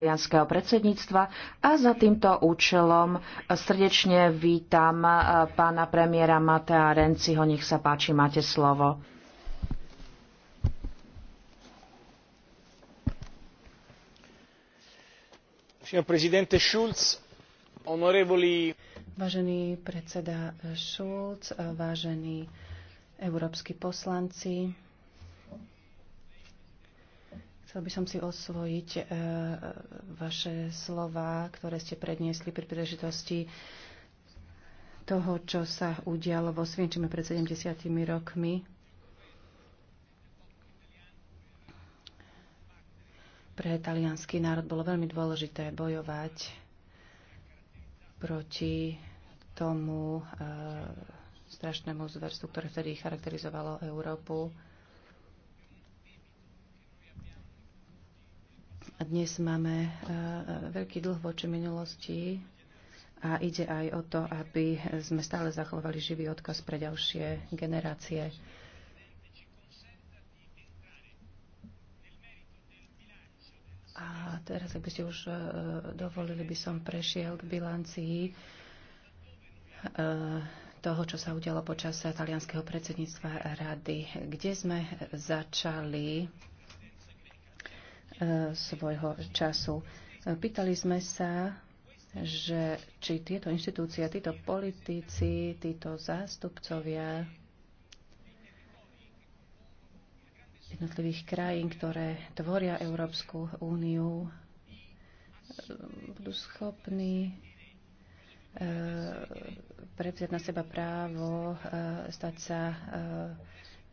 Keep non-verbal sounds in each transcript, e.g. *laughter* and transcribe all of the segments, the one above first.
talianského predsedníctva a za týmto účelom srdečne vítam eh, pána premiéra Matea Renciho. Nech sa páči, máte slovo. Schulz, honorevoli... Vážený predseda Schulz, eh, vážení európsky poslanci, Chcel by som si osvojiť e, vaše slova, ktoré ste predniesli pri príležitosti toho, čo sa udialo vo Svienčime pred 70 rokmi. Pre talianský národ bolo veľmi dôležité bojovať proti tomu e, strašnému zverstvu, ktoré vtedy charakterizovalo Európu. A dnes máme e, e, veľký dlh voči minulosti a ide aj o to, aby sme stále zachovali živý odkaz pre ďalšie generácie. A teraz, ak by ste už e, dovolili, by som prešiel k bilancii toho, čo sa udialo počas talianského predsedníctva rady. Kde sme začali svojho času. Pýtali sme sa, že či tieto inštitúcie, títo politici, títo zástupcovia jednotlivých krajín, ktoré tvoria Európsku úniu, budú schopní eh, prevziať na seba právo eh, stať sa eh,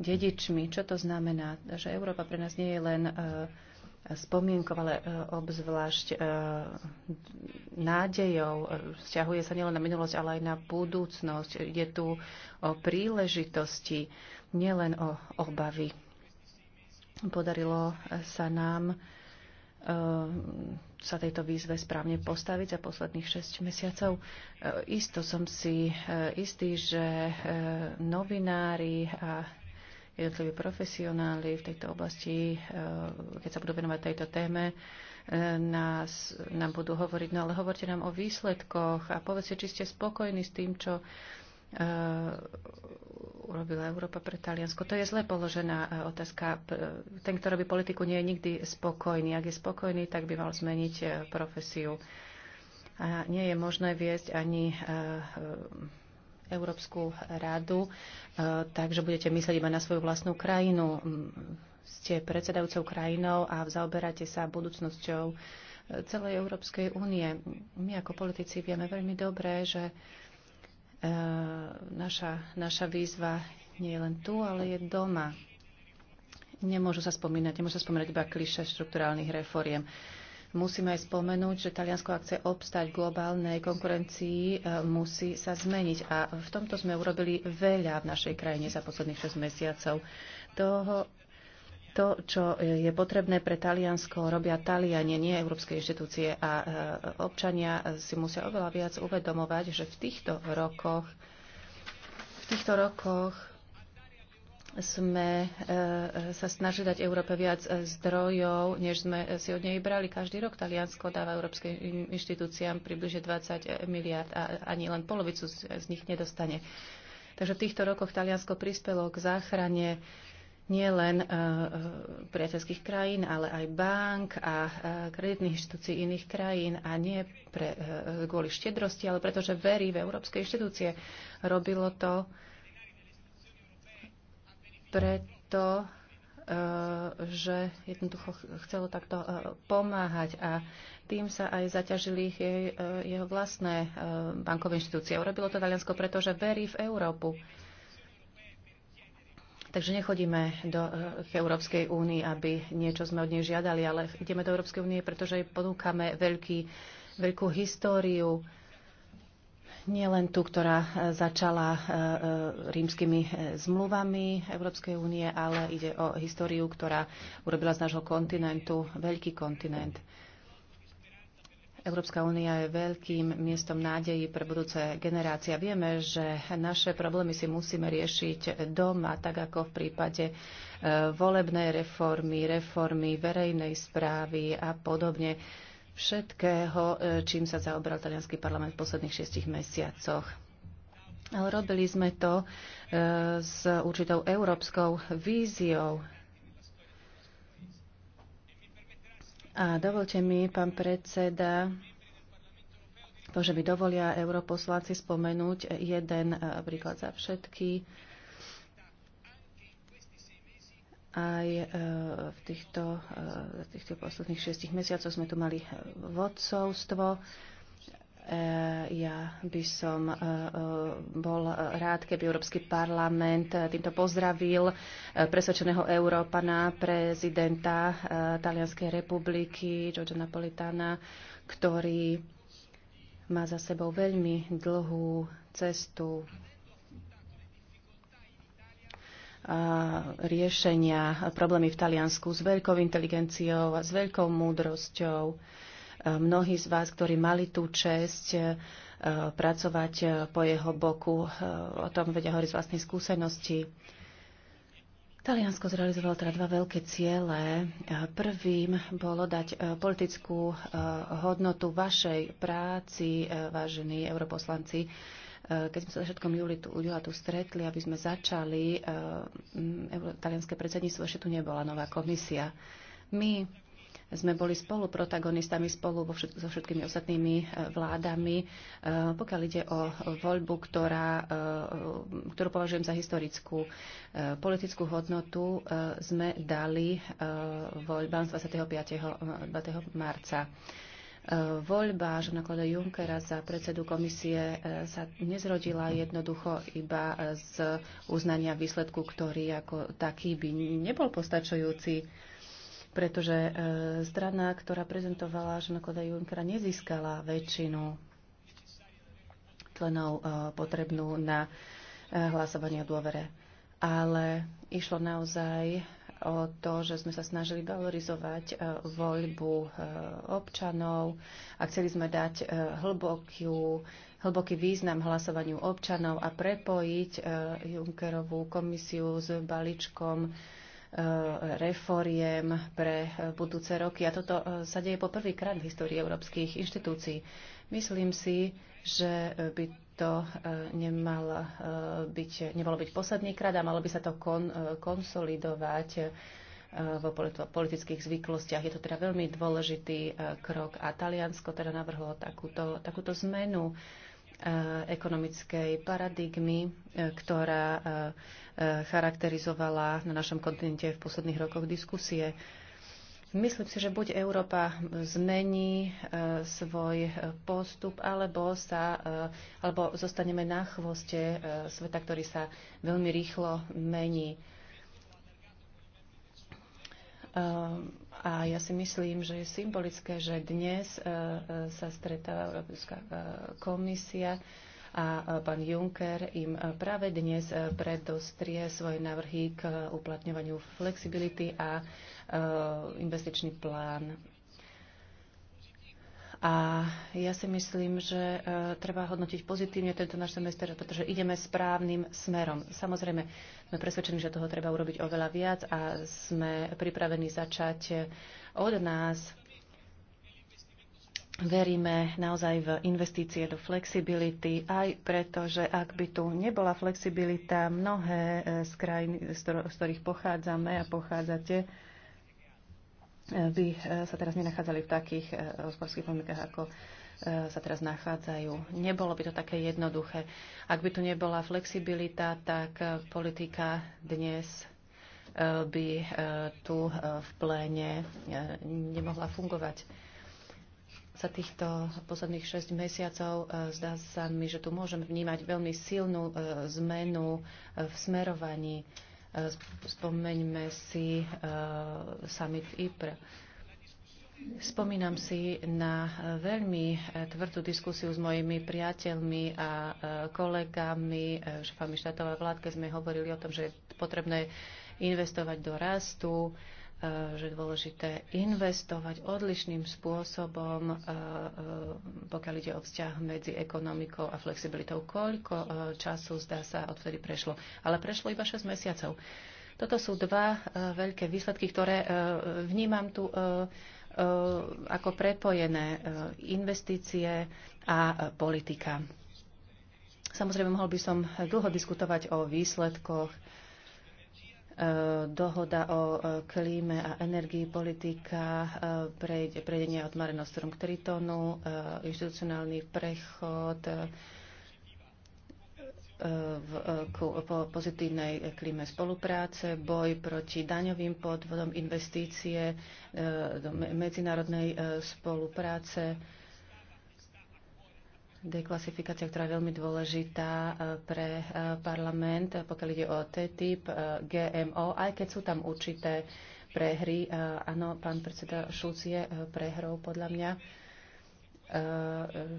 dedičmi. Čo to znamená? Že Európa pre nás nie je len spomienkov, ale e, obzvlášť e, nádejou. E, vzťahuje sa nielen na minulosť, ale aj na budúcnosť. Je tu o príležitosti, nielen o obavy. Podarilo sa nám sa tejto výzve správne postaviť za posledných 6 mesiacov. Isto som si istý, že novinári a jednotliví profesionáli v tejto oblasti, e, keď sa budú venovať tejto téme, e, nás, nám budú hovoriť, no ale hovorte nám o výsledkoch a povedzte, či ste spokojní s tým, čo e, urobila Európa pre Taliansko. To je zle položená otázka. Ten, kto robí politiku, nie je nikdy spokojný. Ak je spokojný, tak by mal zmeniť profesiu. A nie je možné viesť ani Európsku radu, e, takže budete myslieť iba na svoju vlastnú krajinu. Ste predsedajúcou krajinou a zaoberáte sa budúcnosťou e, celej Európskej únie. My ako politici vieme veľmi dobre, že e, naša, naša výzva nie je len tu, ale je doma. Nemôžu sa spomínať, nemôžu sa spomínať iba kliše štruktúrálnych reforiem. Musíme aj spomenúť, že Taliansko, ak chce obstať globálnej konkurencii, e, musí sa zmeniť. A v tomto sme urobili veľa v našej krajine za posledných 6 mesiacov. Toho, to, čo je potrebné pre Taliansko, robia Talianie, nie európske inštitúcie. A e, občania si musia oveľa viac uvedomovať, že v týchto rokoch, v týchto rokoch sme eh, sa snažili dať Európe viac eh, zdrojov, než sme si od nej brali. Každý rok Taliansko dáva európskym inštitúciám približne 20 eh, miliard a ani len polovicu z nich nedostane. Takže v týchto rokoch Taliansko prispelo k záchrane nielen priateľských krajín, ale aj bank a kreditných inštitúcií iných krajín a nie pre, kvôli štedrosti, ale pretože verí v európske inštitúcie. Robilo to preto, eh, že jednoducho chcelo takto eh, pomáhať a tým sa aj zaťažili eh, jeho vlastné bankové inštitúcie. Urobilo to Taliansko, pretože verí v Európu. Takže nechodíme do Európskej únie, aby niečo sme od nej žiadali, ale ideme do Európskej únie, pretože jej ponúkame veľký, veľkú históriu, nie len tú, ktorá e, začala e, e, rímskymi zmluvami Európskej únie, ale ide o históriu, ktorá urobila z nášho kontinentu veľký kontinent. Európska únia je veľkým miestom nádejí pre budúce generácie. Vieme, že naše problémy si musíme riešiť doma, tak ako v prípade volebnej reformy, reformy verejnej správy a podobne všetkého, e, čím sa zaoberal talianský parlament v posledných šiestich mesiacoch. Ale robili sme to e, s určitou európskou víziou. A dovolte mi, pán predseda, to, že mi dovolia europoslanci spomenúť jeden e, príklad za všetky aj e, v týchto, e, v týchto posledných šestich mesiacoch sme tu mali vodcovstvo. E, ja by som bol rád, keby Európsky parlament týmto pozdravil presvedčeného Európana, prezidenta Talianskej republiky, Giorgio Napolitana, ktorý má za sebou veľmi dlhú cestu riešenia problémy v Taliansku s veľkou inteligenciou a s veľkou múdrosťou. Mnohí z vás, ktorí mali tú čest pracovať po jeho boku, o tom vedia hovoriť z vlastnej skúsenosti. Taliansko zrealizovalo teda dva veľké ciele. Prvým bolo dať politickú hodnotu vašej práci, vážení europoslanci, Eh, keď sme sa začiatkom júli tu ľudia tu stretli, aby sme začali eh, talianské predsedníctvo, ešte tu nebola nová komisia. My sme boli spolu protagonistami spolu vo všet- so všetkými ostatnými eh, vládami, pokiaľ ide o voľbu, ktorá, ktorú považujem za historickú politickú hodnotu, sme dali voľbám 25. 20. marca. Voľba Žana Kloda Junckera za predsedu komisie e, sa nezrodila jednoducho iba z uznania výsledku, ktorý ako taký by nebol postačujúci pretože e, strana, ktorá prezentovala Žana Kloda Junckera, nezískala väčšinu členov e, potrebnú na hlasovanie o dôvere. Ale išlo naozaj o to, že sme sa snažili valorizovať e, voľbu e, občanov a chceli sme dať e, hlbokú, hlboký význam hlasovaniu občanov a prepojiť Junckerovú komisiu s balíčkom reforiem pre budúce roky. A toto sa deje po prvýkrát v histórii európskych inštitúcií. Myslím si, že by to e, nemal e, byť, nemalo byť posledný krát a malo by sa to kon, e, konsolidovať vo politických zvyklostiach. Je to teda veľmi dôležitý krok a Taliansko teda navrhlo takúto, takúto zmenu ekonomickej paradigmy, ktorá charakterizovala na našom kontinente v posledných rokoch diskusie. Myslím si, že buď Európa zmení e, svoj e, postup, alebo, sa, e, alebo zostaneme na chvoste sveta, ktorý sa veľmi rýchlo mení. A ja si myslím, že je symbolické, že dnes sa stretáva Európska komisia a pán Juncker im práve dnes predostrie svoje návrhy k uplatňovaniu flexibility a Eh, investičný plán. A ja si myslím, že eh, treba hodnotiť pozitívne tento náš semester, pretože ideme správnym smerom. Samozrejme, sme presvedčení, že toho treba urobiť oveľa viac a sme pripravení začať od nás. Veríme naozaj v investície do flexibility, aj preto, že ak by tu nebola flexibilita, mnohé eh, z krajín, z ktorých pochádzame a pochádzate, by e, sa teraz nenachádzali v takých e, hospodárskych podmienkach, ako e, sa teraz nachádzajú. Nebolo by to také jednoduché. Ak by tu nebola flexibilita, tak politika dnes by tu v pléne nemohla fungovať. Za týchto posledných 6 mesiacov zdá sa mi, že tu môžem vnímať veľmi silnú zmenu v smerovaní Eh, spomeňme si eh, summit IPR. Spomínam si na eh, veľmi tvrdú diskusiu s mojimi priateľmi a kolegami, šefami štátov a vládke sme hovorili o tom, že je potrebné investovať do rastu, Eh, že je dôležité investovať odlišným spôsobom, eh, eh, pokiaľ ide o vzťah medzi ekonomikou a flexibilitou. Koľko času, zdá sa, odvtedy prešlo? Ale prešlo iba 6 mesiacov. Toto sú dva veľké výsledky, ktoré vnímam tu ako prepojené investície a politika. Samozrejme, mohol by som dlho diskutovať o výsledkoch E, dohoda o e, klíme a energii, politika, e, prejdenie od Mare Nostrum k Tritonu, inštitucionálny prechod v, ku, po pozitívnej klíme spolupráce, boj proti daňovým podvodom, investície do medzinárodnej spolupráce, deklasifikácia, ktorá je veľmi dôležitá e, pre e, parlament, e, pokiaľ ide o TTIP, GMO, aj keď sú tam určité prehry. Áno, pán predseda Šúc je prehrou podľa mňa,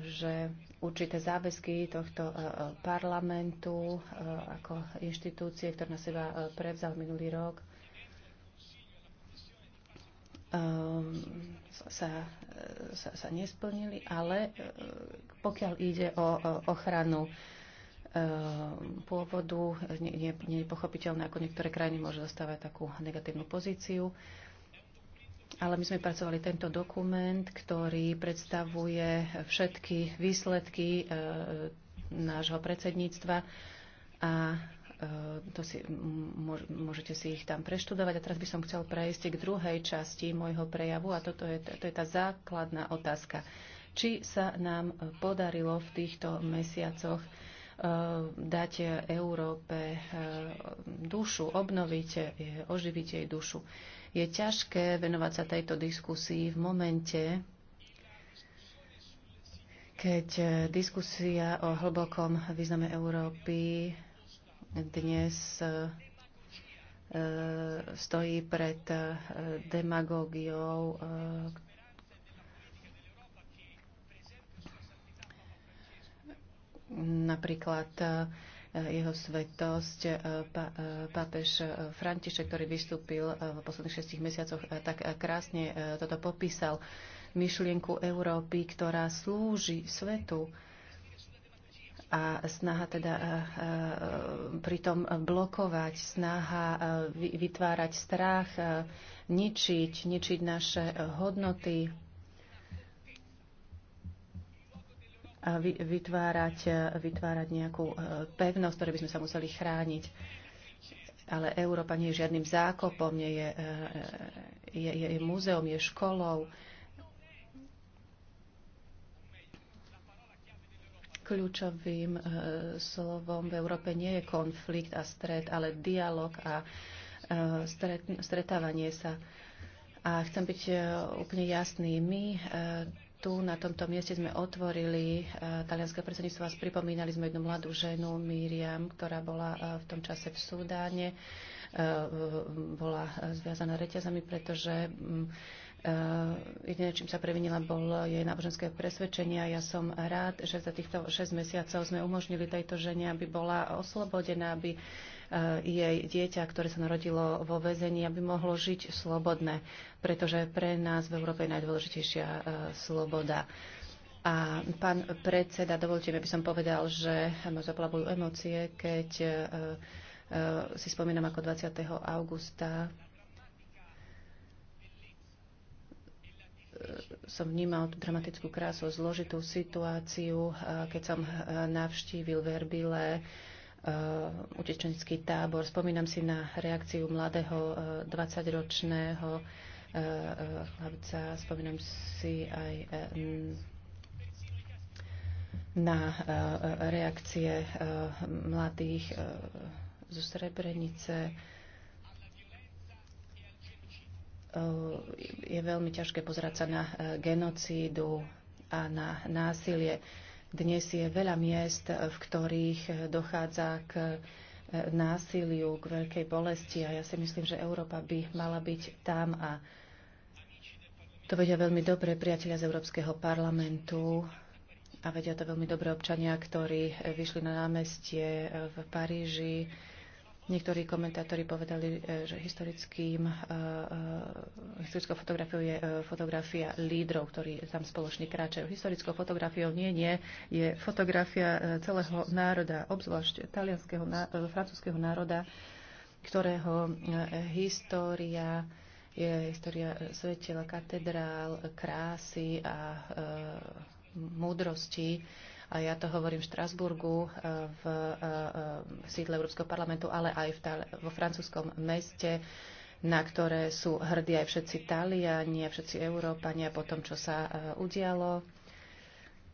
že určité záväzky tohto parlamentu ako inštitúcie, ktoré na seba prevzal minulý rok, Ehm, sa, sa, sa nesplnili, ale e, pokiaľ ide o ochranu ehm, pôvodu, nie, nie je pochopiteľné, ako niektoré krajiny môžu zastávať takú negatívnu pozíciu. Ale my sme pracovali tento dokument, ktorý predstavuje všetky výsledky e, nášho predsedníctva a Eh, to si, môžete si ich tam preštudovať. A teraz by som chcel prejsť k druhej časti môjho prejavu a toto je, to je tá základná otázka. Či sa nám eh, podarilo v týchto mesiacoch eh, dať Európe dušu, obnoviť, oživiť jej dušu. Je ťažké venovať sa tejto diskusii v momente, keď diskusia o hlbokom význame Európy dnes e, e, stojí pred e, demagógiou, napríklad jeho svetosť pápež František, ktorý vystúpil v posledných šestich mesiacoch, tak krásne toto popísal myšlienku Európy, ktorá slúži svetu a snaha teda e, e, pritom blokovať, snaha e, vytvárať strach, ničiť, ničiť naše hodnoty, a vytvárať, vytvárať nejakú pevnosť, ktoré by sme sa museli chrániť. Ale Európa nie je žiadnym zákopom, nie je, je, je, je múzeum, je školou. kľúčovým e, slovom v Európe nie je konflikt a stret, ale dialog a e, stret, stretávanie sa. A chcem byť e, úplne jasný. My tu na tomto mieste sme otvorili talianské predsedníctvo a pripomínali sme jednu mladú ženu, Miriam, ktorá bola v tom čase v Súdáne. Bola zviazaná reťazami, pretože Eh, jediné, čím sa previnila, bol jej náboženské presvedčenie a ja som rád, že za týchto 6 mesiacov sme umožnili tejto žene, aby bola oslobodená, aby eh, jej dieťa, ktoré sa narodilo vo väzení, aby mohlo žiť slobodné, pretože pre nás v Európe je najdôležitejšia eh, sloboda. A pán predseda, dovolte mi, aby som povedal, že ma zaplavujú emócie, keď si spomínam, ako 20. augusta som vnímal tú dramatickú krásu, zložitú situáciu, keď som e, navštívil Verbile e, utečenský tábor. Spomínam si na reakciu mladého 20-ročného e, chlapca, spomínam si aj na reakcie mladých zo Srebrenice, Eh, je veľmi ťažké pozerať sa na eh, genocídu a na násilie. Dnes je veľa miest, eh, v ktorých dochádza k násiliu, k veľkej bolesti a ja si myslím, že Európa by mala byť tam a to vedia veľmi dobre priatelia z Európskeho parlamentu a vedia to veľmi dobre občania, ktorí vyšli na námestie v Paríži Niektorí komentátori povedali, e, že historickým, e, e, historickou fotografiou je fotografia lídrov, ktorí tam spoločne kráčajú. Historickou fotografiou nie, nie, je fotografia celého národa, obzvlášť talianského, francúzského národa, ktorého história je história svetela, katedrál, krásy a múdrosti a ja to hovorím v Štrasburgu, e, v e, e, sídle Európskeho parlamentu, ale aj v, vo francúzskom meste, na ktoré sú hrdí aj všetci Taliani a všetci Európania po tom, čo sa udialo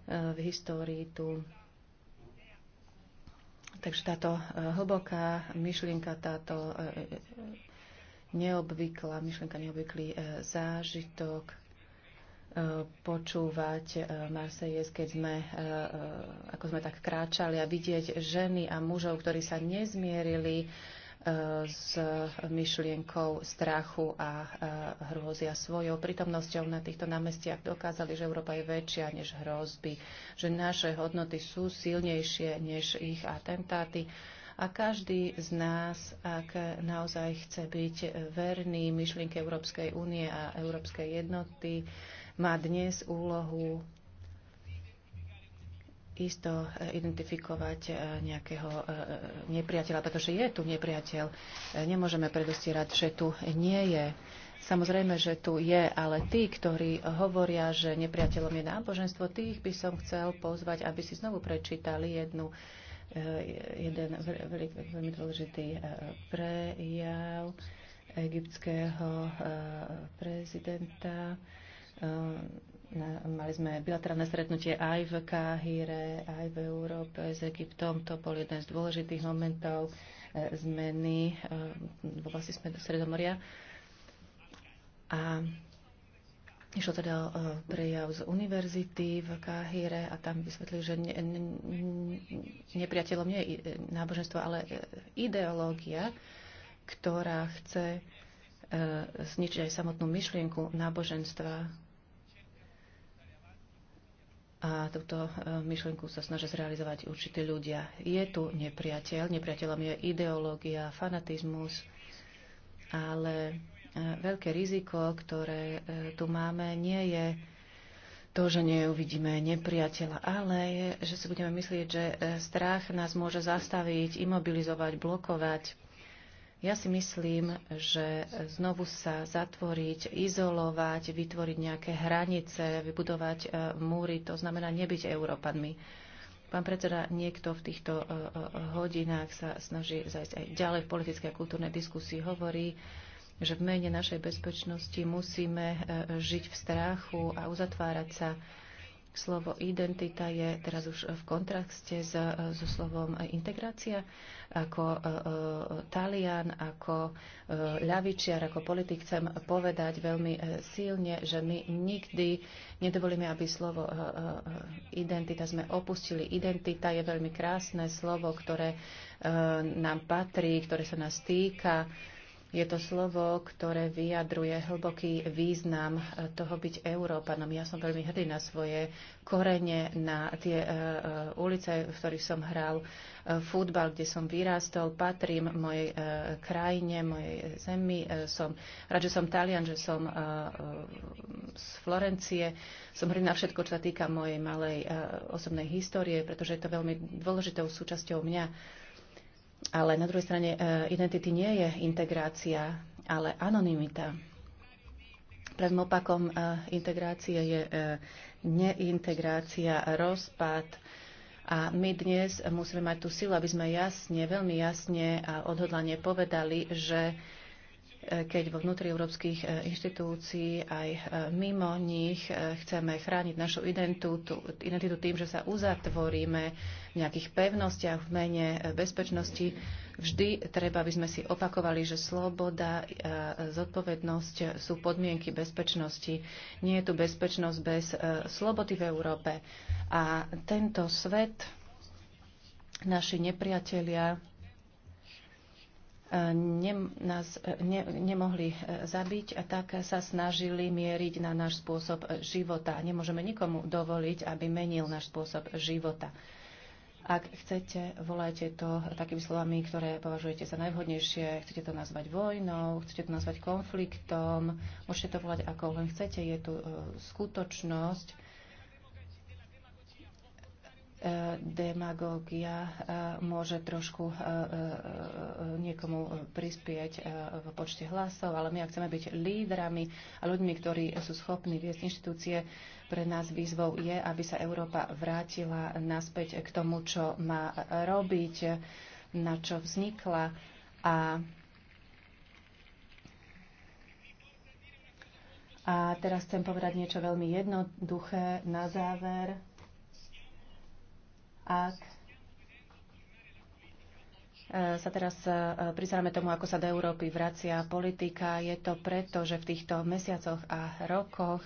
v histórii tu. Takže táto hlboká myšlienka, táto neobvyklá myšlienka, neobvyklý zážitok počúvať e, Marseies, keď sme, e, e, ako sme tak kráčali a vidieť ženy a mužov, ktorí sa nezmierili s myšlienkou strachu a hrôzia svojou prítomnosťou na týchto námestiach dokázali, že Európa je väčšia než hrozby, že naše hodnoty sú silnejšie než ich atentáty. A každý z nás, ak naozaj chce byť verný myšlienke Európskej únie a Európskej jednoty, má dnes úlohu isto e, identifikovať e, nejakého e, nepriateľa, pretože je tu nepriateľ. Nemôžeme predostierať, že tu nie je. Samozrejme, že tu je, ale tí, ktorí hovoria, že nepriateľom je náboženstvo, tých by som chcel pozvať, aby si znovu prečítali jednu, jeden veľmi dôležitý prejav egyptského prezidenta Ehm, mali sme bilaterálne stretnutie aj v Káhire, aj v Európe s Egyptom. To bol jeden z dôležitých momentov e, zmeny ehm, v oblasti Stredomoria. A Išlo teda o e, prejav z univerzity v Káhire a tam vysvetlili, že ne, ne, nepriateľom nie je e, náboženstvo, ale ideológia, ktorá chce zničiť aj samotnú myšlienku náboženstva a túto e, myšlienku sa snažia zrealizovať určití ľudia. Je tu nepriateľ, nepriateľom je ideológia, fanatizmus, ale e, veľké riziko, ktoré e, tu máme, nie je to, že neuvidíme nepriateľa, ale je, že si budeme myslieť, že strach nás môže zastaviť, imobilizovať, blokovať ja si myslím, že znovu sa zatvoriť, izolovať, vytvoriť nejaké hranice, vybudovať e, múry, to znamená nebyť Európanmi. Pán predseda, niekto v týchto e, e, hodinách sa snaží zajsť aj ďalej v politickej a kultúrnej diskusii. Hovorí, že v mene našej bezpečnosti musíme žiť v strachu a uzatvárať sa Slovo identita je teraz už v kontraste so slovom integrácia. Ako e, e, Talian, ako e, ľavičiar, ako politik chcem povedať veľmi silne, že my nikdy nedovolíme, aby slovo identita sme opustili. Identita je veľmi krásne slovo, ktoré nám patrí, ktoré sa nás týka je to slovo, ktoré vyjadruje hlboký význam eh, toho byť Európanom. Ja som veľmi hrdý na svoje korene, na tie eh, eh, ulice, v ktorých som hral futbal, kde som vyrástol, patrím mojej krajine, mojej zemi. Som rád, že som Talian, že som z Florencie. Som hrdý na všetko, čo sa týka mojej malej osobnej histórie, pretože je to veľmi dôležitou súčasťou mňa. Ale na druhej strane e, identity nie je integrácia, ale anonymita. Pravým opakom e, integrácie je e, neintegrácia, rozpad. A my dnes musíme mať tú silu, aby sme jasne, veľmi jasne a odhodlane povedali, že keď vo vnútri európskych e, inštitúcií aj e, mimo nich e, chceme chrániť našu identitu, identitu tým, že sa uzatvoríme v nejakých pevnostiach v mene bezpečnosti. Vždy treba, aby sme si opakovali, že sloboda a zodpovednosť sú podmienky bezpečnosti. Nie je tu bezpečnosť bez slobody v Európe. A tento svet, naši nepriatelia, ne, nás ne, nemohli e, zabiť a tak sa snažili mieriť na náš spôsob života. Nemôžeme nikomu dovoliť, aby menil náš spôsob života. Ak chcete, volajte to takými slovami, ktoré považujete za najvhodnejšie. Chcete to nazvať vojnou, chcete to nazvať konfliktom, môžete to volať ako len chcete. Je tu e, skutočnosť, demagógia e, môže trošku e, e, niekomu prispieť v počte hlasov, ale my ak chceme byť lídrami a ľuďmi, ktorí sú schopní viesť inštitúcie, pre nás výzvou je, aby sa Európa vrátila naspäť k tomu, čo má robiť, na čo vznikla a A teraz chcem povedať niečo veľmi jednoduché na záver. Ak e, sa teraz e, prizeráme tomu, ako sa do Európy vracia politika, je to preto, že v týchto mesiacoch a rokoch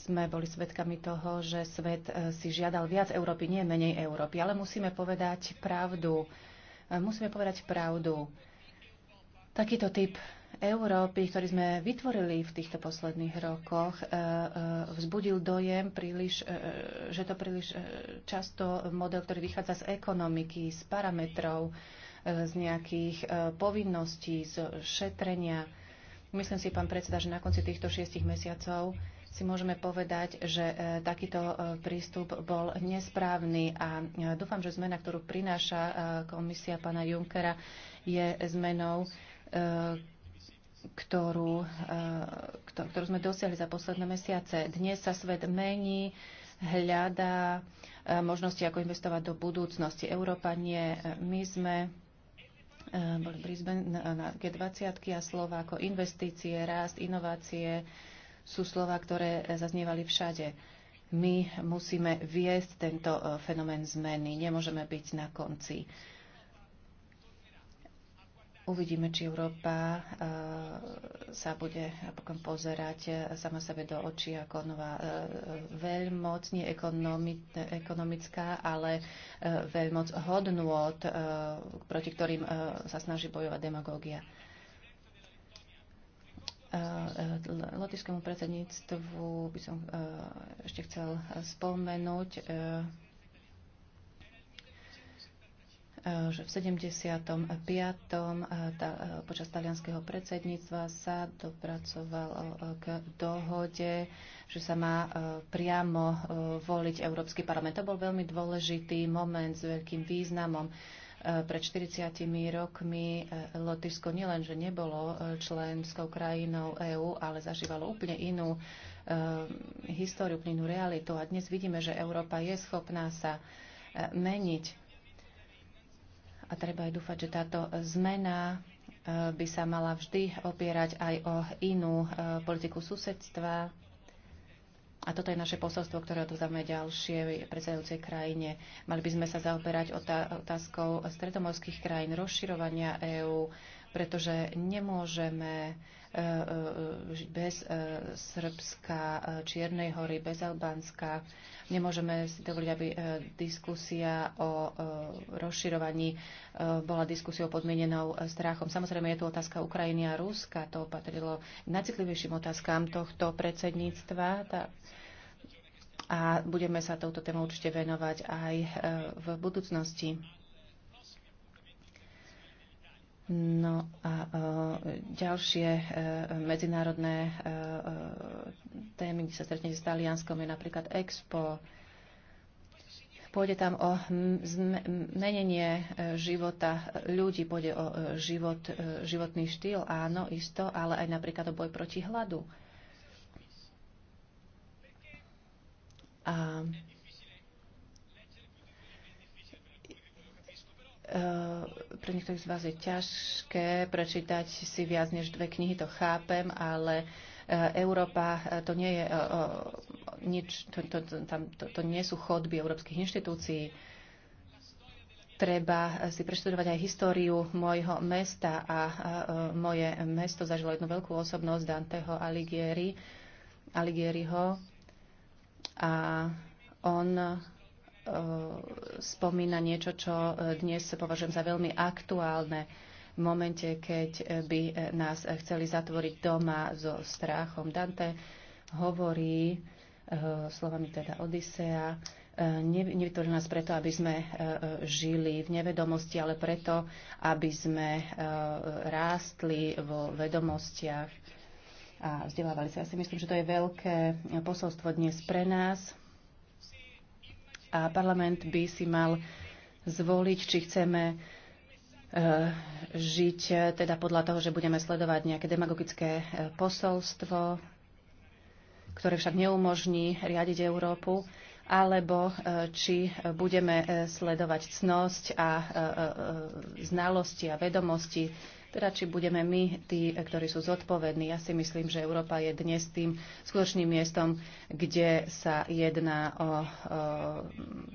sme boli svedkami toho, že svet e, si žiadal viac Európy, nie menej Európy. Ale musíme povedať pravdu. Musíme povedať pravdu. Takýto typ Európy, ktorý sme vytvorili v týchto posledných rokoch, e, e, vzbudil dojem, príliš, e, že to príliš často model, ktorý vychádza z ekonomiky, z parametrov, z nejakých povinností, z šetrenia. Myslím si, pán predseda, že na konci týchto šiestich mesiacov si môžeme povedať, že takýto prístup bol nesprávny a dúfam, že zmena, ktorú prináša komisia pána Junckera, je zmenou, ktorú, eh, ktorú sme dosiahli za posledné mesiace. Dnes sa svet mení, hľadá eh, možnosti, ako investovať do budúcnosti. Európa nie. My sme eh, boli Brisbane na G20 a slova ako investície, rast, inovácie sú slova, ktoré zaznievali všade. My musíme viesť tento fenomén zmeny. Nemôžeme byť na konci. Uvidíme, či Európa eh, sa bude napokon pozerať eh, sama sebe do očí ako nová eh, veľmoc, nie ekonomická, ale veľmoc hodnôt, proti ktorým sa snaží bojovať demagógia. Lotyšskému predsedníctvu by som ešte chcel spomenúť, Eh, že v 75. Eh, tá, eh, počas talianského predsedníctva sa dopracoval k dohode, že sa má priamo voliť Európsky parlament. To bol veľmi dôležitý moment s veľkým významom. Pred 40 rokmi Lotyšsko nielenže nebolo členskou krajinou EÚ, ale zažívalo úplne inú históriu, úplne inú realitu. A dnes vidíme, že Európa je schopná sa meniť a treba aj dúfať, že táto zmena e, by sa mala vždy opierať aj o inú e, politiku susedstva. A toto je naše posolstvo, ktoré odovzdáme ďalšie predsedajúcej krajine. Mali by sme sa zaoberať otázkou stredomorských krajín, rozširovania EÚ, pretože nemôžeme e, e, žiť bez e, Srbska, Čiernej hory, bez Albánska. Nemôžeme si dovoliť, aby diskusia o rozširovaní bola diskusiou podmienenou strachom. Samozrejme je tu otázka Ukrajiny a Ruska. To patrilo k najcitlivejším otázkám tohto predsedníctva. Tá a budeme sa touto tému určite venovať aj v budúcnosti. No a e, ďalšie e, medzinárodné e, témy, kde sa stretnete s Talianskom, je napríklad Expo. Pôjde tam o zmenenie života ľudí, pôjde o život, životný štýl, áno, isto, ale aj napríklad o boj proti hladu. A Eh, pre niektorých z vás je ťažké prečítať si viac než dve knihy, to chápem, ale eh, Európa eh, to nie je nič, to, to, tam, to, to nie sú chodby európskych inštitúcií. Treba si preštudovať aj históriu môjho mesta a moje mesto zažilo jednu veľkú osobnosť Danteho Alighieri, Alighieriho a on E, spomína niečo, čo e, dnes považujem za veľmi aktuálne v momente, keď e, by nás chceli zatvoriť doma so strachom. Dante hovorí slovami teda Odisea, nevytvoril nás preto, aby sme žili v nevedomosti, ale preto, aby sme rástli vo vedomostiach a vzdelávali sa. Ja si myslím, že to je veľké posolstvo dnes pre nás, a parlament by si mal zvoliť, či chceme e, žiť e, teda podľa toho, že budeme sledovať nejaké demagogické e, posolstvo, ktoré však neumožní riadiť Európu, alebo či budeme sledovať cnosť a znalosti a vedomosti teda či budeme my tí, ktorí sú zodpovední. Ja si myslím, že Európa je dnes tým skutočným miestom, kde sa jedná o,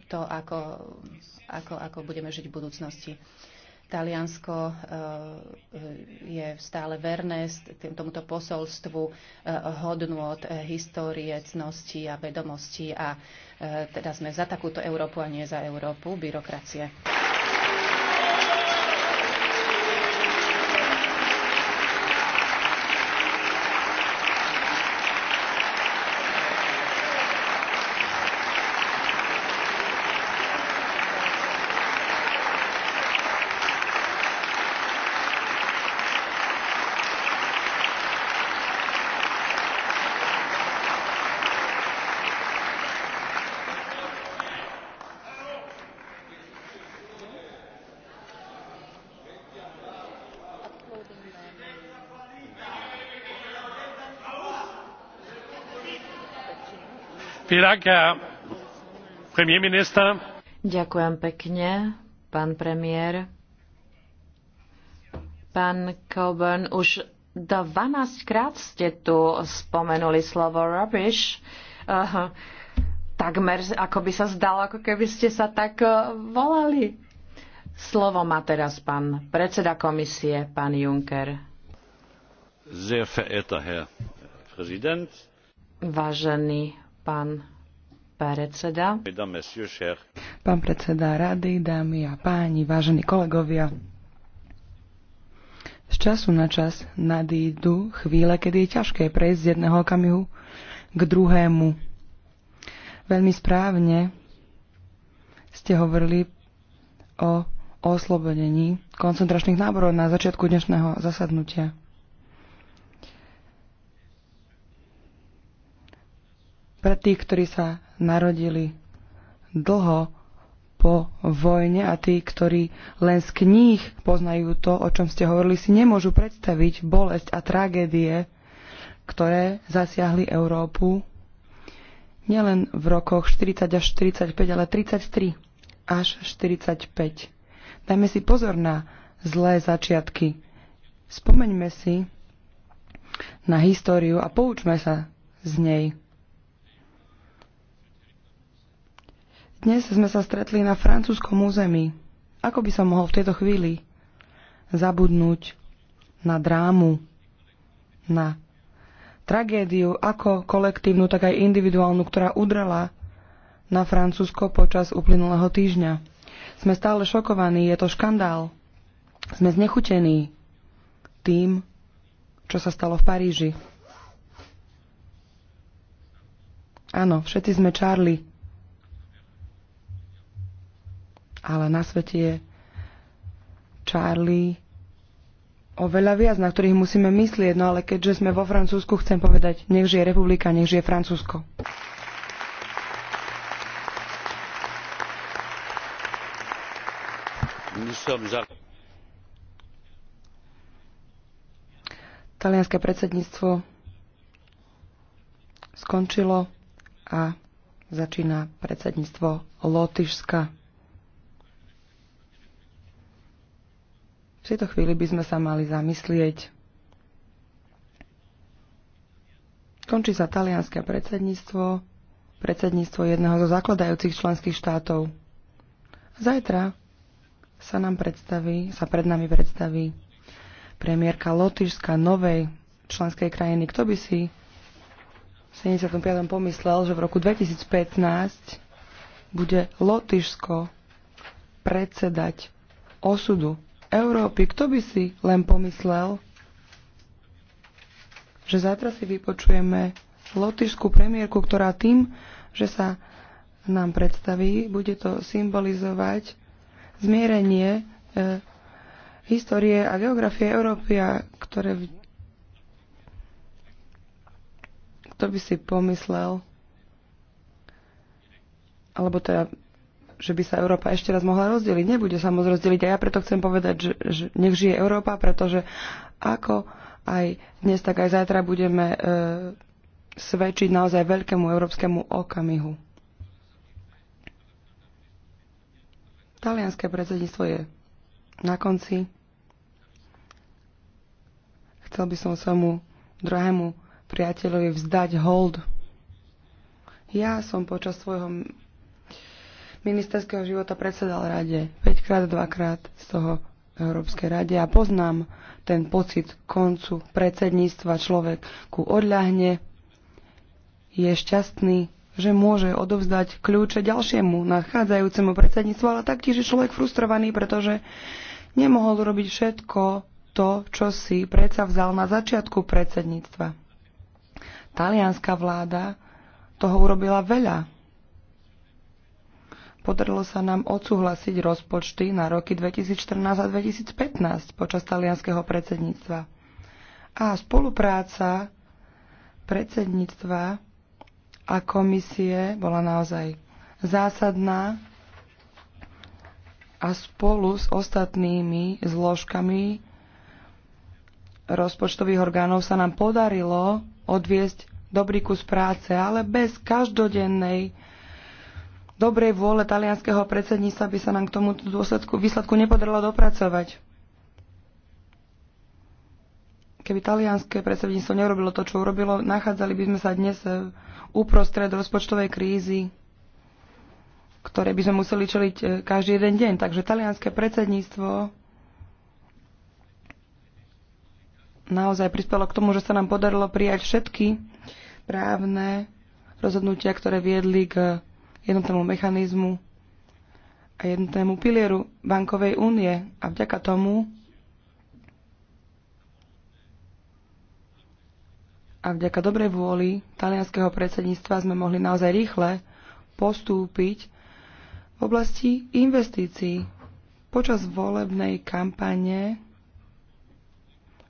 to, ako, ako, ako budeme žiť v budúcnosti. Taliansko e, je stále verné tomuto posolstvu e, hodnôt e, histórie, cnosti a vedomosti a teda sme za takúto Európu a nie za Európu byrokracie. Ďakujem pekne, pán premiér. Pán Coburn, už 12 krát ste tu spomenuli slovo rubbish. Uh, takmer, ako by sa zdalo, ako keby ste sa tak uh, volali. Slovo má teraz pán predseda komisie, pán Juncker. Sehr verehrter Herr Präsident. Vážený pán predseda. Pán predseda rady, dámy a páni, vážení kolegovia. Z času na čas nadídu chvíle, kedy je ťažké prejsť z jedného okamihu k druhému. Veľmi správne ste hovorili o oslobodení koncentračných náborov na začiatku dnešného zasadnutia. pre tých, ktorí sa narodili dlho po vojne a tí, ktorí len z kníh poznajú to, o čom ste hovorili, si nemôžu predstaviť bolesť a tragédie, ktoré zasiahli Európu nielen v rokoch 40 až 45, ale 33 až 45. Dajme si pozor na zlé začiatky. Spomeňme si na históriu a poučme sa z nej. Dnes sme sa stretli na francúzskom území. Ako by som mohol v tejto chvíli zabudnúť na drámu, na tragédiu, ako kolektívnu, tak aj individuálnu, ktorá udrela na Francúzsko počas uplynulého týždňa. Sme stále šokovaní, je to škandál. Sme znechutení tým, čo sa stalo v Paríži. Áno, všetci sme Charlie. ale na svete je Charlie oveľa viac, na ktorých musíme myslieť. No ale keďže sme vo Francúzsku, chcem povedať, nech žije republika, nech žije Francúzsko. Talianské predsedníctvo skončilo a začína predsedníctvo Lotyšska. V tejto chvíli by sme sa mali zamyslieť. Končí sa talianské predsedníctvo, predsedníctvo jedného zo zakladajúcich členských štátov. Zajtra sa nám predstaví, sa pred nami predstaví premiérka Lotyšska, novej členskej krajiny. Kto by si v 75. pomyslel, že v roku 2015 bude Lotyšsko predsedať osudu Európy. Kto by si len pomyslel, že zajtra si vypočujeme lotyšskú premiérku, ktorá tým, že sa nám predstaví, bude to symbolizovať zmierenie e, histórie a geografie Európy, a ktoré v... kto by si pomyslel, alebo teda že by sa Európa ešte raz mohla rozdeliť. Nebude sa môcť rozdeliť a ja preto chcem povedať, že, že nech žije Európa, pretože ako aj dnes, tak aj zajtra budeme e, svedčiť naozaj veľkému európskemu okamihu. Talianské predsedníctvo je na konci. Chcel by som svojmu druhému priateľovi vzdať hold. Ja som počas svojho ministerského života predsedal rade 5 krát, 2 krát z toho Európskej rade a poznám ten pocit koncu predsedníctva. Človek ku odľahne, je šťastný, že môže odovzdať kľúče ďalšiemu nachádzajúcemu predsedníctvu, ale taktiež je človek frustrovaný, pretože nemohol urobiť všetko to, čo si predsa vzal na začiatku predsedníctva. Talianská vláda toho urobila veľa Podarilo sa nám odsúhlasiť rozpočty na roky 2014 a 2015 počas talianského predsedníctva. A spolupráca predsedníctva a komisie bola naozaj zásadná a spolu s ostatnými zložkami rozpočtových orgánov sa nám podarilo odviesť dobrý kus práce, ale bez každodennej dobrej vôle talianského predsedníctva by sa nám k tomuto dôsledku, výsledku nepodarilo dopracovať. Keby talianské predsedníctvo neurobilo to, čo urobilo, nachádzali by sme sa dnes e, uprostred rozpočtovej krízy, ktoré by sme museli čeliť e, každý jeden deň. Takže talianské predsedníctvo naozaj prispelo k tomu, že sa nám podarilo prijať všetky právne rozhodnutia, ktoré viedli k jednotnému mechanizmu a jednotnému pilieru bankovej únie. A vďaka tomu a vďaka dobrej vôli talianského predsedníctva sme mohli naozaj rýchle postúpiť v oblasti investícií. Počas volebnej kampane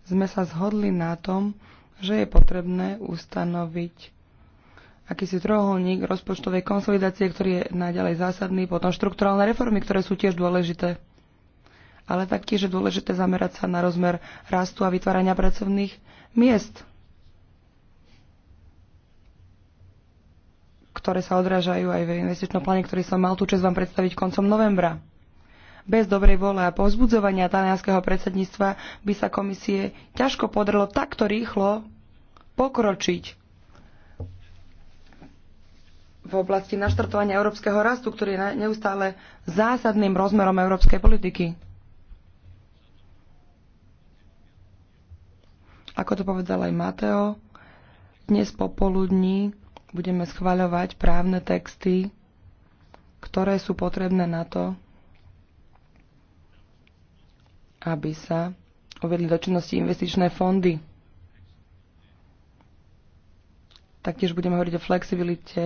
sme sa zhodli na tom, že je potrebné ustanoviť akýsi trojuholník rozpočtovej konsolidácie, ktorý je naďalej zásadný, potom štrukturálne reformy, ktoré sú tiež dôležité. Ale taktiež je dôležité zamerať sa na rozmer rastu a vytvárania pracovných miest, ktoré sa odrážajú aj v investičnom pláne, ktorý som mal tú čas vám predstaviť koncom novembra. Bez dobrej vole a povzbudzovania talianského predsedníctva by sa komisie ťažko podarilo takto rýchlo pokročiť v oblasti naštartovania európskeho rastu, ktorý je neustále zásadným rozmerom európskej politiky. Ako to povedal aj Mateo, dnes popoludní budeme schvaľovať právne texty, ktoré sú potrebné na to, aby sa uvedli do činnosti investičné fondy. Taktiež budeme hovoriť o flexibilite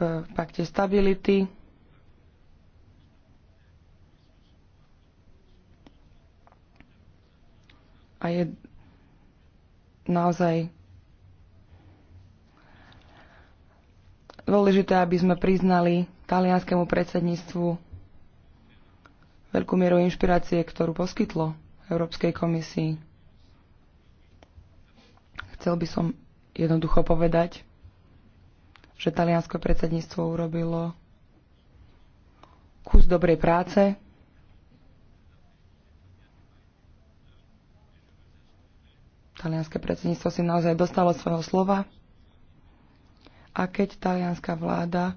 v pakte stability. A je naozaj dôležité, aby sme priznali talianskému predsedníctvu veľkú mieru inšpirácie, ktorú poskytlo Európskej komisii. Chcel by som jednoducho povedať, že taliansko predsedníctvo urobilo kus dobrej práce. Talianské predsedníctvo si naozaj dostalo svojho slova. A keď talianská vláda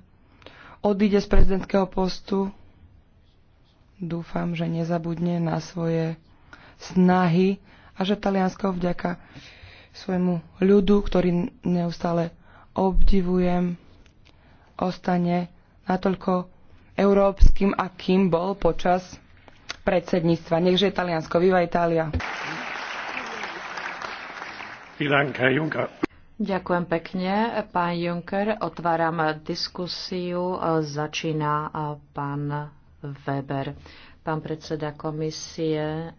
odíde z prezidentského postu, dúfam, že nezabudne na svoje snahy a že Taliansko vďaka svojmu ľudu, ktorý neustále obdivujem, ostane natoľko európskym, akým bol počas predsedníctva. Nechže je Taliansko. Viva Itália. Ďakujem pekne, pán Juncker. Otváram diskusiu. Začína pán Weber. Pán predseda komisie,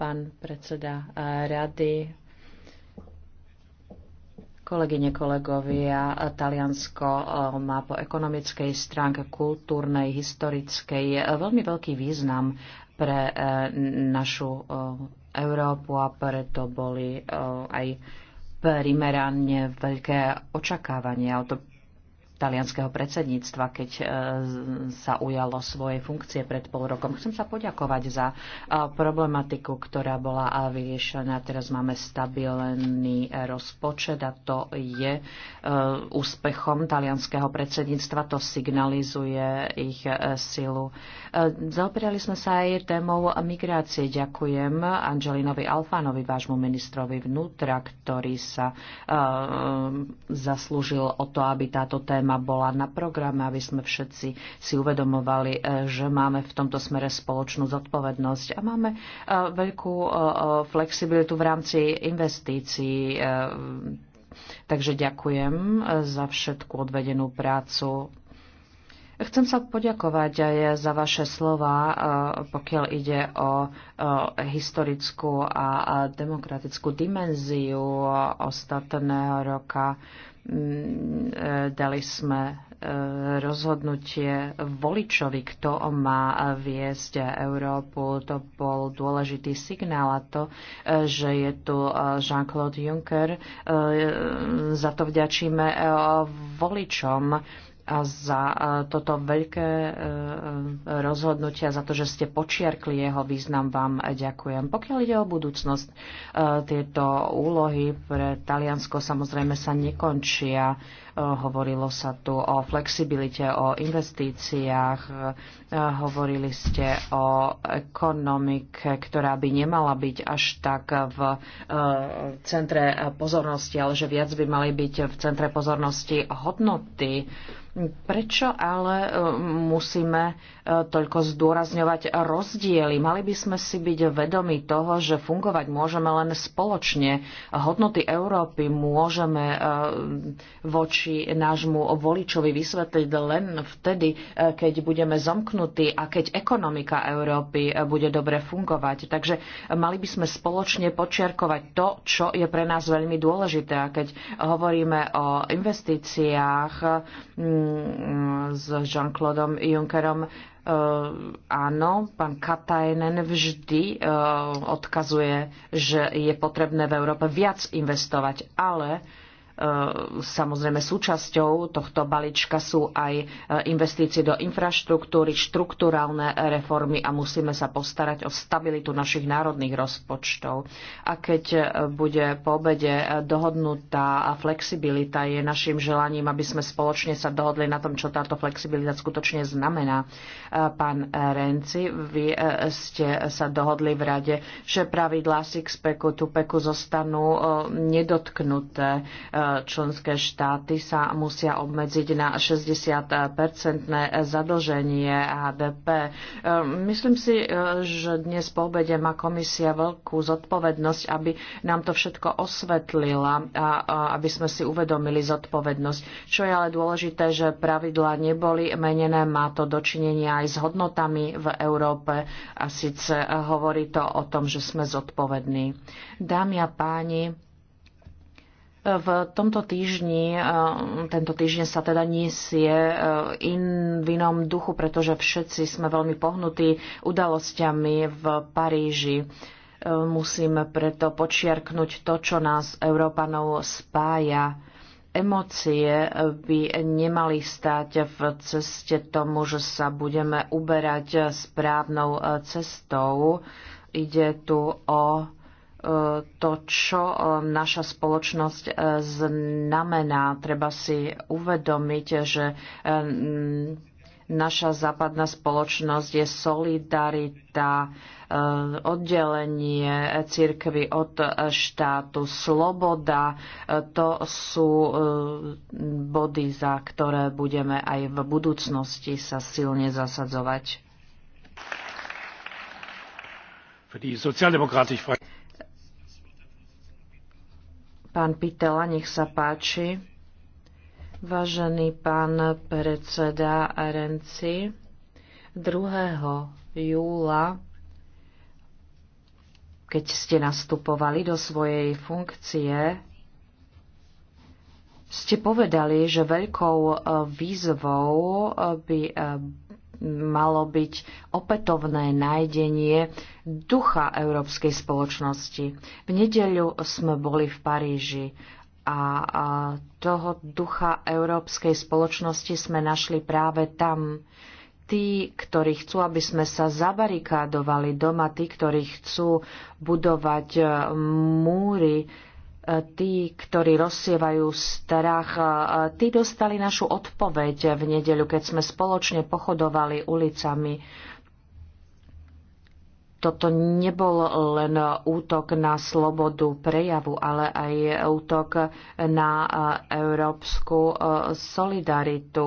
pán predseda rady, Kolegyne, kolegovia, Taliansko eh, má po ekonomickej stránke, kultúrnej, historickej eh, veľmi veľký význam pre eh, našu Európu a preto boli aj primerane veľké očakávania to talianského predsedníctva, keď e, sa ujalo svoje funkcie pred pol rokom. Chcem sa poďakovať za e, problematiku, ktorá bola e, vyriešená. Teraz máme stabilný rozpočet a to je úspechom talianského predsedníctva. To signalizuje ich silu. Zaoperali sme sa aj témou migrácie. Ďakujem Angelinovi Alfánovi, vášmu ministrovi vnútra, ktorý sa zaslúžil o to, aby táto téma téma bola na programe, aby sme všetci si uvedomovali, e, že máme v tomto smere spoločnú zodpovednosť a máme e, veľkú e, flexibilitu v rámci investícií. Takže ďakujem za všetku odvedenú prácu. Chcem sa poďakovať aj za vaše slova, pokiaľ ide o historickú a demokratickú dimenziu ostatného roka. Mm, e, dali sme e, rozhodnutie voličovi, kto má viesť Európu. To bol dôležitý signál a to, e, že je tu Jean-Claude Juncker, za to vďačíme voličom za e, toto veľké e, e, rozhodnutia, za to, že ste počiarkli jeho význam, vám ďakujem. Pokiaľ ide o budúcnosť, tieto úlohy pre Taliansko samozrejme sa nekončia Eh, hovorilo sa tu o flexibilite, o investíciách, eh, hovorili ste o ekonomike, ktorá by nemala byť až tak v eh, centre pozornosti, ale že viac by mali byť v centre pozornosti hodnoty. Prečo ale musíme toľko zdôrazňovať rozdiely. Mali by sme si byť vedomi toho, že fungovať môžeme len spoločne. Hodnoty Európy môžeme e, voči nášmu voličovi vysvetliť len vtedy, e, keď budeme zomknutí a keď ekonomika Európy e, bude dobre fungovať. Takže mali by sme spoločne počiarkovať to, čo je pre nás veľmi dôležité. A keď hovoríme o investíciách mm, s Jean-Claude Junckerom, Uh, áno, pán Katajnen vždy uh, odkazuje, že je potrebné v Európe viac investovať, ale Ehm, samozrejme súčasťou tohto balíčka sú aj e, investície do infraštruktúry, štruktúrálne reformy a musíme sa postarať o stabilitu našich národných rozpočtov. A keď e, bude po obede e, dohodnutá flexibilita, je našim želaním, aby sme spoločne sa dohodli na tom, čo táto flexibilita skutočne znamená. Pán Renci, vy ste sa dohodli v rade, že pravidlá Sixpacku, Tupeku zostanú nedotknuté členské štáty sa musia obmedziť na 60-percentné zadlženie HDP. Ehm, myslím si, e, že dnes po obede má komisia veľkú zodpovednosť, aby nám to všetko osvetlila a aby sme si uvedomili zodpovednosť. Čo je ale dôležité, že pravidlá neboli menené, má to dočinenie aj s hodnotami v Európe a síce hovorí to o tom, že sme zodpovední. Dámy a páni, v tomto týždni, e, tento týždeň sa teda nesie e, in v inom duchu, pretože všetci sme veľmi pohnutí udalosťami v Paríži. E, musíme preto počiarknúť to, čo nás Európanov spája. Emócie by nemali stať v ceste tomu, že sa budeme uberať správnou cestou. Ide tu o to, čo um, naša spoločnosť uh, znamená. Treba si uvedomiť, že um, naša západná spoločnosť je solidarita, uh, oddelenie církvy od uh, štátu, sloboda. To sú body, za ktoré budeme aj v budúcnosti sa silne zasadzovať. Für die Pán Pitela, nech sa páči. Vážený pán predseda Renci, 2. júla, keď ste nastupovali do svojej funkcie, ste povedali, že veľkou e, výzvou e, by e, malo byť opätovné nájdenie ducha európskej spoločnosti. V nedeľu sme boli v Paríži a toho ducha európskej spoločnosti sme našli práve tam. Tí, ktorí chcú, aby sme sa zabarikádovali doma, tí, ktorí chcú budovať eh, múry, tí, ktorí rozsievajú strach, tí dostali našu odpoveď v nedeľu, keď sme spoločne pochodovali ulicami. Toto nebol len útok na slobodu prejavu, ale aj útok na európsku solidaritu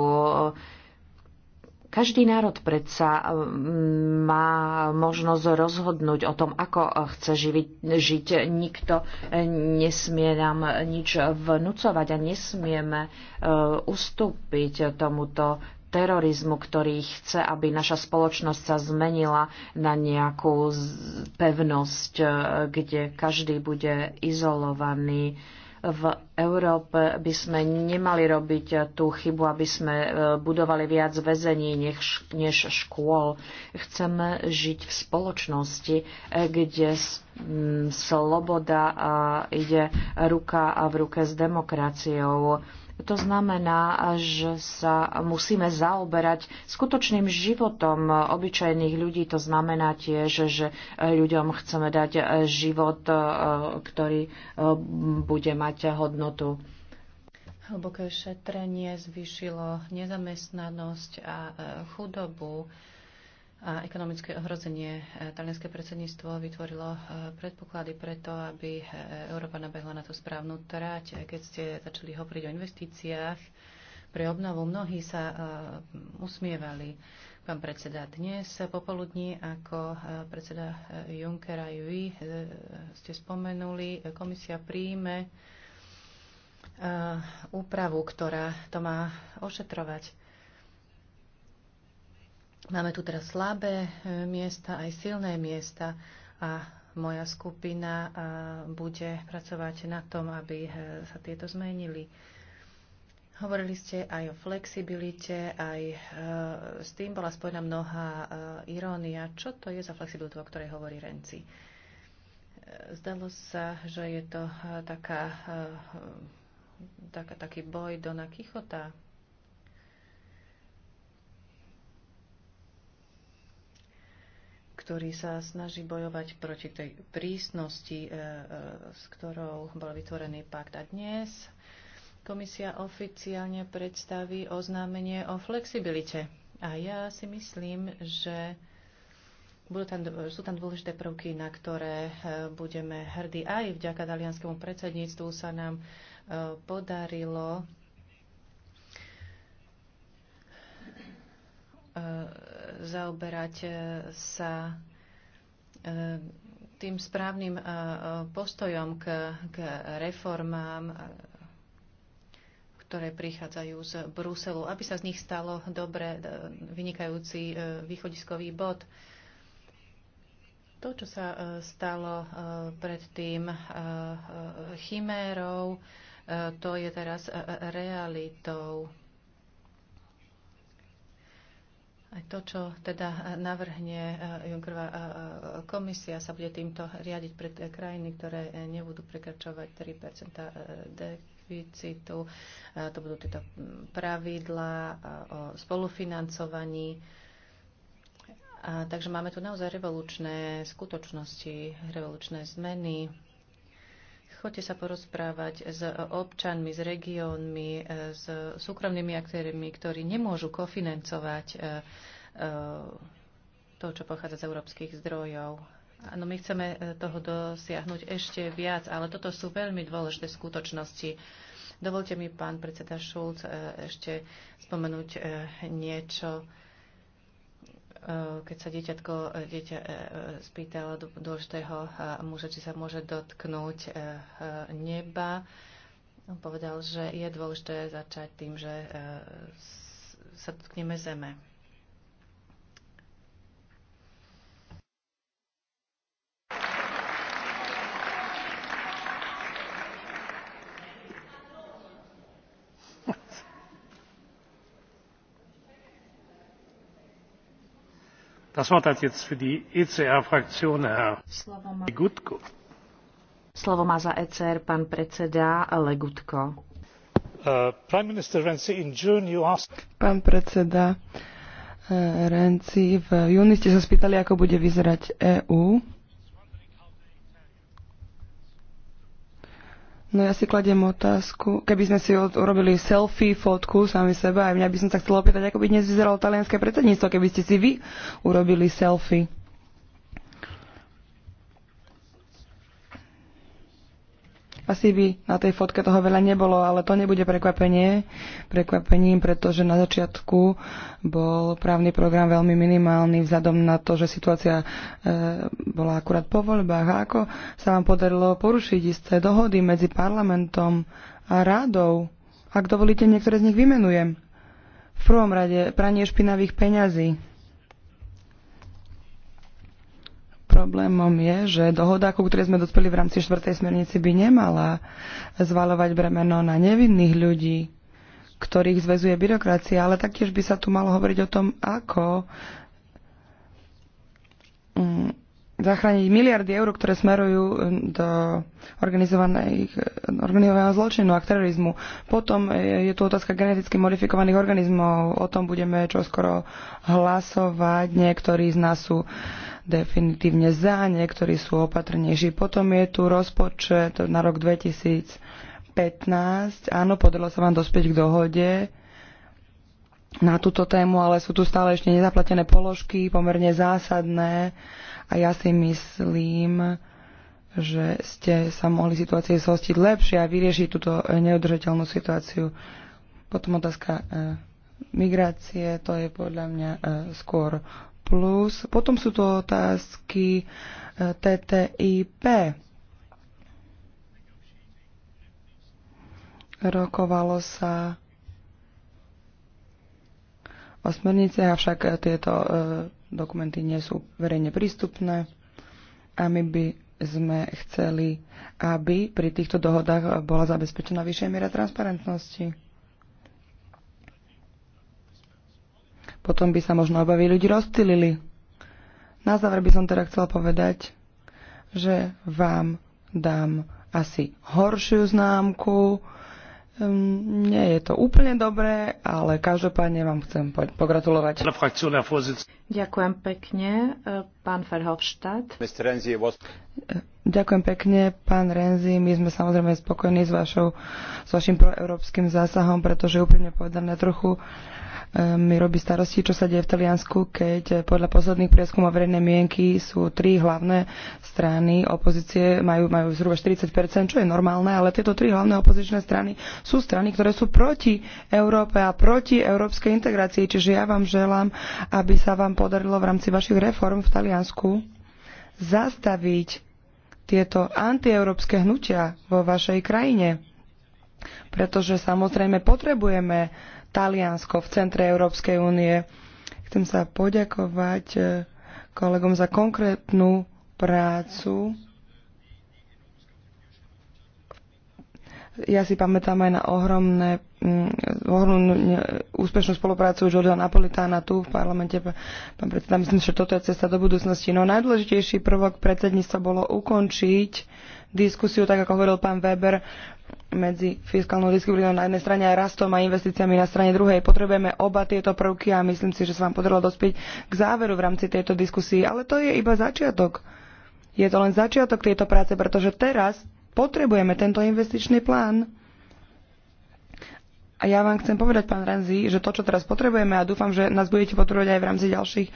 každý národ predsa mm, má možnosť rozhodnúť o tom, ako chce živiť, žiť. Nikto e, nesmie nám nič vnúcovať a nesmieme e, ustúpiť tomuto terorizmu, ktorý chce, aby naša spoločnosť sa zmenila na nejakú pevnosť, e, kde každý bude izolovaný v Európe by sme nemali robiť tú chybu, aby sme e, budovali viac väzení než škôl. Chceme žiť v spoločnosti, e, kde Mm, sloboda a ide ruka v ruke s demokraciou. To znamená, že sa musíme zaoberať skutočným životom obyčajných ľudí. To znamená tiež, že ľuďom chceme dať život, e, ktorý e, bude mať hodnotu. Hlboké šetrenie zvyšilo nezamestnanosť a e, chudobu a ekonomické ohrozenie. E, Talianské predsedníctvo vytvorilo e, predpoklady preto, aby e, Európa nabehla na tú správnu trať. Keď ste začali hovoriť o investíciách pre obnovu, mnohí sa usmievali. Pán predseda, dnes popoludní, ako predseda Junckera a vy ste spomenuli, komisia príjme úpravu, ktorá to má ošetrovať Máme tu teraz slabé e, miesta, aj silné miesta a moja skupina e, bude pracovať na tom, aby e, sa tieto zmenili. Hovorili ste aj o flexibilite, aj s tým bola spojená mnohá irónia. Čo to je za flexibilitu, o ktorej hovorí Renci? Zdalo sa, že je to taká, taká, taký boj do Kichota, ktorý sa snaží bojovať proti tej prísnosti, e, e, s ktorou bol vytvorený pakt. A dnes komisia oficiálne predstaví oznámenie o flexibilite. A ja si myslím, že budú tam, sú tam dôležité prvky, na ktoré e, budeme hrdí. Aj vďaka dalianskému predsedníctvu sa nám podarilo E, zaoberať e, sa e, tým správnym postojom k, k reformám, ktoré prichádzajú z Bruselu, aby sa z nich stalo dobre vynikajúci východiskový bod. To, čo sa stalo predtým chimérou, to je teraz realitou. Aj to, čo teda navrhne e, Junckerová e, e, komisia, sa bude týmto riadiť pre krajiny, ktoré nebudú prekračovať 3 deficitu. To budú tieto pravidlá o spolufinancovaní. A, takže máme tu naozaj revolučné skutočnosti, revolučné zmeny Choďte sa porozprávať s občanmi, s regiónmi, e, s súkromnými aktérmi, ktorí nemôžu kofinancovať e, e, to, čo pochádza z európskych zdrojov. Áno, my chceme toho dosiahnuť ešte viac, ale toto sú veľmi dôležité skutočnosti. Dovolte mi, pán predseda Šulc, ešte spomenúť niečo Eh, keď sa dieťatko eh, dieťa eh, spýtalo dôležitého muža, či sa môže dotknúť neba, on povedal, že je dôležité začať tým, že sa dotkneme zeme. E Slovo má za ECR pán predseda Legutko. Uh, Prime Minister Renzi, in June you asked... Pán predseda, uh, v júni ste sa spýtali, ako bude vyzerať EÚ No ja si kladiem otázku, keby sme si urobili selfie, fotku sami seba, aj mňa by som sa chcela opýtať, ako by dnes vyzeralo talianské predsedníctvo, keby ste si vy urobili selfie. Asi by na tej fotke toho veľa nebolo, ale to nebude prekvapenie. Prekvapením, pretože na začiatku bol právny program veľmi minimálny vzhľadom na to, že situácia e, bola akurát po voľbách. A ako sa vám podarilo porušiť isté dohody medzi parlamentom a rádou? Ak dovolíte, niektoré z nich vymenujem. V prvom rade pranie špinavých peňazí Problémom je, že dohoda, ku ktorej sme dospeli v rámci štvrtej smernici, by nemala zvalovať bremeno na nevinných ľudí, ktorých zväzuje byrokracia, ale taktiež by sa tu malo hovoriť o tom, ako mm, zachrániť miliardy eur, ktoré smerujú mm, do organizovaného zločinu a k terorizmu. Potom e, je tu otázka geneticky modifikovaných organizmov. O tom budeme čoskoro hlasovať. Niektorí z nás sú uh, definitívne za, niektorí sú opatrnejší. Potom je tu rozpočet na rok 2015. Áno, podarilo sa vám dospieť k dohode na túto tému, ale sú tu stále ešte nezaplatené položky, pomerne zásadné a ja si myslím, že ste sa mohli situácie zhostiť lepšie a vyriešiť túto neudržateľnú situáciu. Potom otázka eh, migrácie, to je podľa mňa eh, skôr plus. Potom sú to otázky e, TTIP. Rokovalo sa o smernice, avšak tieto e, dokumenty nie sú verejne prístupné a my by sme chceli, aby pri týchto dohodách bola zabezpečená vyššia miera transparentnosti. Potom by sa možno obavy ľudí rozstýlili. Na záver by som teda chcela povedať, že vám dám asi horšiu známku. Um, nie je to úplne dobré, ale každopádne vám chcem pogratulovať. Ďakujem pekne, e, pán Verhofstadt. E, ďakujem pekne, pán Renzi. My sme samozrejme spokojní s, vašou, s vašim proeurópskym zásahom, pretože úplne povedané trochu uh, Ehm, mi robí starosti, čo sa deje v Taliansku, keď eh, podľa posledných prieskumov verejnej mienky sú tri hlavné strany opozície, majú, majú zhruba 40%, čo je normálne, ale tieto tri hlavné opozičné strany sú strany, ktoré sú proti Európe a proti európskej integrácii. Čiže ja vám želám, aby sa vám podarilo v rámci vašich reform v Taliansku zastaviť tieto antieurópske hnutia vo vašej krajine. Pretože samozrejme potrebujeme Taliansko v centre Európskej únie. Chcem sa poďakovať e, kolegom za konkrétnu prácu. Ja si pamätám aj na ohromné, ohromnú úspešnú spoluprácu Giorgia Napolitána tu v parlamente. Pán predseda, myslím, že toto je cesta do budúcnosti. No najdôležitejší prvok predsedníctva bolo ukončiť diskusiu, tak ako hovoril pán Weber, medzi fiskálnou disciplínou na jednej strane a rastom a investíciami na strane druhej. Potrebujeme oba tieto prvky a myslím si, že sa vám podarilo dospieť k záveru v rámci tejto diskusie. Ale to je iba začiatok. Je to len začiatok tejto práce, pretože teraz potrebujeme tento investičný plán a ja vám chcem povedať, pán Ranzi, že to, čo teraz potrebujeme, a dúfam, že nás budete potrebovať aj v rámci ďalších,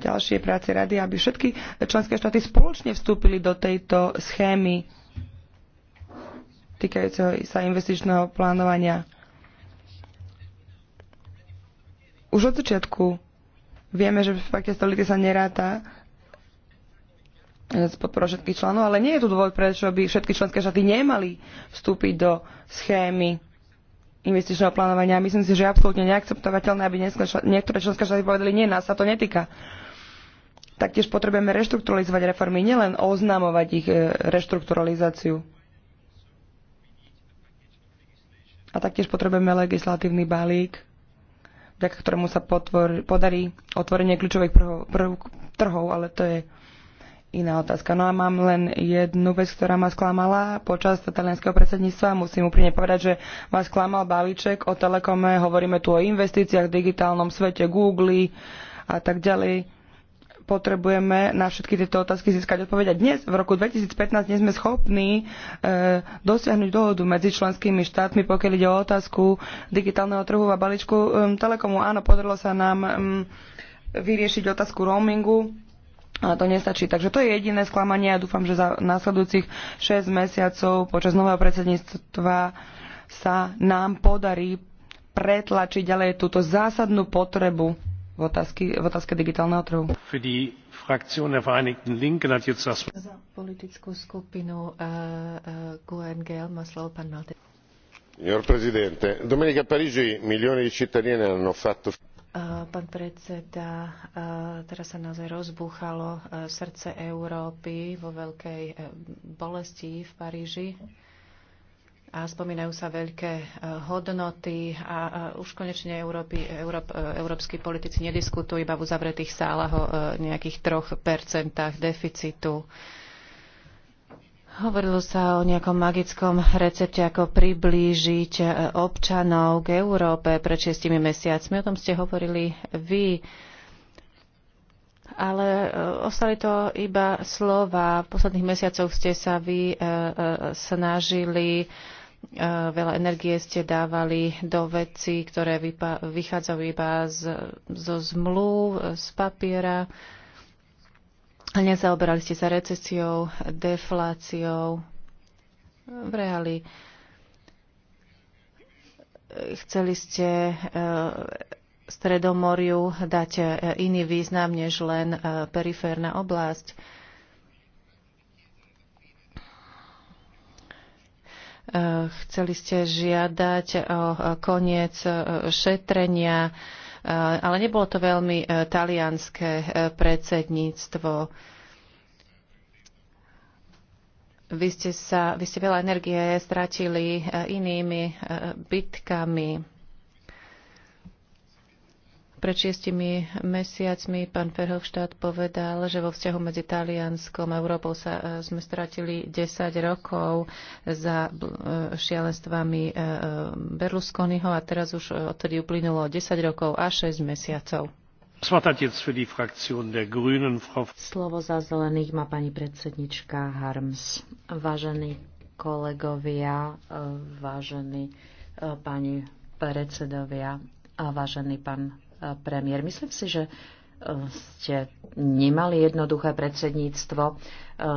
ďalšie práce rady, aby všetky členské štáty spoločne vstúpili do tejto schémy týkajúceho sa investičného plánovania. Už od začiatku vieme, že v pakte stolity sa neráta s podporou všetkých členov, ale nie je tu dôvod, prečo by všetky členské štáty nemali vstúpiť do schémy investičného plánovania. Myslím si, že je absolútne neakceptovateľné, aby niektoré členské štáty povedali, nie, nás sa to netýka. Taktiež potrebujeme reštrukturalizovať reformy, nielen oznamovať ich e, reštrukturalizáciu. A taktiež potrebujeme legislatívny balík, vďaka ktorému sa podarí otvorenie kľúčových prvov, prv, trhov, ale to je iná otázka. No a mám len jednu vec, ktorá ma sklamala počas talianského predsedníctva. Musím úprimne povedať, že ma sklamal balíček o telekome. Hovoríme tu o investíciách v digitálnom svete, Google a tak ďalej. Potrebujeme na všetky tieto otázky získať odpoveď. dnes, v roku 2015, nie sme schopní e, dosiahnuť dohodu medzi členskými štátmi, pokiaľ ide o otázku digitálneho trhu a balíčku e, telekomu. Áno, podarilo sa nám e, vyriešiť otázku roamingu ale to nestačí. Takže to je jediné sklamanie. Ja dúfam, že za následujúcich 6 mesiacov počas nového predsedníctva sa nám podarí pretlačiť ďalej túto zásadnú potrebu v, otázke, v otázke digitálneho trhu. Za politickú skupinu eh, eh, GUNGL má slovo pán Malte. Signor Presidente, domenica a Parigi milioni di cittadini hanno fatto Pán predseda, teraz sa naozaj rozbúchalo srdce Európy vo veľkej e, bolesti v Paríži a spomínajú sa veľké e, hodnoty a už konečne Európy, Európ, e, európsky politici nediskutujú iba v uzavretých sálach o nejakých troch percentách deficitu. Hovorilo sa o nejakom magickom recepte, ako priblížiť eh, občanov k Európe pred šestimi mesiacmi. O tom ste hovorili vy. Ale eh, ostali to iba slova. V posledných mesiacoch ste sa vy eh, snažili, veľa energie ste dávali do vecí, ktoré vychádzajú iba z, zo zmluv, z papiera. Nezaoberali ste sa recesiou, defláciou. V reáli chceli ste eh, Stredomoriu dať eh, iný význam než len eh, periférna oblasť. Chceli ste žiadať o koniec šetrenia Eh, ale nebolo to veľmi eh, talianské eh, predsedníctvo. Vy ste, sa, vy ste veľa energie strátili inými bitkami. Pred šiestimi mesiacmi pán Ferhofštát povedal, že vo vzťahu medzi Talianskom a Európou sa, e, sme stratili 10 rokov za e, šialenstvami e, Berlusconiho a teraz už odtedy uplynulo 10 rokov a 6 mesiacov. Slovo za zelených má pani predsednička Harms. Vážení kolegovia, vážení pani predsedovia, vážený pán premiér. Myslím si, že eh, ste nemali jednoduché predsedníctvo. Eh,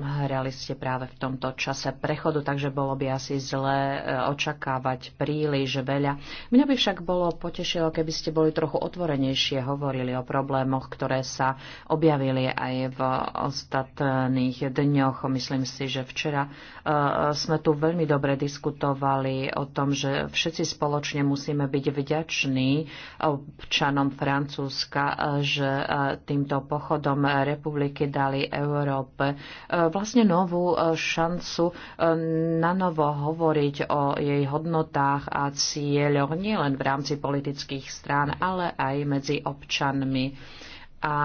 hrali ste práve v tomto čase prechodu, takže bolo by asi zlé eh, očakávať príliš veľa. Mňa by však bolo potešilo, keby ste boli trochu otvorenejšie hovorili o problémoch, ktoré sa objavili aj v ostatných dňoch. Myslím si, že včera eh, sme tu veľmi dobre diskutovali o tom, že všetci spoločne musíme byť vďační občanom Francúzska, že týmto pochodom republiky dali Európe. E, vlastne novú e, šancu e, na novo hovoriť o jej hodnotách a cieľoch nielen v rámci politických strán, ale aj medzi občanmi a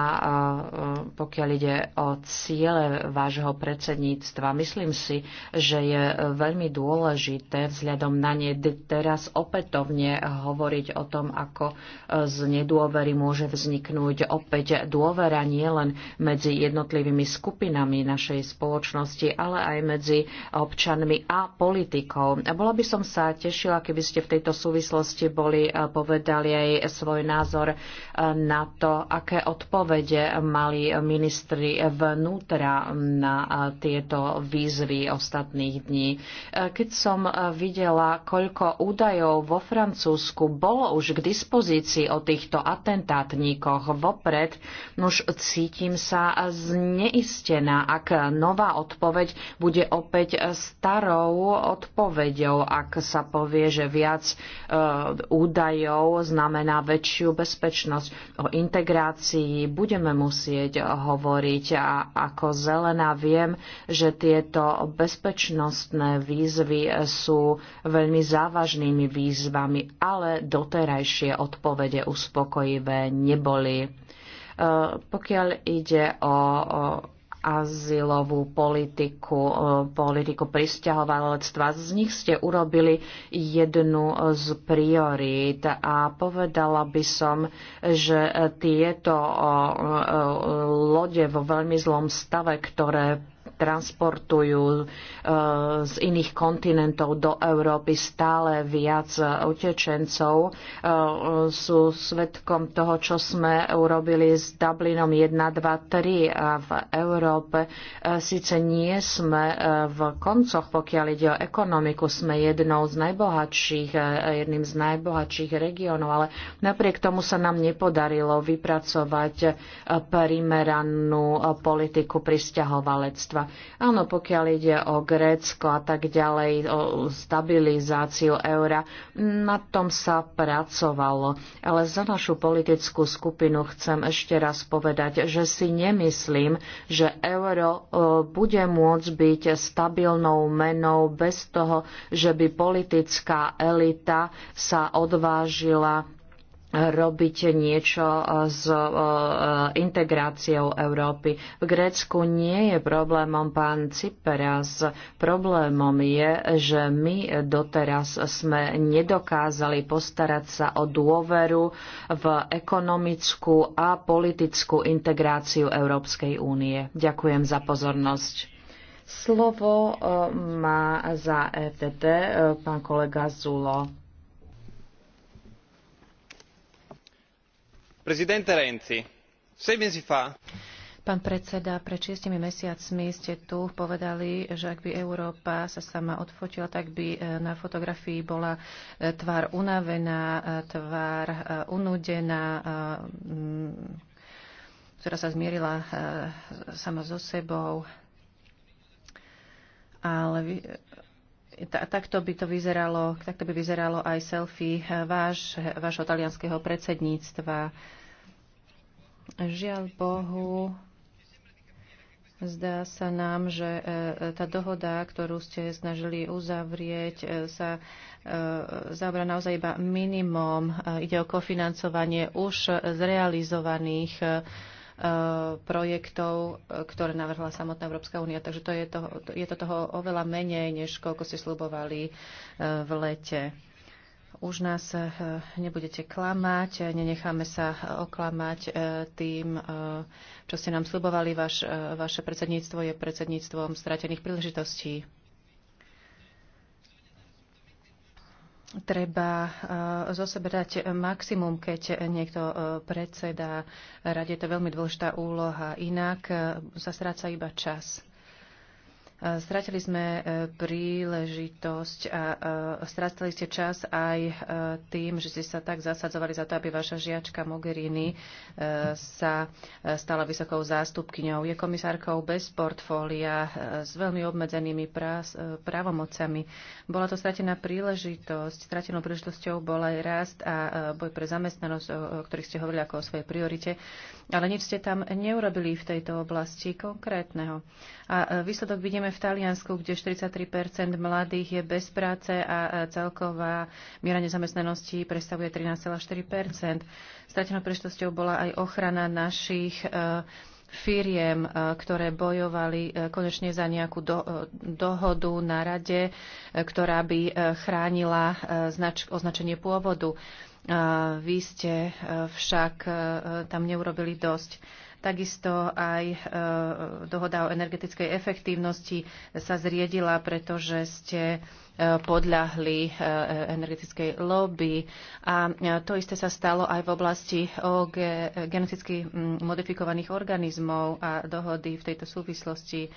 pokiaľ ide o ciele vášho predsedníctva, myslím si, že je veľmi dôležité vzhľadom na ne teraz opätovne hovoriť o tom, ako e, z nedôvery môže vzniknúť opäť dôvera nielen medzi jednotlivými skupinami našej spoločnosti, ale aj medzi občanmi a politikou. Bola by som sa tešila, keby ste v tejto súvislosti boli e, povedali aj svoj názor e, na to, aké od odpovede mali ministri vnútra na tieto výzvy ostatných dní. Keď som videla, koľko údajov vo Francúzsku bolo už k dispozícii o týchto atentátníkoch vopred, už cítim sa zneistená, ak nová odpoveď bude opäť starou odpoveďou, ak sa povie, že viac e, údajov znamená väčšiu bezpečnosť o integrácii budeme musieť hovoriť a ako zelená viem, že tieto bezpečnostné výzvy sú veľmi závažnými výzvami, ale doterajšie odpovede uspokojivé neboli. E, pokiaľ ide o azylovú politiku, e, politiku pristahovalectva. Z nich ste urobili jednu z priorít a povedala by som, že tieto e, e, lode vo veľmi zlom stave, ktoré transportujú e, z iných kontinentov do Európy stále viac utečencov. E, sú svetkom toho, čo sme urobili s Dublinom 1, 2, 3 a v Európe. E, Sice nie sme v koncoch, pokiaľ ide o ekonomiku, sme jednou z najbohatších, jedným z najbohatších regiónov, ale napriek tomu sa nám nepodarilo vypracovať primeranú politiku pristahovalectva áno, pokiaľ ide o Grécko a tak ďalej, o stabilizáciu eura, na tom sa pracovalo. Ale za našu politickú skupinu chcem ešte raz povedať, že si nemyslím, že euro e, bude môcť byť stabilnou menou bez toho, že by politická elita sa odvážila robiť niečo s e, integráciou Európy. V Grécku nie je problémom pán Ciperas. Problémom je, že my doteraz sme nedokázali postarať sa o dôveru v ekonomickú a politickú integráciu Európskej únie. Ďakujem za pozornosť. Slovo e, má za ETT e, pán kolega Zulo. Pán predseda, pred šiestimi mesiacmi ste tu povedali, že ak by Európa sa sama odfotila, tak by e, na fotografii bola e, tvár unavená, e, tvár unudená, ktorá sa zmierila sama so sebou. Ale vy, takto by to vyzeralo, takto by vyzeralo aj selfie eh, váš, eh, vášho talianského predsedníctva. Žiaľ Bohu, zdá sa nám, že eh, tá dohoda, ktorú ste snažili uzavrieť, sa zaobra naozaj iba minimum. Ide o kofinancovanie už zrealizovaných Eh, projektov, eh, ktoré navrhla samotná Európska únia. Takže to je, toho, je to toho oveľa menej, než koľko ste slubovali eh, v lete. Už nás nebudete klamať, nenecháme sa oklamať tým, čo ste nám slubovali. Vaš, vaše predsedníctvo je predsedníctvom stratených príležitostí. treba eh, zo sebe dať maximum, keď niekto eh, predseda rade. To je veľmi dôležitá úloha. Inak sa eh, stráca iba čas. Eh, stratili sme eh, príležitosť a eh, stratili ste čas aj tým, že ste sa tak zasadzovali za to, aby vaša žiačka Mogherini sa stala vysokou zástupkyňou. Je komisárkou bez portfólia s veľmi obmedzenými právomocami. Bola to stratená príležitosť. Stratenou príležitosťou bol aj rast a boj pre zamestnanosť, o ktorých ste hovorili ako o svojej priorite. Ale nič ste tam neurobili v tejto oblasti konkrétneho. A výsledok vidíme Najmä v Taliansku, kde 43 mladých je bez práce a celková miera nezamestnanosti predstavuje 13,4 Stratenou prečtosťou bola aj ochrana našich e, firiem, e, ktoré bojovali e, konečne za nejakú do, dohodu na rade, ktorá by chránila znač, označenie pôvodu. Vy ste však tam neurobili dosť. Takisto aj e, dohoda o energetickej efektívnosti sa zriedila, pretože ste e, podľahli e, energetickej lobby. A to isté sa stalo aj v oblasti o geneticky modifikovaných organizmov a dohody v tejto súvislosti.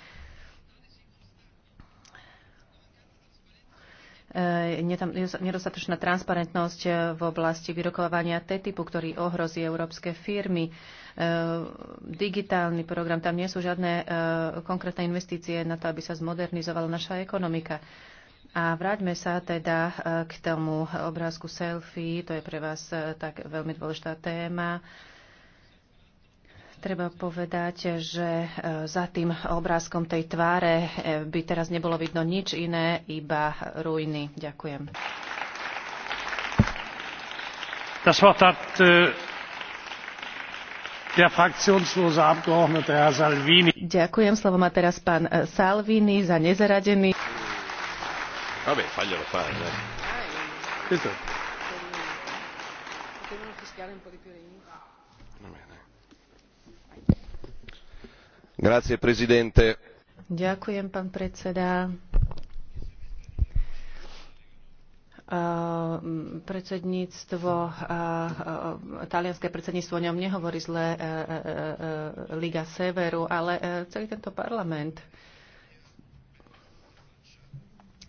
nedostatočná transparentnosť v oblasti vyrokovania T-typu, ktorý ohrozí európske firmy. E, digitálny program. Tam nie sú žiadne e, konkrétne investície na to, aby sa zmodernizovala naša ekonomika. A vráťme sa teda e, k tomu obrázku selfie, to je pre vás tak veľmi dôležitá téma. Treba povedať, že za tým obrázkom tej tváre by teraz nebolo vidno nič iné, iba ruiny. Ďakujem. Das war das, äh Ďakujem, slovo má teraz pán eh, Salvini za nezaradený. Vabbè, faglielo fare. Questo. Grazie, presidente. Ďakujem, pán predseda. Ehm, predsedníctvo, ehm, talianské predsedníctvo o ňom nehovorí zle e, e, e, Liga Severu, ale celý tento parlament.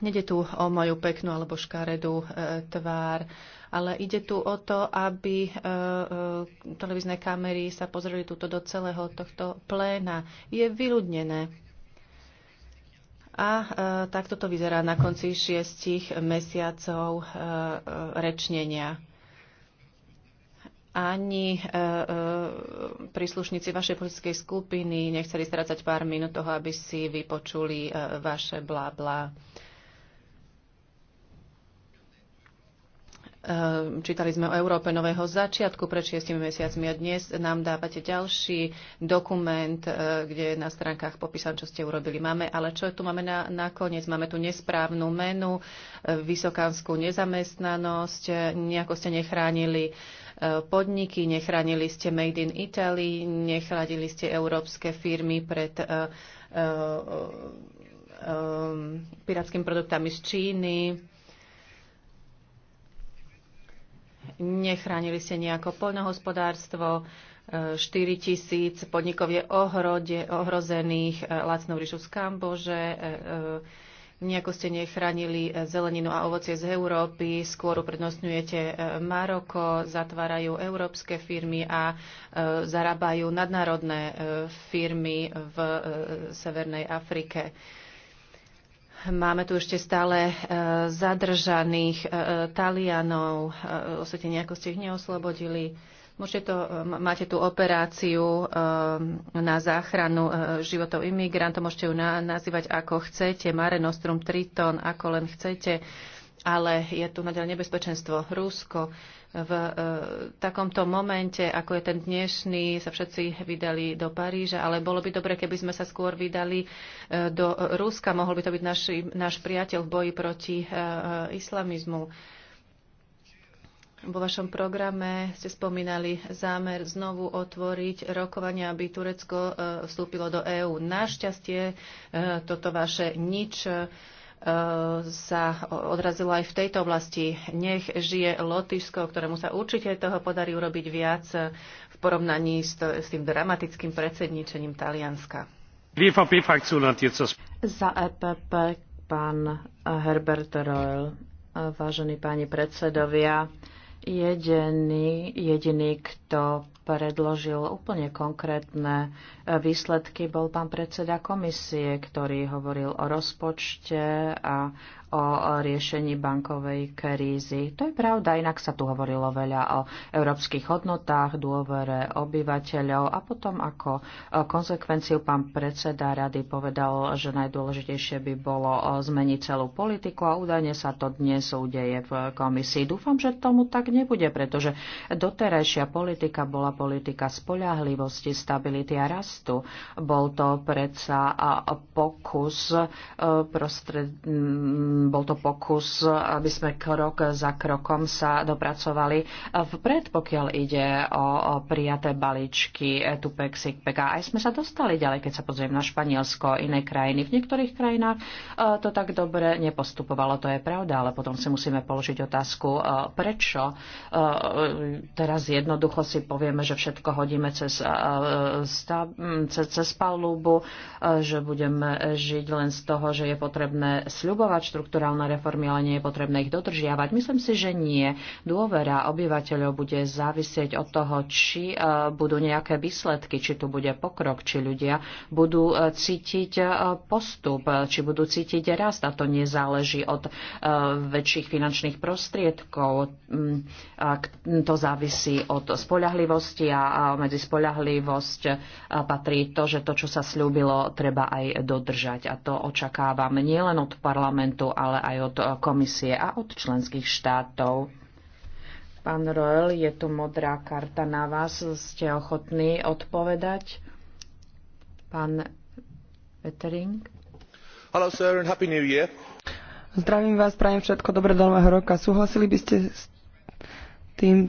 Nede tu o moju peknú alebo škaredú tvár, ale ide tu o to, aby televízne kamery sa pozreli tuto do celého tohto pléna. Je vyľudnené a e, takto to vyzerá na konci šiestich mesiacov e, e, rečnenia. Ani e, e, príslušníci vašej politickej skupiny nechceli strácať pár minút toho, aby si vypočuli e, vaše blá blá. Ehm, čítali sme o Európe nového začiatku pred šiestimi mesiacmi a dnes nám dávate ďalší dokument, e, kde je na stránkach popísané, čo ste urobili. Máme, ale čo tu máme na, nakoniec? Máme tu nesprávnu menu, e, vysokánskú nezamestnanosť, e, nejako ste nechránili podniky, nechránili ste Made in Italy, nechránili ste európske firmy pred uh, uh, uh, pirátskými produktami z Číny Nechránili ste nejako poľnohospodárstvo, 4 tisíc podnikov je ohrode, ohrozených e, lacnou ríšu z Kambože, e, e, nejako ste nechránili zeleninu a ovocie z Európy, skôr uprednostňujete Maroko, zatvárajú európske firmy a zarábajú nadnárodné firmy v Severnej Afrike. Máme tu ešte stále e, zadržaných e, e, Talianov, osvete nejako ste ich neoslobodili. Môžete to, máte tu operáciu na záchranu životov imigrantov, môžete ju nazývať ako chcete, Mare Nostrum Triton, ako len chcete ale je tu nadal nebezpečenstvo. Rusko v e, takomto momente, ako je ten dnešný, sa všetci vydali do Paríža, ale bolo by dobre, keby sme sa skôr vydali e, do Ruska. Mohol by to byť naši, náš priateľ v boji proti e, e, islamizmu. Vo vašom programe ste spomínali zámer znovu otvoriť rokovania, aby Turecko e, vstúpilo do EÚ. Našťastie e, toto vaše nič. E, sa odrazilo aj v tejto oblasti. Nech žije Lotyšsko, ktorému sa určite toho podarí urobiť viac v porovnaní s, to, s tým dramatickým predsedníčením Talianska. Za EPP pán Herbert Royal, vážení páni predsedovia, jediný, jediný, kto predložil úplne konkrétne e, výsledky, bol pán predseda komisie, ktorý hovoril o rozpočte a o riešení bankovej krízy. To je pravda, inak sa tu hovorilo veľa o európskych hodnotách, dôvere obyvateľov a potom ako konsekvenciu pán predseda rady povedal, že najdôležitejšie by bolo zmeniť celú politiku a údajne sa to dnes udeje v komisii. Dúfam, že tomu tak nebude, pretože doterajšia politika bola politika spoľahlivosti, stability a rastu. Bol to predsa pokus eh, prostred bol to pokus, aby sme krok za krokom sa dopracovali vpred, pokiaľ ide o prijaté balíčky tu pexik A aj sme sa dostali ďalej, keď sa pozrieme na Španielsko, iné krajiny. V niektorých krajinách e, to tak dobre nepostupovalo, to je pravda, ale potom si musíme položiť otázku, e, prečo e, teraz jednoducho si povieme, že všetko hodíme cez, cez, cez palubu, že budeme žiť len z toho, že je potrebné sľubovať štruktúru štruktúralné reformy, ale nie je potrebné ich dodržiavať? Myslím si, že nie. Dôvera obyvateľov bude závisieť od toho, či e, budú nejaké výsledky, či tu bude pokrok, či ľudia budú e, cítiť e, postup, či budú cítiť rast. A to nezáleží od väčších finančných prostriedkov. Mm, to závisí od spolahlivosti a medzi spolahlivosť patrí to, že to, čo sa slúbilo, treba aj dodržať. A to očakávam nielen od parlamentu, ale aj od eh, komisie a od členských štátov. Pán Roel, je tu modrá karta na vás. Ste ochotní odpovedať? Pán Vetering. Hello, sir, and happy new year. Zdravím vás, prajem všetko dobre do nového roka. Súhlasili by ste s tým,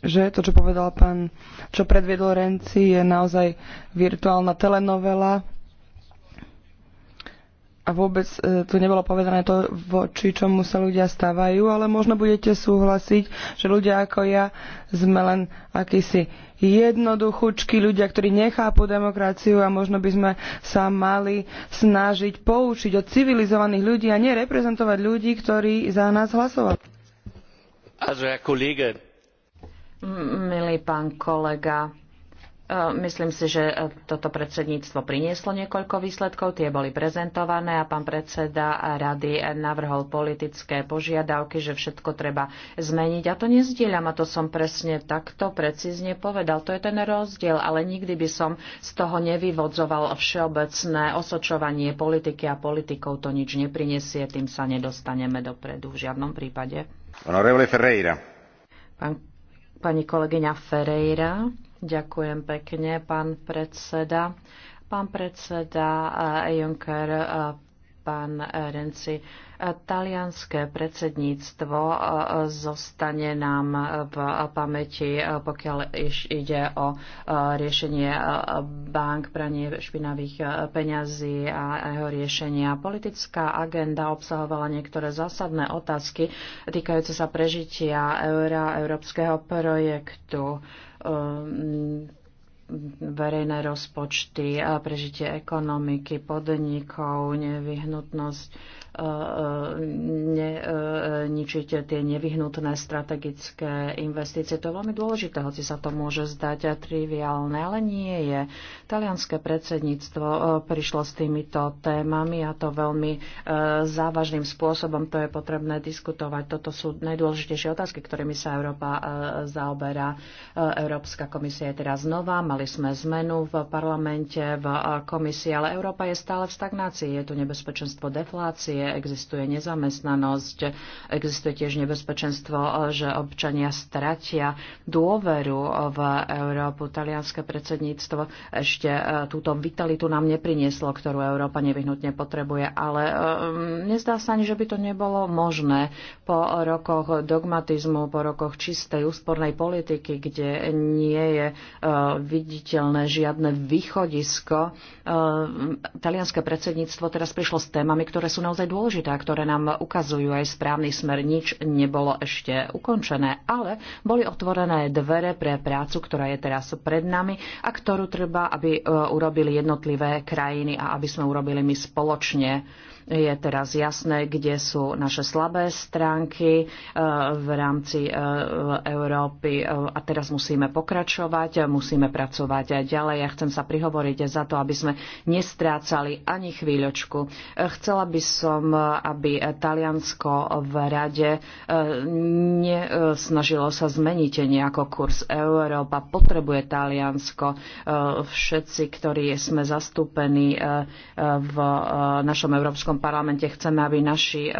že to, čo povedal pán, čo predviedol Renci, je naozaj virtuálna telenovela a vôbec e, tu nebolo povedané to, voči čomu sa ľudia stávajú, ale možno budete súhlasiť, že ľudia ako ja sme len akýsi jednoduchúčky ľudia, ktorí nechápu demokraciu a možno by sme sa mali snažiť poučiť od civilizovaných ľudí a nereprezentovať ľudí, ktorí za nás hlasovali. Milý pán kolega, E, myslím si, že e, toto predsedníctvo prinieslo niekoľko výsledkov, tie boli prezentované a pán predseda rady navrhol politické požiadavky, že všetko treba zmeniť. A to nezdieľam a to som presne takto precízne povedal. To je ten rozdiel, ale nikdy by som z toho nevyvodzoval všeobecné osočovanie politiky a politikov. To nič neprinesie, tým sa nedostaneme dopredu v žiadnom prípade. Ferreira. Pán, pani kolegyňa Ferreira. Ďakujem pekne, pán predseda. Pán predseda eh, Juncker, eh, pán Renci, eh, talianské predsedníctvo zostane nám v pamäti, pokiaľ ide o riešenie bank, pranie špinavých peňazí a jeho riešenia. Politická agenda obsahovala niektoré zásadné otázky týkajúce sa prežitia eura, európskeho projektu Um, verejné rozpočty, prežitie ekonomiky, podnikov, nevyhnutnosť Ničiť tie nevyhnutné strategické investície. To je veľmi dôležité, hoci sa to môže zdať triviálne, ale nie je. Talianské predsedníctvo eh, prišlo s týmito témami a to veľmi eh, závažným spôsobom. To je potrebné diskutovať. Toto sú najdôležitejšie otázky, ktorými sa Európa eh, zaoberá. Európska komisia je teraz nová, mali sme zmenu v parlamente, v komisii, ale Európa je stále v stagnácii. Je tu nebezpečenstvo deflácie zdravie, existuje nezamestnanosť, existuje tiež nebezpečenstvo, že občania stratia dôveru v Európu. Talianské predsedníctvo ešte e, túto vitalitu nám neprinieslo, ktorú Európa nevyhnutne potrebuje, ale e, nezdá sa ani, že by to nebolo možné po rokoch dogmatizmu, po rokoch čistej úspornej politiky, kde nie je e, viditeľné žiadne východisko. Talianské predsedníctvo teraz prišlo s témami, ktoré sú naozaj dôležité, ktoré nám ukazujú aj správny smer. Nič nebolo ešte ukončené, ale boli otvorené dvere pre prácu, ktorá je teraz pred nami a ktorú treba, aby e, urobili jednotlivé krajiny a aby sme urobili my spoločne. Je teraz jasné, kde sú naše slabé stránky eh, v rámci eh, Európy eh, a teraz musíme pokračovať, musíme pracovať ďalej. Ja chcem sa prihovoriť za to, aby sme nestrácali ani chvíľočku. Chcela by som, aby Taliansko v rade nesnažilo sa zmeniť nejako kurz Európa. Potrebuje Taliansko všetci, ktorí sme zastúpení v našom európskom Európskom parlamente chceme, aby naši e,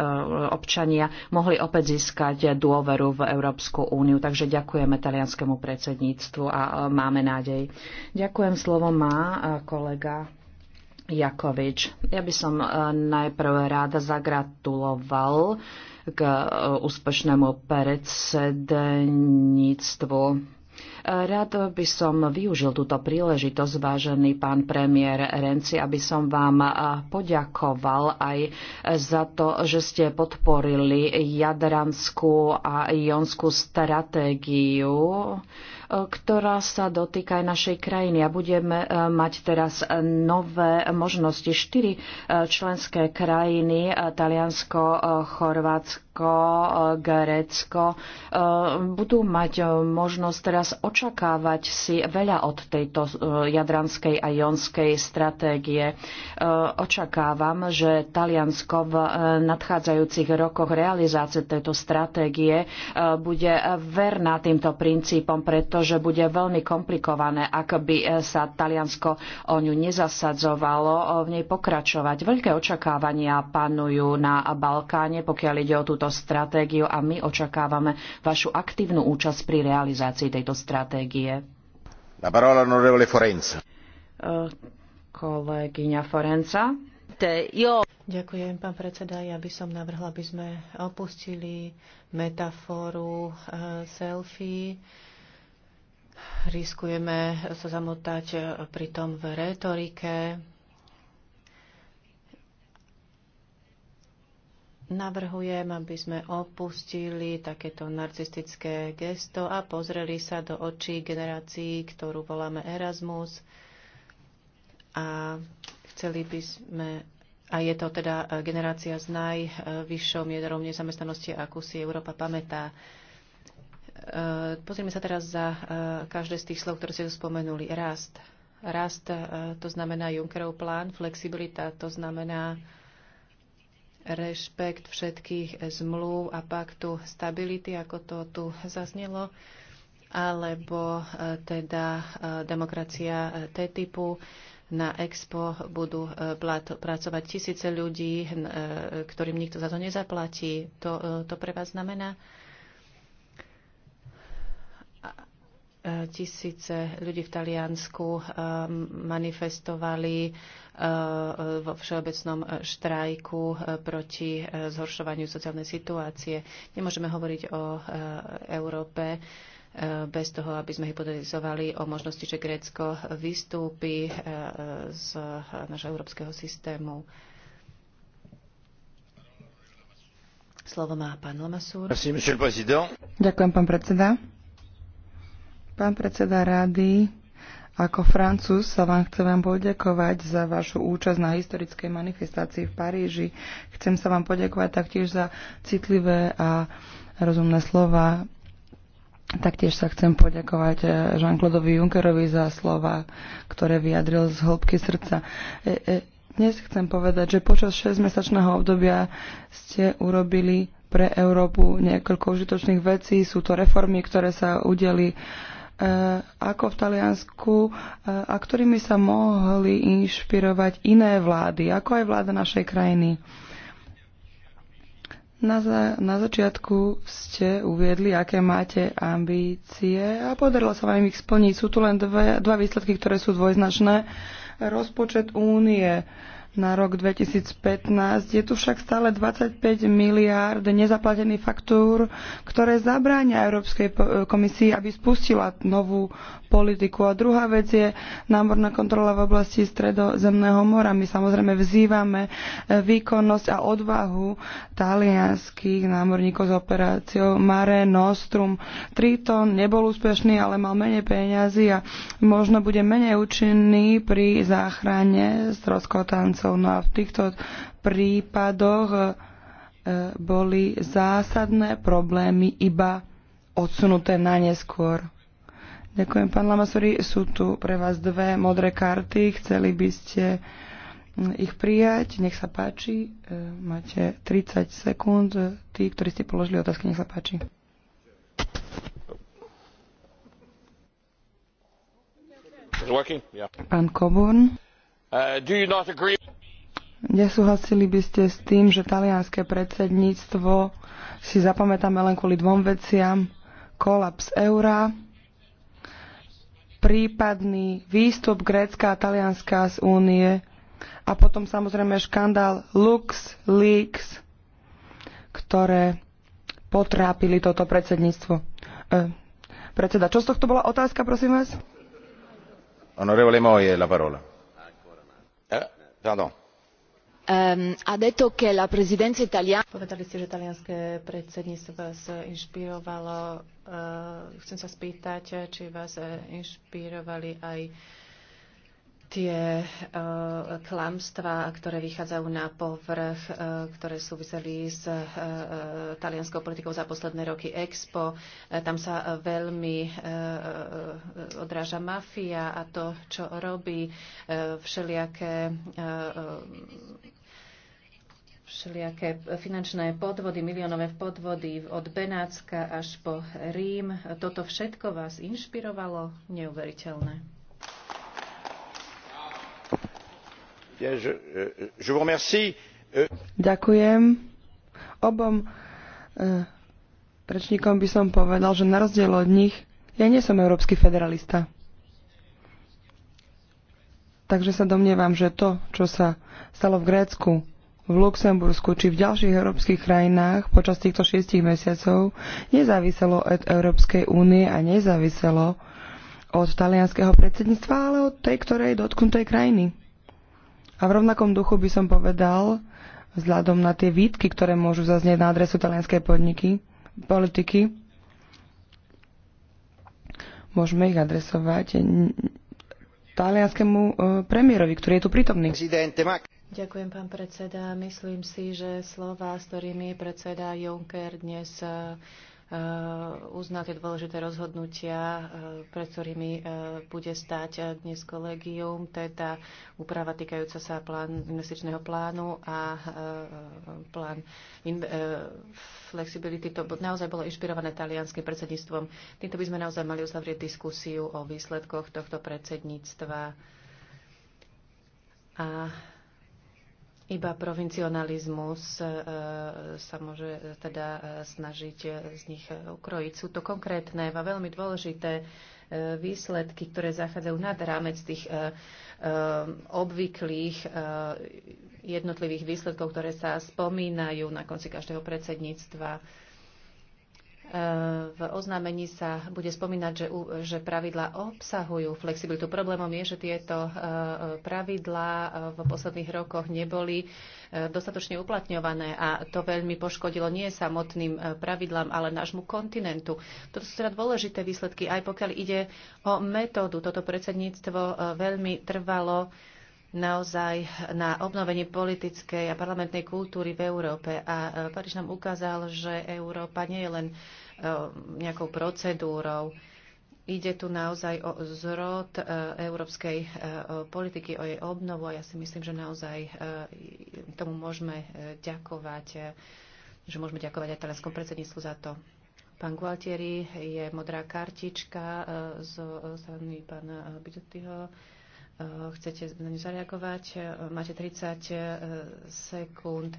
občania mohli opäť získať dôveru v Európsku úniu. Takže ďakujeme talianskému predsedníctvu a e, máme nádej. Ďakujem, slovo má e, kolega Jakovič. Ja by som najprv ráda zagratuloval k úspešnému predsedníctvu Rád by som využil túto príležitosť, vážený pán premiér Renci, aby som vám poďakoval aj za to, že ste podporili jadranskú a jonskú stratégiu ktorá sa dotýka aj našej krajiny. A budeme e, mať teraz nové možnosti. Štyri e, členské krajiny, e, Taliansko, Chorvátsko, Grécko, budú mať možnosť teraz očakávať si veľa od tejto jadranskej a jonskej stratégie. Očakávam, že Taliansko v nadchádzajúcich rokoch realizácie tejto stratégie bude verná týmto princípom, pretože že bude veľmi komplikované, ak by e, sa Taliansko o ňu nezasadzovalo, e, v nej pokračovať. Veľké očakávania panujú na Balkáne, pokiaľ ide o túto stratégiu a my očakávame vašu aktívnu účasť pri realizácii tejto stratégie. La parola onorevole Forenza. E, kolegyňa Forenza. Ďakujem, pán predseda. Ja by som navrhla, aby sme opustili metaforu selfie riskujeme sa zamotať pritom v retorike. Navrhujem, aby sme opustili takéto narcistické gesto a pozreli sa do očí generácií, ktorú voláme Erasmus. A chceli by sme a je to teda generácia s najvyššou mierou nezamestnanosti, akú si Európa pamätá. Eh, Pozrime sa teraz za eh, každé z tých slov, ktoré ste spomenuli. Rast. Rast eh, to znamená Junckerov plán, flexibilita to znamená rešpekt všetkých zmluv a paktu stability, ako to tu zaznelo, alebo teda demokracia T-typu. Na Expo budú pracovať tisíce ľudí, ktorým nikto za to nezaplatí. To, to pre vás znamená? tisíce ľudí v Taliansku eh, manifestovali eh, vo všeobecnom eh, štrajku proti zhoršovaniu sociálnej situácie. Nemôžeme hovoriť o Európe bez toho, aby sme hypotetizovali o možnosti, že Grécko vystúpi z nášho európskeho systému. Slovo má pán Lomasúr. Ďakujem, pán predseda. Pán predseda rady, ako Francúz sa vám chcem vám poďakovať za vašu účasť na historickej manifestácii v Paríži. Chcem sa vám poďakovať taktiež za citlivé a rozumné slova. Taktiež sa chcem poďakovať eh, Jean-Claudeovi Junckerovi za slova, ktoré vyjadril z hĺbky srdca. Eh, eh, dnes chcem povedať, že počas 6-mesačného obdobia ste urobili pre Európu niekoľko užitočných vecí. Sú to reformy, ktoré sa udeli Eh, ako v Taliansku eh, a ktorými sa mohli inšpirovať iné vlády, ako aj vláda našej krajiny. Na, za, na začiatku ste uviedli, aké máte ambície a podarilo sa vám ich splniť. Sú tu len dve, dva výsledky, ktoré sú dvojznačné. Rozpočet únie na rok 2015. Je tu však stále 25 miliárd nezaplatených faktúr, ktoré zabránia Európskej komisii, aby spustila novú politiku. A druhá vec je námorná kontrola v oblasti Stredozemného mora. My samozrejme vzývame e, výkonnosť a odvahu talianských námorníkov s operáciou Mare Nostrum. Triton nebol úspešný, ale mal menej peniazy a možno bude menej účinný pri záchrane stroskotancov poslancov. No a v týchto prípadoch e, boli zásadné problémy iba odsunuté na neskôr. Ďakujem, pán Lamasori. Sú tu pre vás dve modré karty. Chceli by ste mm, ich prijať. Nech sa páči. E, máte 30 sekúnd. Tí, ktorí ste položili otázky, nech sa páči. Pán Coburn. Uh, Nesúhlasili by ste s tým, že talianske predsedníctvo si zapamätáme len kvôli dvom veciam. Kolaps eura, prípadný výstup Grécka a Talianska z únie a potom samozrejme škandál LuxLeaks, ktoré potrápili toto predsedníctvo. E, predseda, čo z tohto bola otázka, prosím vás? Honorevole Moje, la parola povedali ste že talianske predsedníctvo vás inšpirovalo. Ehm, chcem sa spýtať či vás eh, inšpirovali aj európskej únie tie uh, klamstvá, ktoré vychádzajú na povrch, uh, ktoré súviseli s uh, talianskou politikou za posledné roky Expo. Tam sa veľmi odráža mafia a to, čo robí všelijaké všelijaké finančné podvody, miliónové podvody od Benátska až po Rím. Toto všetko vás inšpirovalo? Neuveriteľné. Ďakujem. Obom e, rečníkom by som povedal, že na rozdiel od nich ja nie som európsky federalista. Takže sa domnievam, že to, čo sa stalo v Grécku, v Luxembursku či v ďalších európskych krajinách počas týchto šiestich mesiacov nezáviselo od Európskej únie a nezáviselo od talianskeho predsedníctva, ale od tej ktorej dotknutej krajiny. A v rovnakom duchu by som povedal, vzhľadom na tie výtky, ktoré môžu zaznieť na adresu talianskej podniky, politiky, môžeme ich adresovať talianskému e, premiérovi, ktorý je tu prítomný. Ďakujem, pán predseda. Myslím si, že slova, s ktorými predseda Juncker dnes e, Eh, uzná tie dôležité rozhodnutia, eh, pred ktorými eh, bude stáť dnes kolegium, teda úprava týkajúca sa plán, investičného plánu a plán in, flexibility. To naozaj bolo inšpirované talianským predsedníctvom. Týmto by sme naozaj mali uzavrieť diskusiu o výsledkoch tohto predsedníctva. A iba provincionalizmus e, sa môže teda e, snažiť e, z nich ukrojiť. Sú to konkrétne a veľmi dôležité výsledky, ktoré zachádzajú nad rámec tých obvyklých jednotlivých výsledkov, ktoré sa spomínajú na konci každého predsedníctva v oznámení sa bude spomínať, že, že pravidla obsahujú flexibilitu. Problémom je, že tieto e, pravidlá e, v posledných rokoch neboli e, dostatočne uplatňované a to veľmi poškodilo nie samotným pravidlám, ale nášmu kontinentu. Toto sú teda dôležité výsledky, aj pokiaľ ide o metódu. Toto predsedníctvo veľmi trvalo naozaj na obnovenie politickej a parlamentnej kultúry v Európe. A e, Paríž nám ukázal, že Európa nie je len e, nejakou procedúrou. Ide tu naozaj o zrod e, európskej politiky, o jej obnovu a ja si myslím, že naozaj tomu môžeme ďakovať, že môžeme ďakovať aj talianskom predsedníctvu za to. Pán Gualtieri, je modrá kartička zo strany pána Bidotyho chcete na ňu zareagovať. Máte 30 e, sekúnd.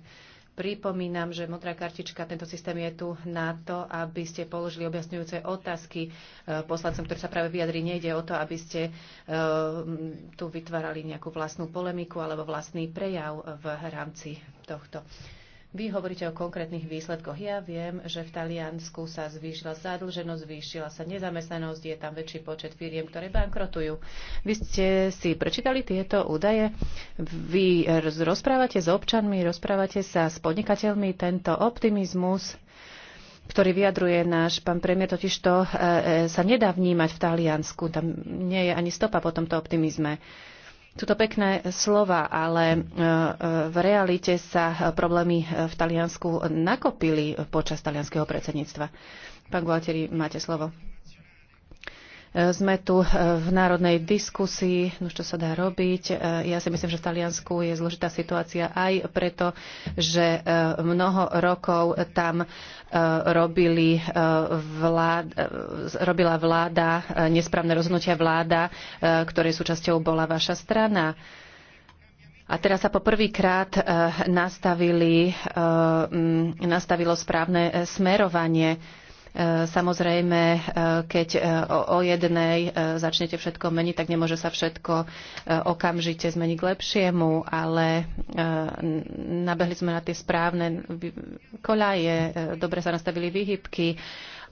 Pripomínam, že modrá kartička, tento systém je tu na to, aby ste položili objasňujúce otázky e, poslancom, ktorí sa práve vyjadri. Nejde o to, aby ste e, tu vytvárali nejakú vlastnú polemiku alebo vlastný prejav v rámci tohto. Vy hovoríte o konkrétnych výsledkoch. Ja viem, že v Taliansku sa zvýšila zadlženosť, zvýšila sa nezamestnanosť, je tam väčší počet firiem, ktoré bankrotujú. Vy ste si prečítali tieto údaje? Vy rozprávate s občanmi, rozprávate sa s podnikateľmi. Tento optimizmus ktorý vyjadruje náš pán premiér, totiž to e, e sa nedá vnímať v Taliansku. Tam nie je ani stopa po tomto optimizme. Sú to pekné slova, ale e, e, v realite sa problémy v Taliansku nakopili počas talianského predsedníctva. Pán Gualtieri, máte slovo. Sme tu e, v národnej diskusii, no čo sa dá robiť. E, ja si myslím, že v Taliansku je zložitá situácia aj preto, že e, mnoho rokov tam robili vlád, robila vláda, nesprávne rozhodnutia vláda, ktorej súčasťou bola vaša strana. A teraz sa poprvýkrát nastavilo správne smerovanie E, samozrejme, e, keď e, o jednej začnete všetko meniť, tak nemôže sa všetko okamžite zmeniť k lepšiemu, ale nabehli sme na tie správne koľaje, dobre sa nastavili výhybky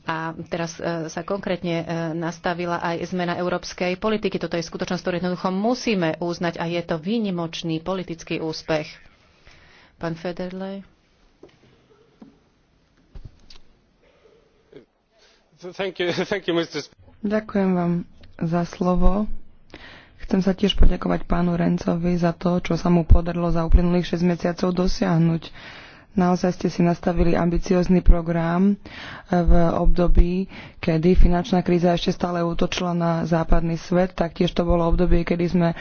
a teraz sa konkrétne nastavila aj zmena európskej politiky. Toto je skutočnosť, ktorú jednoducho musíme uznať a je to výnimočný politický úspech. Pán Federlej. *laughs* Ďakujem vám za slovo. Chcem sa tiež poďakovať pánu Rencovi za to, čo sa mu podarilo za uplynulých 6 mesiacov dosiahnuť. Naozaj ste si nastavili ambiciózny program e, v období, kedy finančná kríza ešte stále útočila na západný svet. Taktiež to bolo obdobie, kedy sme e,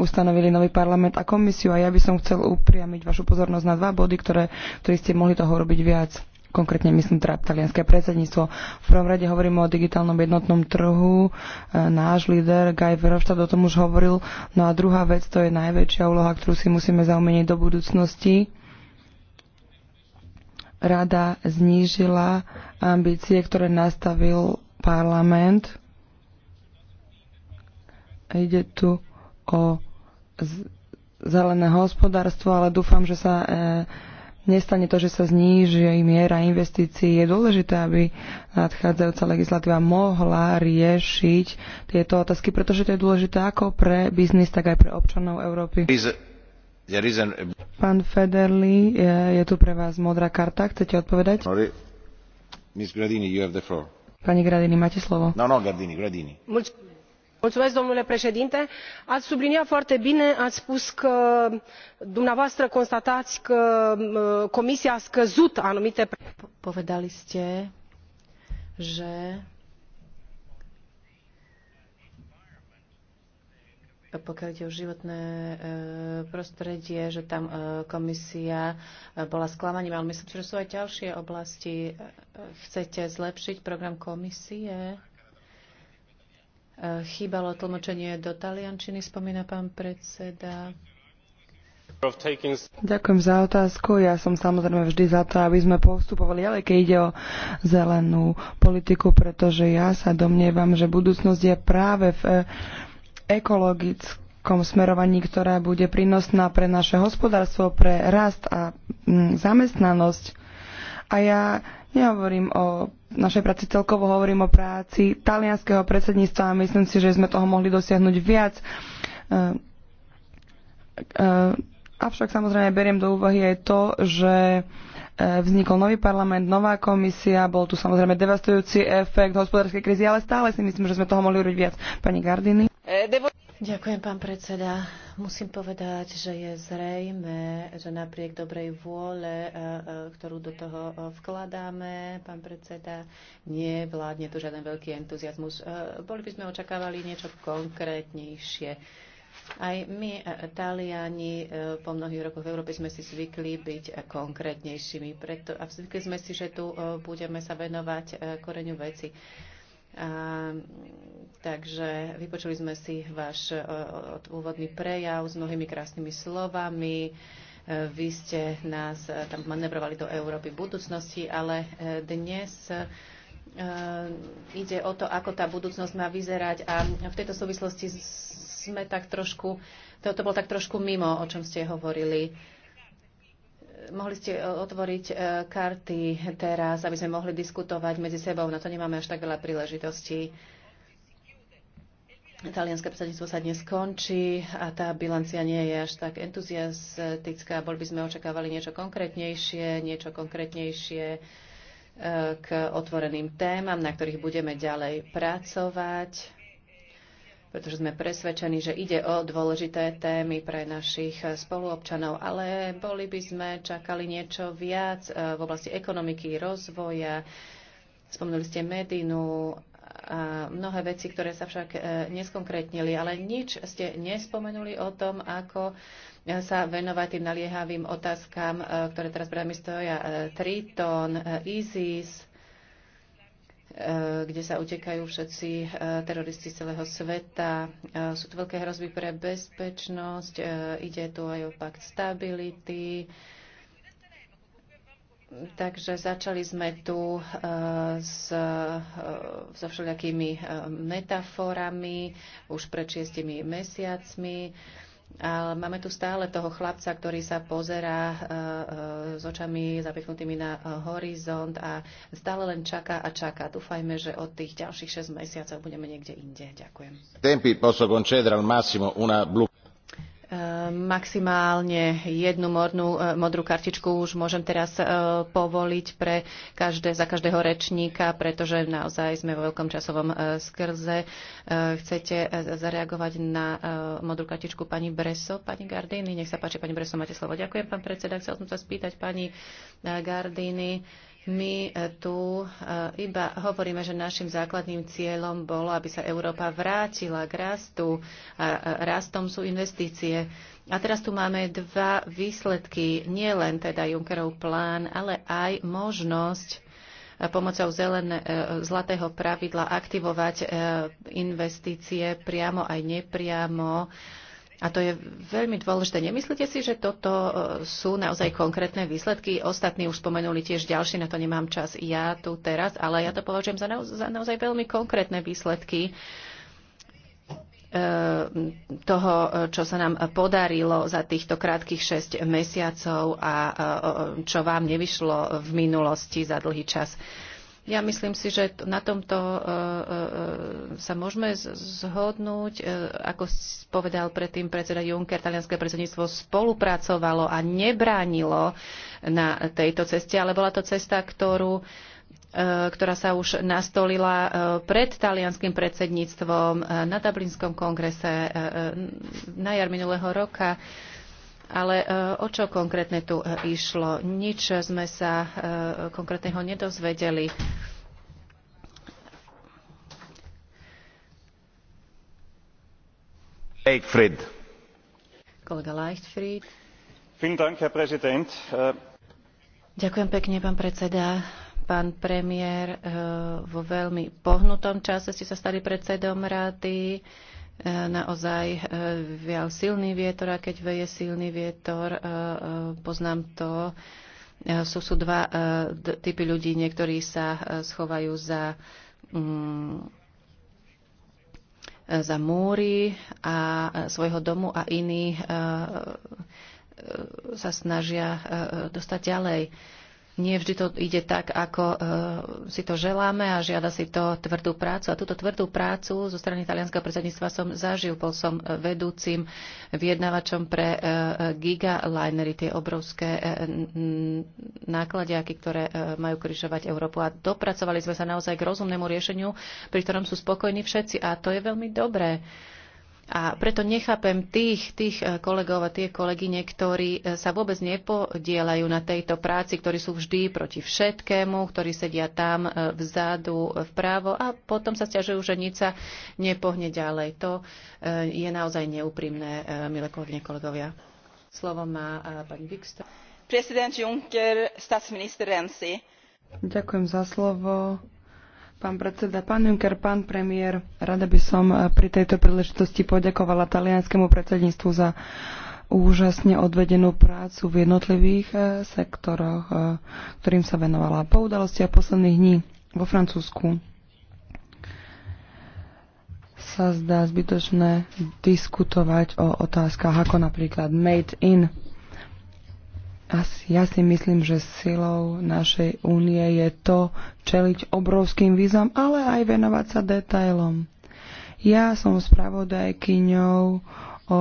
ustanovili nový parlament a komisiu. A ja by som chcel upriamiť vašu pozornosť na dva body, ktoré, ktoré ste mohli toho robiť viac konkrétne myslím teda talianské predsedníctvo. V prvom rade hovoríme o digitálnom jednotnom trhu. E, náš líder Guy Verhofstadt o tom už hovoril. No a druhá vec, to je najväčšia úloha, ktorú si musíme zaumeniť do budúcnosti. Rada znížila ambície, ktoré nastavil parlament. Ide tu o zelené hospodárstvo, ale dúfam, že sa e, nestane to, že sa zníži miera investícií. Je dôležité, aby nadchádzajúca legislatíva mohla riešiť tieto otázky, pretože to je dôležité ako pre biznis, tak aj pre občanov Európy. Pán Federli, je, je tu pre vás modrá karta. Chcete odpovedať? Pani Gradini, máte slovo. No, no, Gardini, Gradini. Gradini domnule președinte ați subliniat foarte bine ați spus că dumneavoastră constatați că komisia uh, a scăzut anumite. povedali ste že pokiaľ ide o životné eh, prostredie, že tam eh, komisia eh, bola sklamaním, ale myslím že sú aj ďalšie oblasti. Chcete zlepšiť program komisie? Chýbalo tlmočenie do taliančiny, spomína pán predseda. Ďakujem za otázku. Ja som samozrejme vždy za to, aby sme postupovali ale keď ide o zelenú politiku, pretože ja sa domnievam, že budúcnosť je práve v eh, ekologickom smerovaní, ktorá bude prínosná pre naše hospodárstvo, pre rast a mm, zamestnanosť. A ja Nehovorím o našej práci celkovo, hovorím o práci talianského predsedníctva a myslím si, že sme toho mohli dosiahnuť viac. E, e, avšak samozrejme beriem do úvahy aj to, že e, vznikol nový parlament, nová komisia, bol tu samozrejme devastujúci efekt hospodárskej krízy, ale stále si myslím, že sme toho mohli urobiť viac. Pani Gardini. Devo... Ďakujem, pán predseda. Musím povedať, že je zrejme, že napriek dobrej vôle, e, e, ktorú do toho e, vkladáme, pán predseda, nie vládne tu žiaden veľký entuziasmus. Boli by sme očakávali niečo konkrétnejšie. Aj my, Taliani, po mnohých rokoch v Európe sme si zvykli byť konkrétnejšími preto, a zvykli sme si, že tu budeme sa venovať koreňu veci. A Takže vypočuli sme si váš e, úvodný prejav s mnohými krásnymi slovami. E, vy ste nás e, tam manevrovali do Európy budúcnosti, ale dnes ide o to, ako tá budúcnosť má vyzerať a v tejto súvislosti sme tak trošku, to, to bolo tak trošku mimo, o čom ste hovorili mohli ste otvoriť karty teraz, aby sme mohli diskutovať medzi sebou. Na to nemáme až tak veľa príležitostí. Talianské predsedníctvo sa dnes skončí a tá bilancia nie je až tak entuziastická. Bol by sme očakávali niečo konkrétnejšie, niečo konkrétnejšie e, k otvoreným témam, na ktorých budeme ďalej pracovať, pretože sme presvedčení, že ide o dôležité témy pre našich spoluobčanov, ale boli by sme čakali niečo viac e, v oblasti ekonomiky, rozvoja. Spomenuli ste Medinu, Mnohé veci, ktoré sa však e, neskonkrétnili, ale nič ste nespomenuli o tom, ako e, sa venovať tým naliehavým otázkam, e, ktoré teraz pred nami stoja. Triton, ISIS, kde sa utekajú všetci teroristi z celého sveta. Sú tu veľké hrozby pre bezpečnosť, ide tu aj o pakt stability, Takže začali sme tu eh, s, eh, so všelijakými eh, metaforami už pred šiestimi mesiacmi. Ale máme tu stále toho chlapca, ktorý sa pozerá s očami zapichnutými na horizont a stále len čaká a čaká. Dúfajme, že od tých ďalších 6 mesiacov budeme niekde inde. Ďakujem. Tempi posso concedere al massimo una blu Maximálne jednu modnú, e, modrú kartičku už môžem teraz e, povoliť pre každé, za každého rečníka, pretože naozaj sme vo veľkom časovom e, skrze. Chcete zareagovať na modrú kartičku pani Breso, pani Gardiny? Nech sa páči, pani Breso, máte slovo. Ďakujem, pán predseda. Chcel som sa spýtať pani Gardiny my e, tu e, iba hovoríme, že našim základným cieľom bolo, aby sa Európa vrátila k rastu. A rastom sú investície. A teraz tu máme dva výsledky, nie len teda Junckerov plán, ale aj možnosť e, pomocou zelené, zlatého pravidla aktivovať investície priamo aj nepriamo a to je veľmi dôležité. Nemyslíte si, že toto e, sú naozaj konkrétne výsledky? Ostatní už spomenuli tiež ďalší, na to nemám čas ja tu teraz, ale ja to považujem za, naozaj, za naozaj veľmi konkrétne výsledky e, toho, e, čo sa nám podarilo za týchto krátkých 6 mesiacov a čo vám nevyšlo v minulosti za dlhý čas. Ja myslím si, že na tomto e, e, e, sa môžeme zhodnúť. Ako povedal predtým predseda Juncker, talianské predsedníctvo spolupracovalo a nebránilo na tejto ceste, ale bola to cesta, ktorú ktorá sa už nastolila pred talianským predsedníctvom na Dublinskom kongrese na jar minulého roka. Ale e, o čo konkrétne tu e, išlo? Nič sme sa e, konkrétneho nedozvedeli. Leichtfried. Kolega Leichtfried. Dank, Herr Präsident. Äh, Ďakujem pekne, pán predseda. Pán premiér, vo veľmi pohnutom čase ste sa stali predsedom rady. E, naozaj e, vial silný vietor a keď veje silný vietor, e, poznám to, sú, sú dva typy ľudí, niektorí sa schovajú za mm, za múry a svojho domu a iní sa snažia dostať ďalej. Nie vždy to ide tak, ako e, si to želáme a žiada si to tvrdú prácu. A túto tvrdú prácu zo strany italianského predsedníctva som zažil. Bol som e, vedúcim vyjednávačom pre e, gigalinery, tie obrovské nákladiaky, ktoré majú križovať Európu. A dopracovali sme sa naozaj k rozumnému riešeniu, pri ktorom sú spokojní všetci. A to je veľmi dobré. A preto nechápem tých, tých eh, kolegov a tie kolegyne, ktorí eh, sa vôbec nepodielajú na tejto práci, ktorí sú vždy proti všetkému, ktorí sedia tam eh, vzadu, vpravo a potom sa stiažujú, že nič sa nepohne ďalej. To je naozaj neúprimné, milé kolegyne, kolegovia. Slovo má pani Wikström. Prezident Juncker, statsminister Renzi. Ďakujem za slovo. Pán predseda, pán Juncker, pán premiér, rada by som eh, pri tejto príležitosti poďakovala talianskému predsedníctvu za úžasne odvedenú prácu v jednotlivých eh, sektoroch, eh, ktorým sa venovala po udalostiach posledných dní vo Francúzsku. Sa zdá zbytočné diskutovať o otázkach ako napríklad made in a ja si myslím, že silou našej únie je to čeliť obrovským výzvam, ale aj venovať sa detailom. Ja som spravodajkyňou o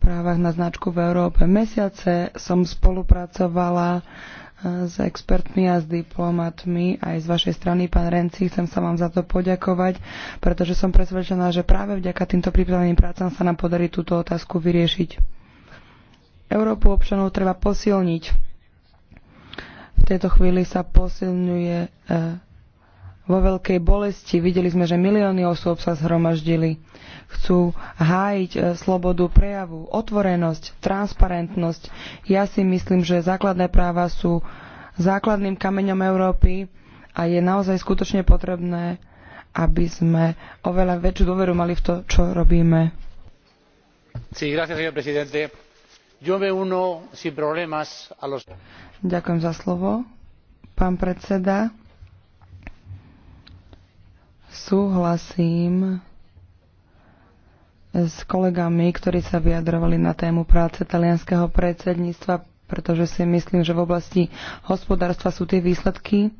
právach na značku v Európe. Mesiace som spolupracovala eh, s expertmi a s diplomatmi aj z vašej strany, pán Renci. Chcem sa vám za to poďakovať, pretože som presvedčená, že práve vďaka týmto prípravným prácam sa nám podarí túto otázku vyriešiť. Európu občanov treba posilniť. V tejto chvíli sa posilňuje e, vo veľkej bolesti. Videli sme, že milióny osôb sa zhromaždili. Chcú hájiť e, slobodu prejavu, otvorenosť, transparentnosť. Ja si myslím, že základné práva sú základným kameňom Európy a je naozaj skutočne potrebné, aby sme oveľa väčšiu dôveru mali v to, čo robíme. Sí, gracias, señor presidente Ďakujem za slovo. Pán predseda, súhlasím s kolegami, ktorí sa vyjadrovali na tému práce talianského predsedníctva, pretože si myslím, že v oblasti hospodárstva sú tie výsledky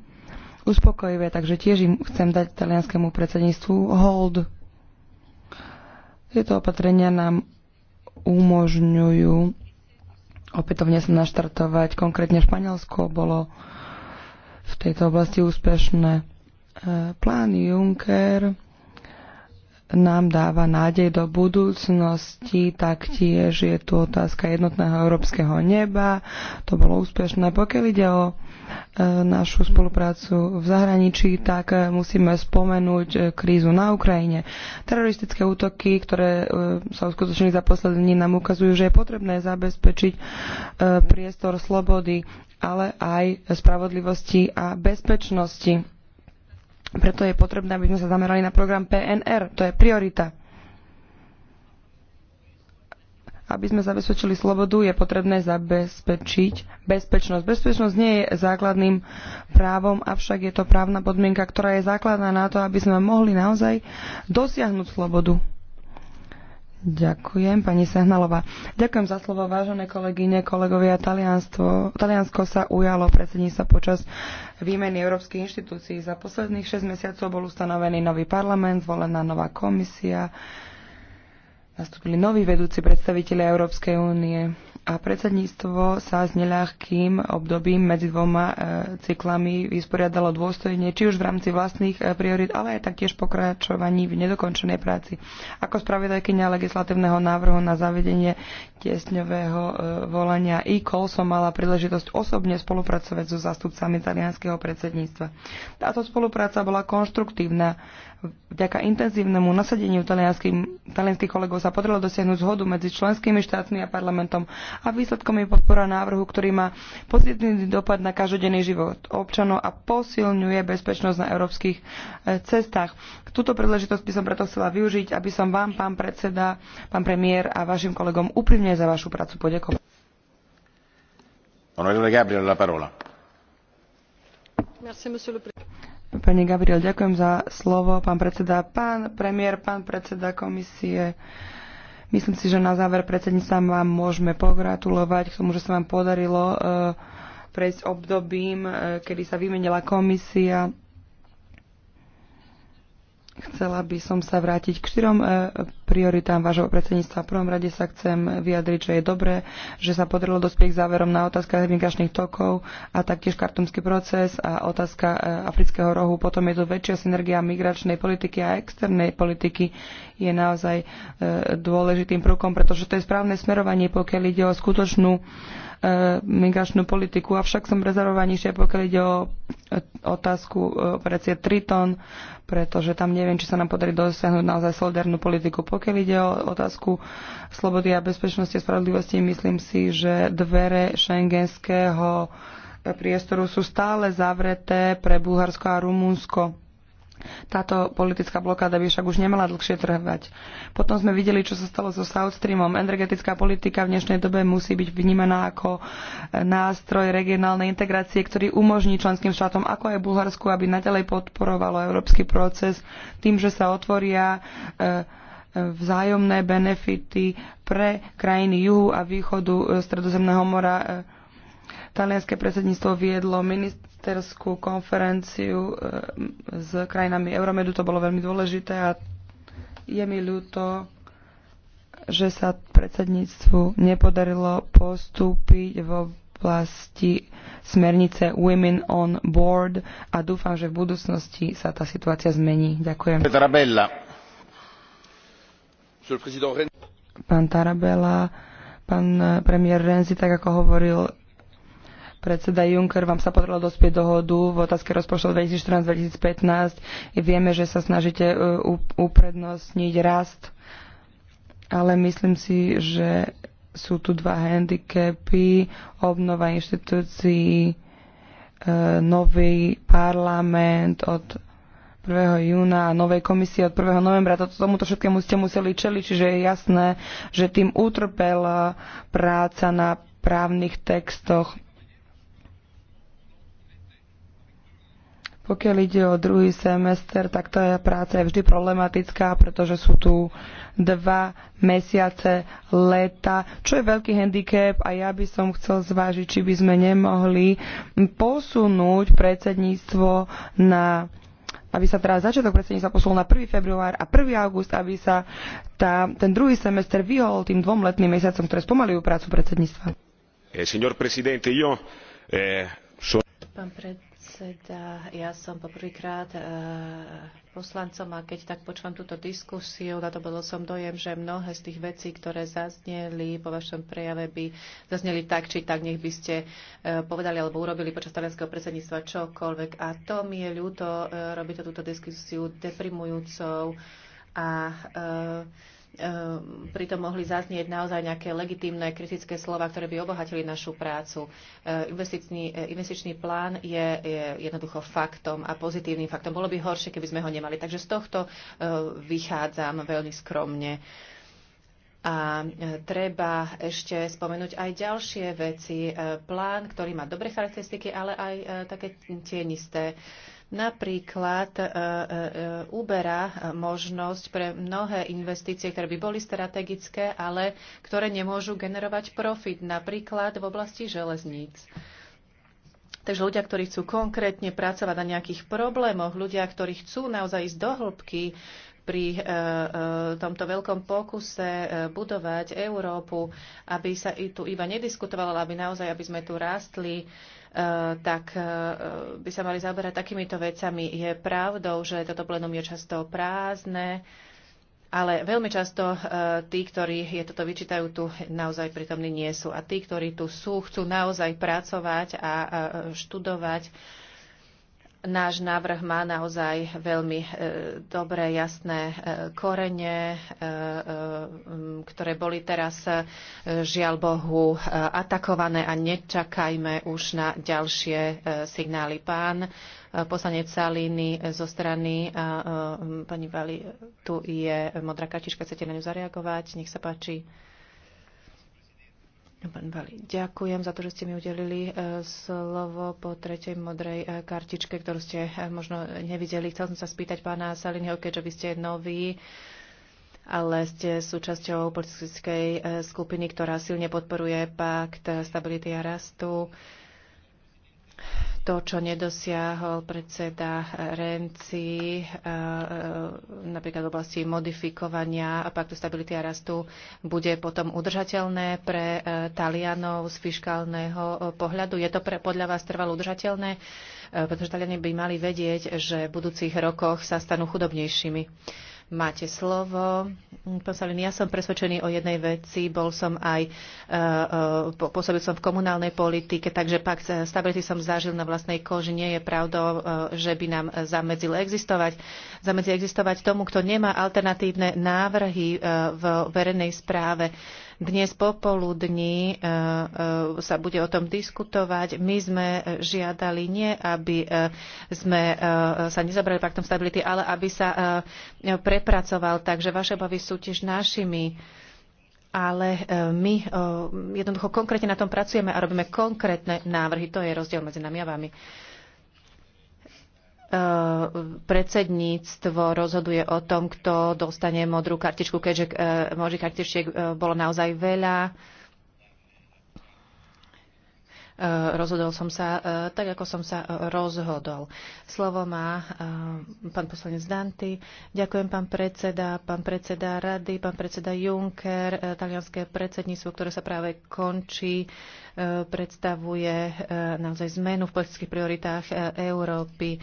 uspokojivé, takže tiež im chcem dať talianskému predsedníctvu hold. Tieto opatrenia nám umožňujú opätovne sa naštartovať. Konkrétne Španielsko bolo v tejto oblasti úspešné. E, plán Juncker nám dáva nádej do budúcnosti, taktiež je tu otázka jednotného európskeho neba, to bolo úspešné. Pokiaľ ide o E, našu spoluprácu v zahraničí, tak e, musíme spomenúť e, krízu na Ukrajine. Teroristické útoky, ktoré sa uskutočnili za poslední, nám ukazujú, že je potrebné zabezpečiť priestor slobody, ale aj spravodlivosti a bezpečnosti. Preto je potrebné, aby sme sa zamerali na program PNR. To je priorita Aby sme zabezpečili slobodu, je potrebné zabezpečiť bezpečnosť. Bezpečnosť nie je základným právom, avšak je to právna podmienka, ktorá je základná na to, aby sme mohli naozaj dosiahnuť slobodu. Ďakujem, pani Sehnalová. Ďakujem za slovo, vážené kolegyne, kolegovia. Talianstvo, Taliansko sa ujalo predsedníctva počas výmeny európskych inštitúcií. Za posledných 6 mesiacov bol ustanovený nový parlament, zvolená nová komisia, nastúpili noví vedúci predstavitelia Európskej únie a predsedníctvo sa s neľahkým obdobím medzi dvoma e, cyklami vysporiadalo dôstojne, či už v rámci vlastných e, priorit, ale aj taktiež pokračovaní v nedokončenej práci. Ako spravodajkynia legislatívneho návrhu na zavedenie tiesňového e, volania e-call som mala príležitosť osobne spolupracovať so zastupcami talianského predsedníctva. Táto spolupráca bola konštruktívna Vďaka intenzívnemu nasadeniu talianských kolegov sa podarilo dosiahnuť zhodu medzi členskými štátmi a parlamentom a výsledkom je podpora návrhu, ktorý má pozitívny dopad na každodenný život občanov a posilňuje bezpečnosť na európskych eh, cestách. Túto príležitosť by som preto chcela využiť, aby som vám, pán predseda, pán premiér a vašim kolegom úprimne za vašu prácu poďakovala. Honorable Gabriel, la parola. Merci, Pani Gabriel, ďakujem za slovo, pán predseda. Pán premiér, pán predseda komisie, myslím si, že na záver predsedníctva vám môžeme pogratulovať k tomu, že sa vám podarilo eh, prejsť obdobím, eh, kedy sa vymenila komisia Chcela by som sa vrátiť k štyrom e, prioritám vášho predsedníctva. V prvom rade sa chcem vyjadriť, že je dobré, že sa podarilo dospieť k záverom na otázkach migračných tokov a taktiež kartumský proces a otázka e, afrického rohu. Potom je to väčšia synergia migračnej politiky a externej politiky je naozaj e, dôležitým prvkom, pretože to je správne smerovanie, pokiaľ ide o skutočnú migračnú politiku. Avšak som rezervovanejšia, pokiaľ ide o otázku operácie Triton, pretože tam neviem, či sa nám podarí dosiahnuť naozaj solidárnu politiku. Pokiaľ ide o otázku slobody a bezpečnosti a spravodlivosti, myslím si, že dvere šengenského priestoru sú stále zavreté pre Bulharsko a Rumunsko. Táto politická blokáda by však už nemala dlhšie trvať. Potom sme videli, čo sa stalo so South Streamom. Energetická politika v dnešnej dobe musí byť vnímaná ako e, nástroj regionálnej integrácie, ktorý umožní členským štátom, ako aj Bulharsku, aby nadalej podporovalo európsky proces tým, že sa otvoria e, e, vzájomné benefity pre krajiny juhu a východu Stredozemného mora Talianské predsedníctvo viedlo ministerskú konferenciu eh, s krajinami Euromedu, to bolo veľmi dôležité a je mi ľúto, že sa predsedníctvu nepodarilo postúpiť vo oblasti smernice Women on Board a dúfam, že v budúcnosti sa tá situácia zmení. Ďakujem. Pán Tarabella, pán eh, premiér Renzi, tak ako hovoril predseda Juncker, vám sa podarilo dospieť dohodu v otázke rozpočtu 2014-2015. Vieme, že sa snažíte e, uprednostniť rast, ale myslím si, že sú tu dva handicapy, obnova inštitúcií, e, nový parlament od 1. júna a novej komisie od 1. novembra. Toto, tomuto všetkému ste museli čeliť, čiže je jasné, že tým utrpela práca na právnych textoch Pokiaľ ide o druhý semester, tak tá práca je vždy problematická, pretože sú tu dva mesiace leta, čo je veľký handicap a ja by som chcel zvážiť, či by sme nemohli posunúť predsedníctvo na aby sa teraz začiatok predsedníctva posunul na 1. február a 1. august, aby sa tá, ten druhý semester vyhol tým dvom letným mesiacom, ktoré spomalujú prácu predsedníctva. Eh, eh, Pán pred, teda, Ja som poprvýkrát e, poslancom a keď tak počúvam túto diskusiu, na to bolo som dojem, že mnohé z tých vecí, ktoré zazneli po vašom prejave, by zazneli tak, či tak, nech by ste e, povedali alebo urobili počas talianského predsedníctva čokoľvek. A to mi je ľúto, e, robiť túto diskusiu deprimujúcou a e, Ehm, pritom mohli zaznieť naozaj nejaké legitímne kritické slova, ktoré by obohatili našu prácu. Ehm, investičný, e, investičný plán je, je jednoducho faktom a pozitívnym faktom. Bolo by horšie, keby sme ho nemali. Takže z tohto e, vychádzam veľmi skromne. A e, treba ešte spomenúť aj ďalšie veci. Plán, ktorý má dobré charakteristiky, ale aj také tienisté Napríklad e, e, e, uberá možnosť pre mnohé investície, ktoré by boli strategické, ale ktoré nemôžu generovať profit, napríklad v oblasti železníc. Takže ľudia, ktorí chcú konkrétne pracovať na nejakých problémoch, ľudia, ktorí chcú naozaj ísť do hĺbky, pri eh, eh, tomto veľkom pokuse eh, budovať Európu, aby sa i tu iba nediskutovalo, aby naozaj, aby sme tu rástli, tak by sa mali zaoberať takýmito vecami. Je pravdou, že toto plenum je často prázdne, ale veľmi často tí, ktorí je toto vyčítajú, tu naozaj pritomní nie sú. A tí, ktorí tu sú, chcú naozaj pracovať a študovať Náš návrh má naozaj veľmi e, dobré, jasné e, korene, e, ktoré boli teraz žiaľ Bohu atakované a nečakajme už na ďalšie signály. Pán poslanec Salíny zo strany pani Vali, tu je modrá kartička, chcete na ňu zareagovať? Nech sa páči. No, pán ďakujem za to, že ste mi udelili e, slovo po tretej modrej e, kartičke, ktorú ste e, možno nevideli. Chcel som sa spýtať pána Salinho, keďže vy ste nový ale ste súčasťou politickej skupiny, ktorá silne podporuje pakt stability a rastu to, čo nedosiahol predseda Renci e, e, napríklad v oblasti modifikovania paktu stability a rastu, bude potom udržateľné pre e, Talianov z fiskálneho pohľadu? Je to pre, podľa vás trvalo udržateľné? Pretože Taliani by mali vedieť, že v budúcich rokoch sa stanú chudobnejšími. Máte slovo. Pán ja som presvedčený o jednej veci. Bol som aj, e, e, pôsobil som v komunálnej politike, takže pak e, stability som zažil na vlastnej koži. Nie je pravdou, že by nám zamedzil existovať. Zamedzil existovať tomu, kto nemá alternatívne návrhy v verejnej správe. Dnes popoludní e, e, sa bude o tom diskutovať. My sme žiadali nie, aby e, sme sa nezabrali paktom stability, ale aby sa prepracoval. Takže vaše obavy sú tiež našimi ale my jednoducho konkrétne na tom pracujeme a robíme konkrétne návrhy. To je rozdiel medzi nami a vami predsedníctvo rozhoduje o tom, kto dostane modrú kartičku, keďže e, modrých kartičiek e, bolo naozaj veľa. E, rozhodol som sa e, tak, ako som sa rozhodol. Slovo má e, pán poslanec Danty. Ďakujem pán predseda, pán predseda rady, pán predseda Juncker. Talianské predsedníctvo, ktoré sa práve končí, predstavuje naozaj zmenu v politických prioritách Európy.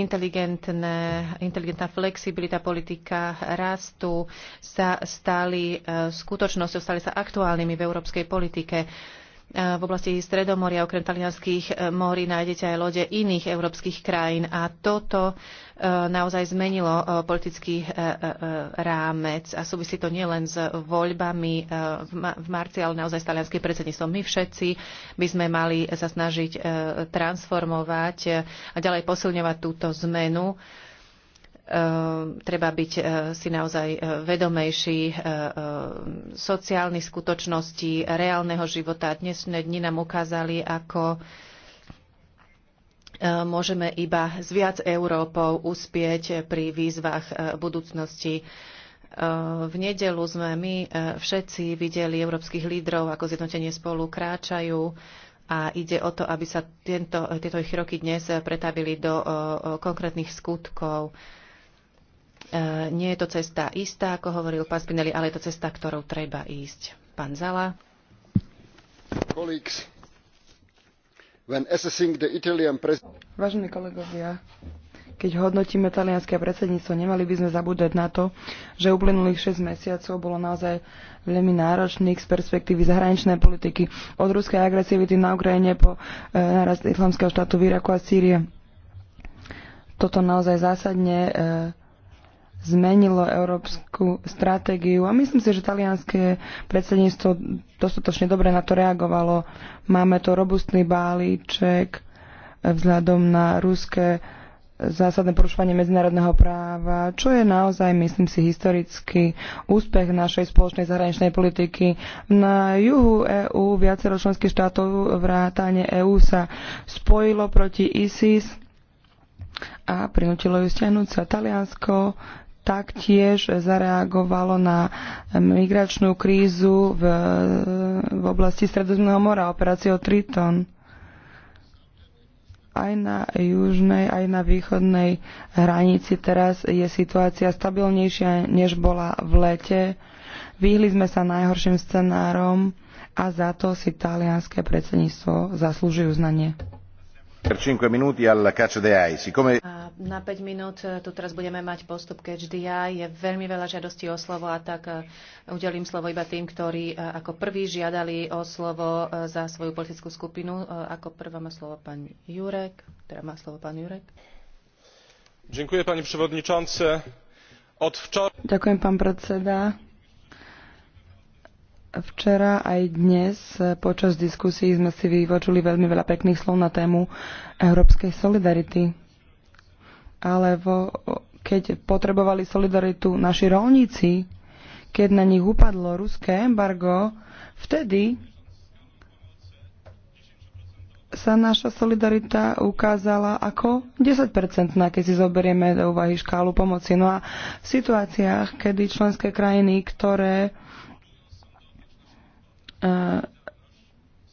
Inteligentné, inteligentná flexibilita politika rastu sa stali skutočnosťou, stali sa aktuálnymi v európskej politike v oblasti Stredomoria, okrem talianských e, morí, nájdete aj lode iných európskych krajín. A toto e, naozaj zmenilo e, politický rámec a súvisí to nielen s voľbami v marci, ale naozaj s talianským predsedníctvom. My všetci by sme mali sa snažiť transformovať a ďalej posilňovať túto zmenu Ehm, treba byť eh, si naozaj eh, vedomejší eh, sociálnych skutočností, reálneho života. Dnešné dni nám ukázali, ako môžeme iba s viac Európou uspieť pri výzvach budúcnosti. Ehm, v nedelu sme my všetci videli európskych lídrov, ako zjednotenie spolu kráčajú a ide o to, aby sa tieto ich roky dnes pretavili do konkrétnych skutkov. E, nie je to cesta istá, ako hovoril pán Spinelli, ale je to cesta, ktorou treba ísť. Pán Zala. Vážení kolegovia, keď hodnotíme talianské predsedníctvo, nemali by sme zabúdať na to, že uplynulých 6 mesiacov bolo naozaj veľmi náročných z perspektívy zahraničnej politiky. Od ruskej agresivity na Ukrajine po e, islamského štátu v Iraku a Sýrie. Toto naozaj zásadne e, zmenilo európsku stratégiu a myslím si, že talianské predsedníctvo dostatočne dobre na to reagovalo. Máme to robustný balíček eh, vzhľadom na ruské zásadné porušovanie medzinárodného práva, čo je naozaj, myslím si, historický úspech našej spoločnej zahraničnej politiky. Na juhu EÚ viacero členských štátov vrátane EÚ sa spojilo proti ISIS a prinútilo ju stiahnuť sa. Taliansko taktiež zareagovalo na migračnú krízu v, v oblasti Stredozemného mora, operáciou Triton aj na južnej, aj na východnej hranici teraz je situácia stabilnejšia, než bola v lete. Vyhli sme sa najhorším scenárom a za to si talianské predsedníctvo zaslúži uznanie. Na 5 minút e, tu teraz budeme mať postup Catch the Eye. Je veľmi veľa žiadostí o slovo a tak e, udelím slovo iba tým, ktorí e, ako prví žiadali o slovo za svoju politickú skupinu. Ako prvá má slovo pán Jurek. Teda má slovo pán Jurek. Ďakujem, pani przewodniczący. Od včera... Ďakujem, pán predseda Včera aj dnes e, počas diskusí sme si vypočuli veľmi veľa pekných slov na tému európskej solidarity. Ale vo, keď potrebovali solidaritu naši rolníci, keď na nich upadlo ruské embargo, vtedy sa naša solidarita ukázala ako 10-percentná, keď si zoberieme do úvahy škálu pomoci. No a v situáciách, kedy členské krajiny, ktoré E,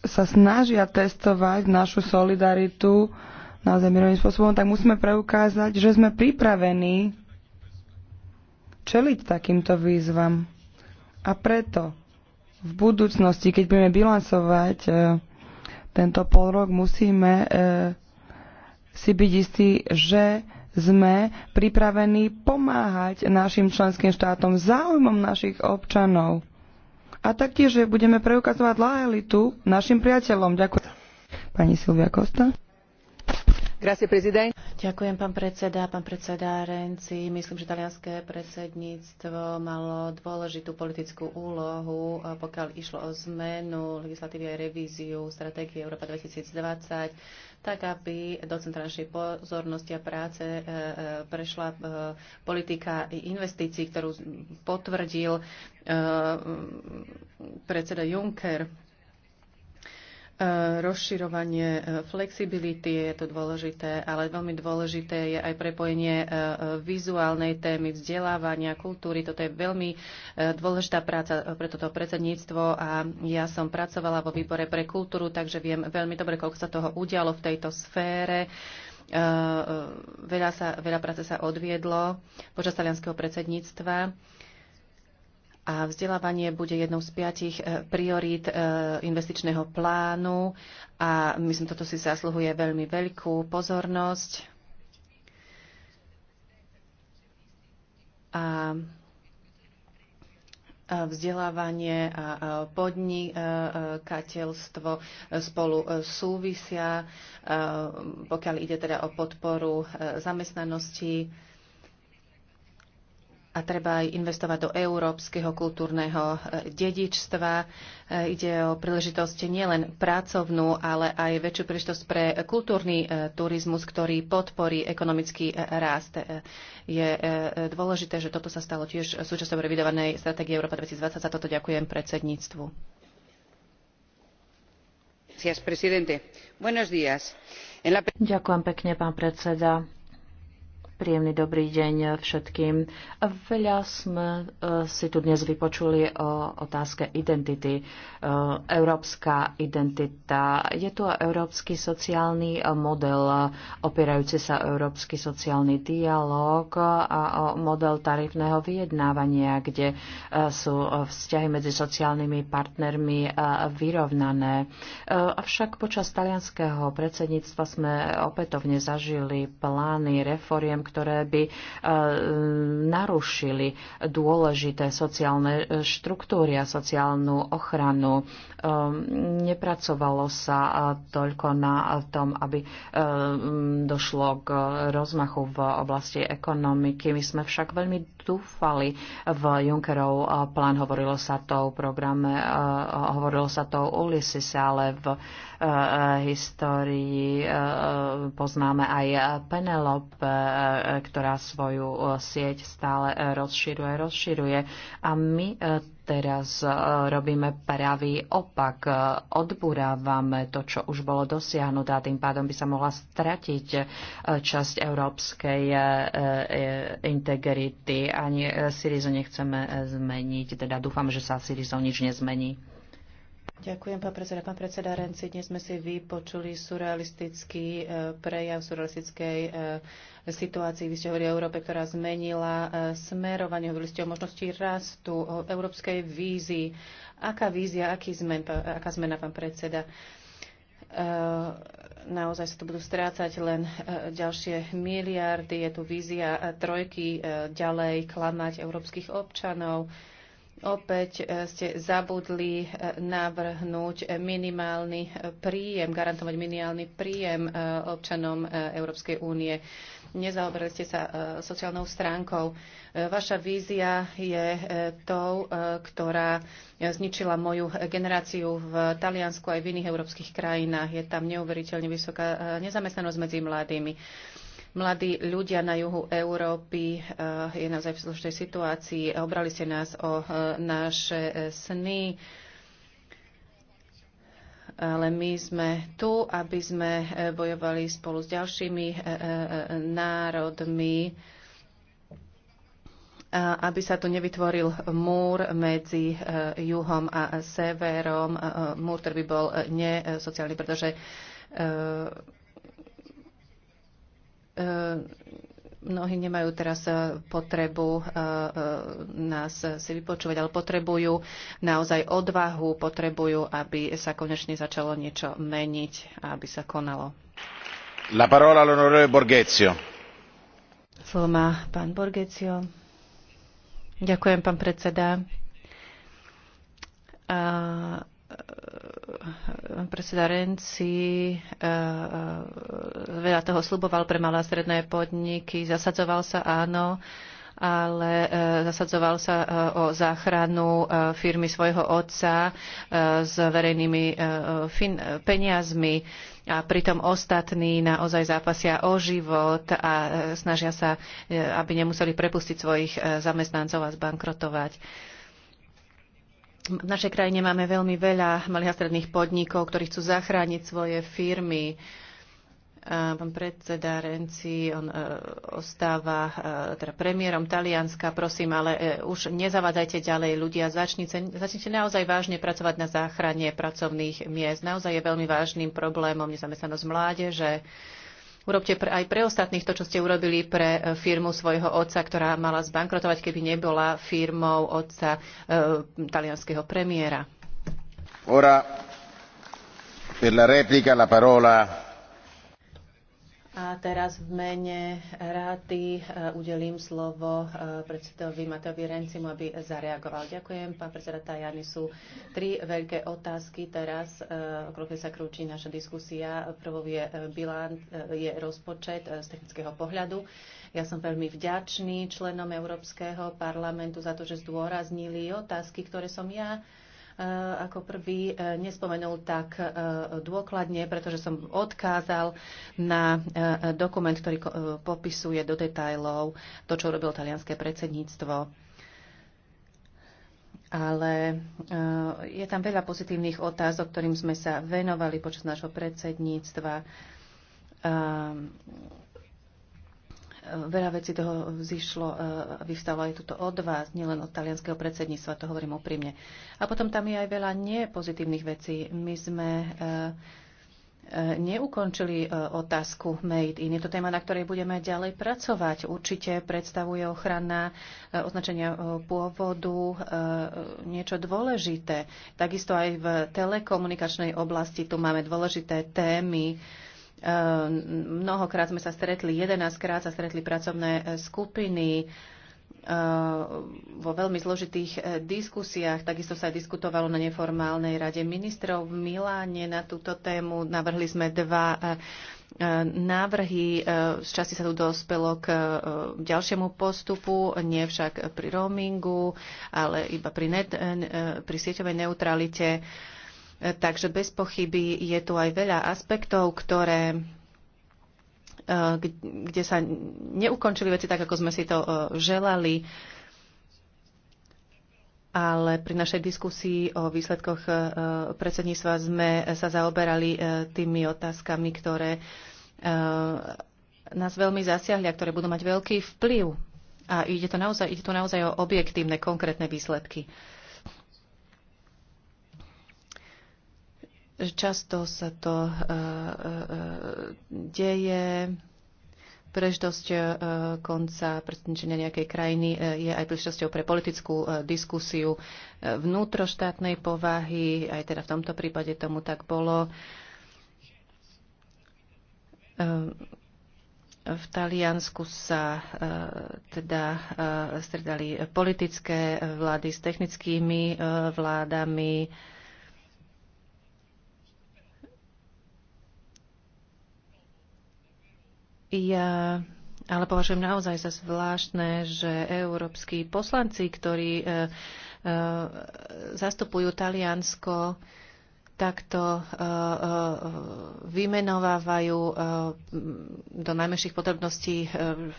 sa snažia testovať našu solidaritu na zemirovým spôsobom, tak musíme preukázať, že sme pripravení čeliť takýmto výzvam. A preto v budúcnosti, keď budeme bilancovať e, tento pol rok, musíme e, si byť istí, že sme pripravení pomáhať našim členským štátom záujmom našich občanov a taktiež, že budeme preukazovať lojalitu našim priateľom. Ďakujem. Pani Silvia Kosta. Ďakujem, pán predseda. Pán predseda Renci, myslím, že talianské predsedníctvo malo dôležitú politickú úlohu, pokiaľ išlo o zmenu legislatívy a revíziu stratégie Európa 2020 tak aby do centrálnej pozornosti a práce e, e, prešla e, politika investícií, ktorú potvrdil predseda Juncker rozširovanie e, flexibility je to dôležité, ale veľmi dôležité je aj prepojenie e, e, vizuálnej témy, vzdelávania, kultúry. Toto je veľmi dôležitá práca pre toto predsedníctvo a ja som pracovala vo výbore pre kultúru, takže viem veľmi dobre, koľko sa toho udialo v tejto sfére. Veľa, sa, veľa práce sa odviedlo počas talianského predsedníctva a vzdelávanie bude jednou z piatich e, priorít e, investičného plánu a myslím, toto si zasluhuje veľmi veľkú pozornosť. A e, vzdelávanie a podnikateľstvo spolu súvisia, pokiaľ ide teda o podporu zamestnanosti a treba aj investovať do európskeho kultúrneho eh, dedičstva. Eh, ide o príležitosť nielen pracovnú, ale aj väčšiu príležitosť pre kultúrny eh, turizmus, ktorý podporí ekonomický rast. Je dôležité, že toto sa stalo tiež súčasťou revidovanej stratégie Európa 2020. Za toto ďakujem predsedníctvu. Ďakujem pekne, pán predseda Príjemný dobrý deň všetkým. Veľa sme e, si tu dnes vypočuli o otázke identity. E, európska identita. Je tu európsky sociálny model, opierajúci sa európsky sociálny dialog a model tarifného vyjednávania, kde e, sú vzťahy medzi sociálnymi partnermi vyrovnané. Avšak počas talianského predsedníctva sme opätovne zažili plány reforiem, ktoré by e, narušili dôležité sociálne štruktúry a sociálnu ochranu. Ehm, nepracovalo sa e, toľko na tom, aby e, došlo k rozmachu v oblasti ekonomiky. My sme však veľmi dúfali v Junckerov e, plán. Hovorilo sa to o programe, hovorilo sa to o Ulyssese, ale v histórii poznáme aj Penelope, ktorá svoju sieť stále rozširuje, rozširuje. A my teraz e, robíme pravý opak. E, odburávame to, čo už bolo dosiahnuté a tým pádom by sa mohla stratiť e, časť európskej integrity. Ani Syrizo nechceme zmeniť. Teda dúfam, že sa Syrizo nič nezmení. Ďakujem, pán predseda. Pán predseda Renci, dnes sme si vypočuli surrealistický e, prejav surrealistickej e, situácii. Vy ste hovorili o Európe, ktorá zmenila e, smerovanie. Hovorili ste o možnosti rastu, o európskej vízii. Aká vízia, aký zmen, aká zmena, pán predseda? naozaj sa tu budú strácať len ďalšie miliardy. Je tu vízia trojky ďalej klamať európskych občanov. Opäť e, ste zabudli e, navrhnúť minimálny e, príjem, garantovať minimálny príjem občanom Európskej únie. Nezaoberali ste sa sociálnou stránkou. Vaša vízia je tou, ktorá zničila moju generáciu v Taliansku aj v iných európskych krajinách. Je tam neuveriteľne vysoká nezamestnanosť medzi mladými. Mladí ľudia na juhu Európy eh, je naozaj v zložitej situácii. Obrali ste nás o eh, naše eh, sny ale my sme tu, aby sme bojovali spolu s ďalšími národmi, aby sa tu nevytvoril múr medzi juhom a severom, múr, ktorý by bol nesociálny, pretože Ehm, mnohí nemajú teraz e, potrebu e, e, nás si vypočúvať, ale potrebujú naozaj odvahu, potrebujú, aby sa konečne začalo niečo meniť a aby sa konalo. La parola l'onorevole Borghezio. Slovo má pán Borghezio. Ďakujem, pán predseda. A predseda Renci e, e, veľa toho sluboval pre malé a stredné podniky, zasadzoval sa áno, ale e, zasadzoval sa o záchranu firmy svojho otca s verejnými peniazmi a pritom ostatní naozaj zápasia o život a snažia sa, aby nemuseli prepustiť svojich zamestnancov a zbankrotovať. V našej krajine máme veľmi veľa malých a stredných podnikov, ktorí chcú zachrániť svoje firmy. E, pán predseda Renci, on e, ostáva e, teda premiérom Talianska, prosím, ale už nezavádzajte ďalej ľudia, začnite, začnite naozaj vážne pracovať na záchrane pracovných miest. Naozaj je veľmi vážnym problémom nezamestnanosť mládeže, že Urobte pre, aj pre ostatných to, čo ste urobili pre e, firmu svojho otca, ktorá mala zbankrotovať, keby nebola firmou otca e, talianského premiéra. Ora, per la replica, la parola a teraz v mene rády e, udelím slovo e, predsedovi Matovi Rencimu, aby zareagoval. Ďakujem, pán predseda Tajani Sú tri veľké otázky teraz, e, okolo sa krúči naša diskusia. Prvou je, bilán, je rozpočet z technického pohľadu. Ja som veľmi vďačný členom Európskeho parlamentu za to, že zdôraznili otázky, ktoré som ja Eh, ako prvý eh, nespomenul tak eh, dôkladne, pretože som odkázal na dokument, ktorý popisuje do detajlov to, čo robilo talianské predsedníctvo ale je tam veľa pozitívnych otázok, ktorým sme sa venovali počas nášho predsedníctva. Ehm, Veľa vecí toho zišlo, e, vyvstalo aj tuto od vás, nielen od talianského predsedníctva, to hovorím oprímne. A potom tam je aj veľa nepozitívnych vecí. My sme e, e, neukončili otázku Made in. Je to téma, na ktorej budeme ďalej pracovať. Určite predstavuje ochrana označenia pôvodu niečo dôležité. Takisto aj v telekomunikačnej oblasti tu máme dôležité témy Ehm, mnohokrát sme sa stretli, 11 krát sa stretli pracovné e, skupiny e, vo veľmi zložitých e, diskusiách. Takisto sa aj diskutovalo na neformálnej rade ministrov v Miláne na túto tému. Navrhli sme dva návrhy. Z časti sa tu dospelo k ďalšiemu postupu, nie však pri roamingu, ale iba pri, net, pri sieťovej neutralite. E, takže bez pochyby je tu aj veľa aspektov, ktoré e, kde sa neukončili veci tak, ako sme si to e, želali ale pri našej diskusii o výsledkoch predsedníctva sme sa zaoberali tými otázkami, ktoré nás veľmi zasiahli a ktoré budú mať veľký vplyv. A ide, to naozaj, ide tu naozaj o objektívne, konkrétne výsledky. Často sa to e, e, e, deje. Prežitosť konca predstavenia nejakej krajiny je aj príležitosťou pre politickú diskusiu vnútroštátnej povahy. Aj teda v tomto prípade tomu tak bolo. V Taliansku sa teda stredali politické vlády s technickými vládami. Ja ale považujem naozaj za zvláštne, že európsky poslanci, ktorí e, e, zastupujú Taliansko, takto e, e, vymenovávajú e, do najmenších podrobností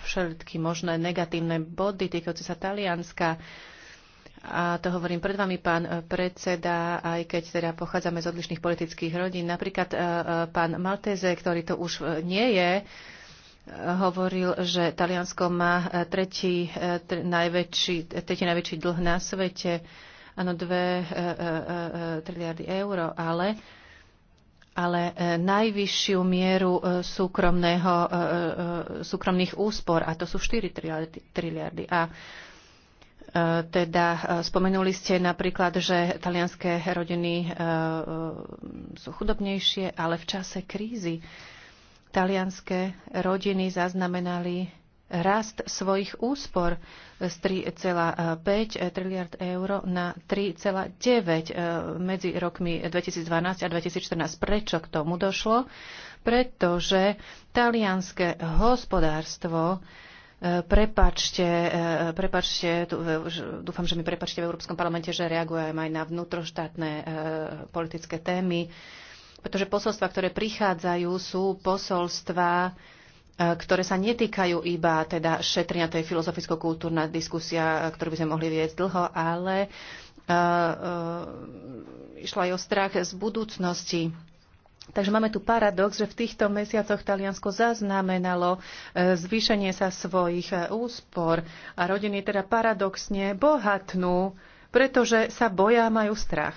všetky možné negatívne body týkajúce sa Talianska. A to hovorím pred vami, pán predseda, aj keď teda pochádzame z odlišných politických rodín. Napríklad pán Malteze, ktorý to už nie je, hovoril, že Taliansko má eh, tretí eh, najväčší, tretí najväčší dlh na svete, áno, 2 eh, triliardy eur, ale ale najvyššiu mieru súkromného, súkromných úspor, a to sú 4 triliardy. triliardy. A teda spomenuli ste napríklad, že talianské rodiny sú chudobnejšie, ale v čase krízy talianské rodiny zaznamenali rast svojich úspor z 3,5 triliard eur na 3,9 medzi rokmi 2012 a 2014. Prečo k tomu došlo? Pretože talianské hospodárstvo eh, Prepačte, eh, prepačte, dúfam, že mi prepačte v Európskom parlamente, že reagujem aj na vnútroštátne eh, politické témy pretože posolstva, ktoré prichádzajú, sú posolstva, e, ktoré sa netýkajú iba teda šetrenia, to je filozoficko-kultúrna diskusia, e, ktorú by sme mohli viesť dlho, ale uh, uh, išlo aj o strach z budúcnosti. Takže máme tu paradox, že v týchto mesiacoch Taliansko zaznamenalo zvýšenie sa svojich úspor a rodiny teda paradoxne bohatnú, pretože sa boja, majú strach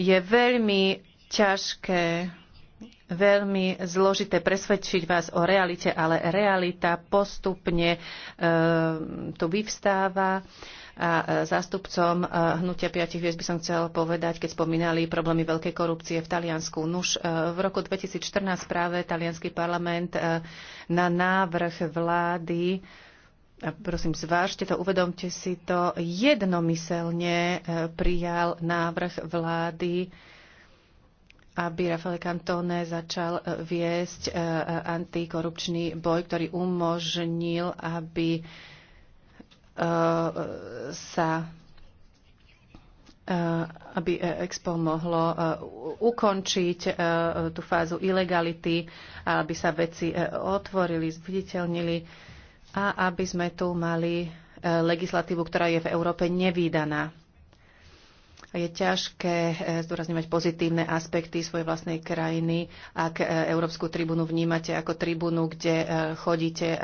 je veľmi ťažké, veľmi zložité presvedčiť vás o realite, ale realita postupne e, tu vyvstáva. A e, zástupcom e, Hnutia piatich hviezd by som chcel povedať, keď spomínali problémy veľkej korupcie v Taliansku. Nuž, e, v roku 2014 práve talianský parlament na návrh vlády a prosím, zvážte to, uvedomte si to, jednomyselne prijal návrh vlády aby Rafael Cantone začal e, viesť e, e, antikorupčný boj, ktorý umožnil, aby sa aby Expo mohlo ukončiť tú fázu ilegality, aby sa veci otvorili, zviditeľnili a aby sme tu mali legislatívu, ktorá je v Európe nevýdaná je ťažké e, zdôrazňovať pozitívne aspekty svojej vlastnej krajiny, ak e, Európsku tribúnu vnímate ako tribúnu, kde e, chodíte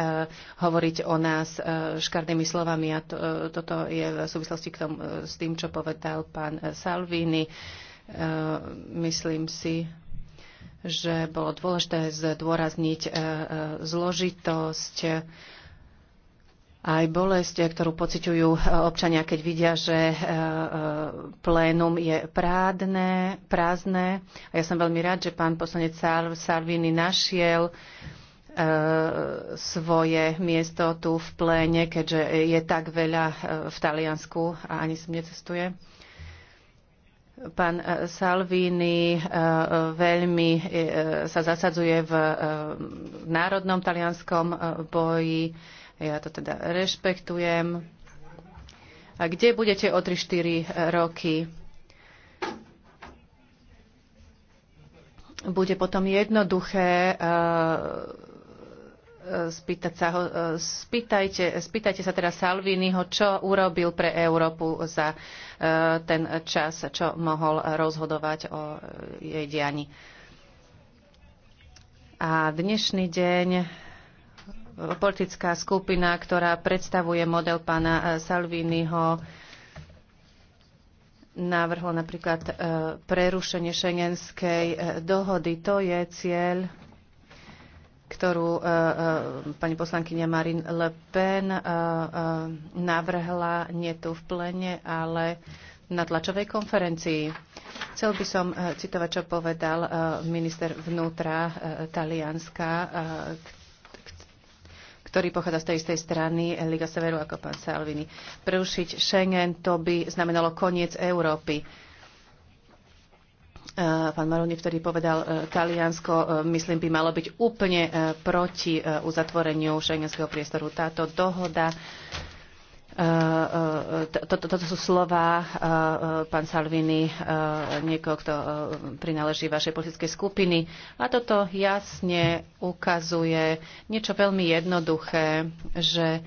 hovoriť o nás škardými slovami. A to, toto je v súvislosti k tomu, s tým, čo povedal pán Salvini. Myslím si, že bolo dôležité zdôrazniť zložitosť aj bolesť, ktorú pociťujú e, občania, keď vidia, že e, e, plénum je prázdne, prázdne. A ja som veľmi rád, že pán poslanec Salvini našiel svoje miesto tu v pléne, keďže je tak veľa v Taliansku a ani som necestuje. Pán Salvini veľmi sa zasadzuje v národnom talianskom boji ja to teda rešpektujem. A kde budete o 3-4 roky? Bude potom jednoduché eh, spýtať sa ho, eh, spýtajte, spýtajte sa teda Salviniho, čo urobil pre Európu za eh, ten čas, čo mohol rozhodovať o jej dianí. A dnešný deň politická skupina, ktorá predstavuje model pána eh, Salviniho, navrhla napríklad eh, prerušenie šengenskej eh, dohody. To je cieľ, ktorú pani poslankyňa Marine Le Pen navrhla nie tu v plene, ale na tlačovej konferencii. Chcel by som citovať, čo povedal minister vnútra Talianska, ktorý pochádza z tej istej strany Liga Severu ako pán Salvini. Prerušiť Schengen to by znamenalo koniec Európy. E, pán Maroni vtedy povedal, e, Taliansko, e, myslím, by malo byť úplne proti uzatvoreniu šengenského priestoru. Táto dohoda toto eh, eh, to, to sú slova eh, pán Salvini, niekoho, kto prináleží vašej politickej skupiny. A toto jasne ukazuje niečo veľmi jednoduché, že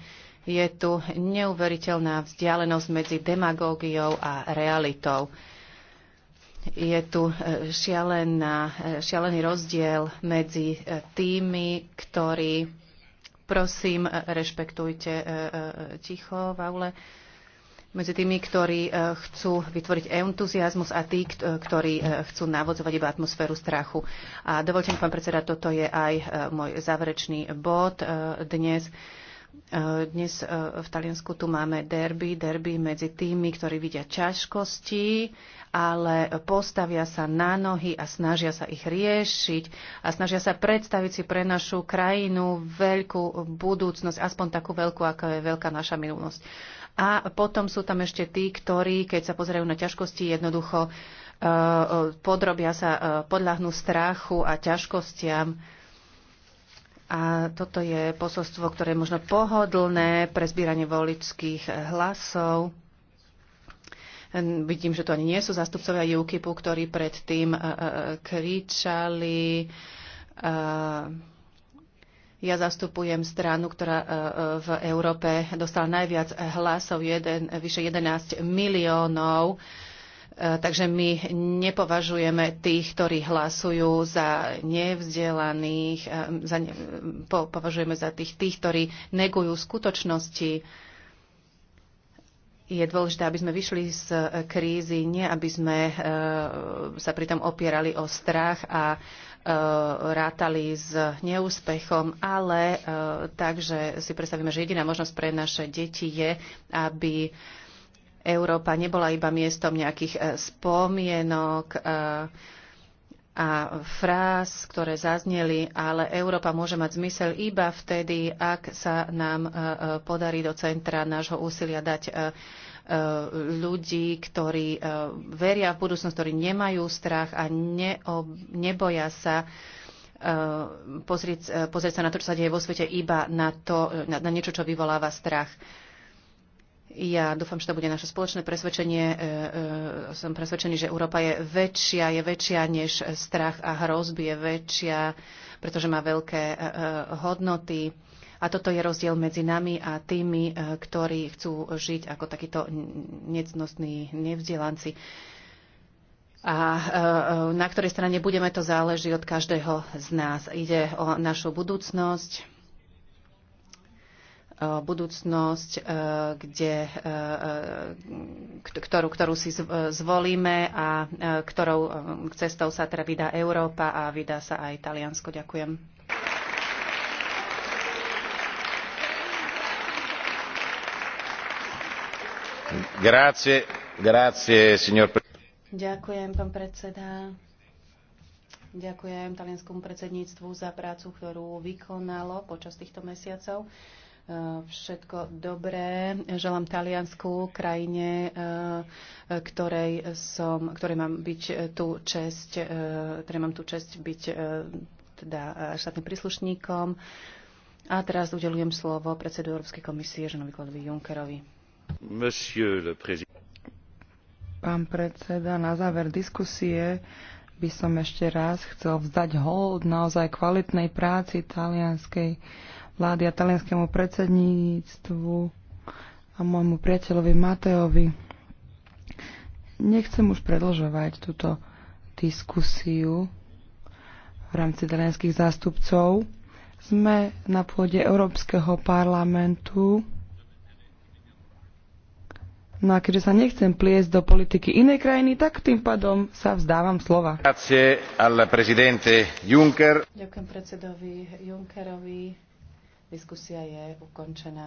je tu neuveriteľná vzdialenosť medzi demagógiou a realitou. Je tu šialená, šialený rozdiel medzi tými, ktorí Prosím, e, rešpektujte e, e, ticho v aule medzi tými, ktorí chcú vytvoriť entuziasmus a tí, ktorí chcú navodzovať iba atmosféru strachu. A dovolte mi, pán predseda, toto je aj môj záverečný bod dnes. Eh, dnes eh, v Taliansku tu máme derby, derby medzi tými, ktorí vidia ťažkosti, ale postavia sa na nohy a snažia sa ich riešiť a snažia sa predstaviť si pre našu krajinu veľkú budúcnosť, aspoň takú veľkú, aká je veľká naša minulosť. A potom sú tam ešte tí, ktorí, keď sa pozerajú na ťažkosti, jednoducho eh, podrobia sa, podľahnú strachu a ťažkostiam a toto je posolstvo, ktoré je možno pohodlné pre zbieranie voličských hlasov. Vidím, že to ani nie sú zastupcovia UKIPu, ktorí predtým e, e, e, kričali. Ja zastupujem stranu, ktorá v Európe dostala najviac hlasov, jeden, vyše 11 miliónov E, takže my nepovažujeme tých, ktorí hlasujú za nevzdelaných, e, za ne, po, považujeme za tých, tých, ktorí negujú skutočnosti. Je dôležité, aby sme vyšli z e, krízy, nie aby sme sa pritom opierali o strach a rátali s neúspechom, ale takže si predstavíme, že jediná možnosť pre naše deti je, aby Európa nebola iba miestom nejakých e, spomienok e, a fráz, ktoré zazneli, ale Európa môže mať zmysel iba vtedy, ak sa nám e, podarí do centra nášho úsilia dať ľudí, ktorí veria v budúcnosť, ktorí nemajú strach a neob, neboja sa pozrieť, pozrieť sa na to, čo sa deje vo svete, iba na, to, na, na niečo, čo vyvoláva strach. Ja dúfam, že to bude naše spoločné presvedčenie. E, e, som presvedčený, že Európa je väčšia, je väčšia než strach a hrozby, je väčšia, pretože má veľké e, hodnoty. A toto je rozdiel medzi nami a tými, ktorí chcú žiť ako takíto necnostní nevzdelanci. A na ktorej strane budeme, to záleží od každého z nás. Ide o našu budúcnosť, Eh, budúcnosť, eh, kde, eh, ktorú, ktorú si zvolíme a ktorou cestou sa teda vydá Európa a vydá sa aj Taliansko. Ďakujem. Grazie, grazie, signor... Ďakujem, pán predseda. Ďakujem talianskému predsedníctvu za prácu, ktorú vykonalo počas týchto mesiacov všetko dobré. Želám Taliansku, krajine, eh, ktorej, som, ktorej mám byť eh, tú čest, eh, ktorej mám tú čest byť teda štátnym príslušníkom. A teraz udelujem slovo predsedu Európskej komisie, Žanovi Kladovi Junckerovi. Pán predseda, na záver diskusie by som ešte raz chcel vzdať hold naozaj kvalitnej práci talianskej vlády a talianskému predsedníctvu a môjmu priateľovi Mateovi. Nechcem už predlžovať túto diskusiu v rámci talianských zástupcov. Sme na pôde Európskeho parlamentu. No a keďže sa nechcem pliesť do politiky inej krajiny, tak tým pádom sa vzdávam slova. Ďakujem predsedovi Junckerovi Diskusia je ukončená.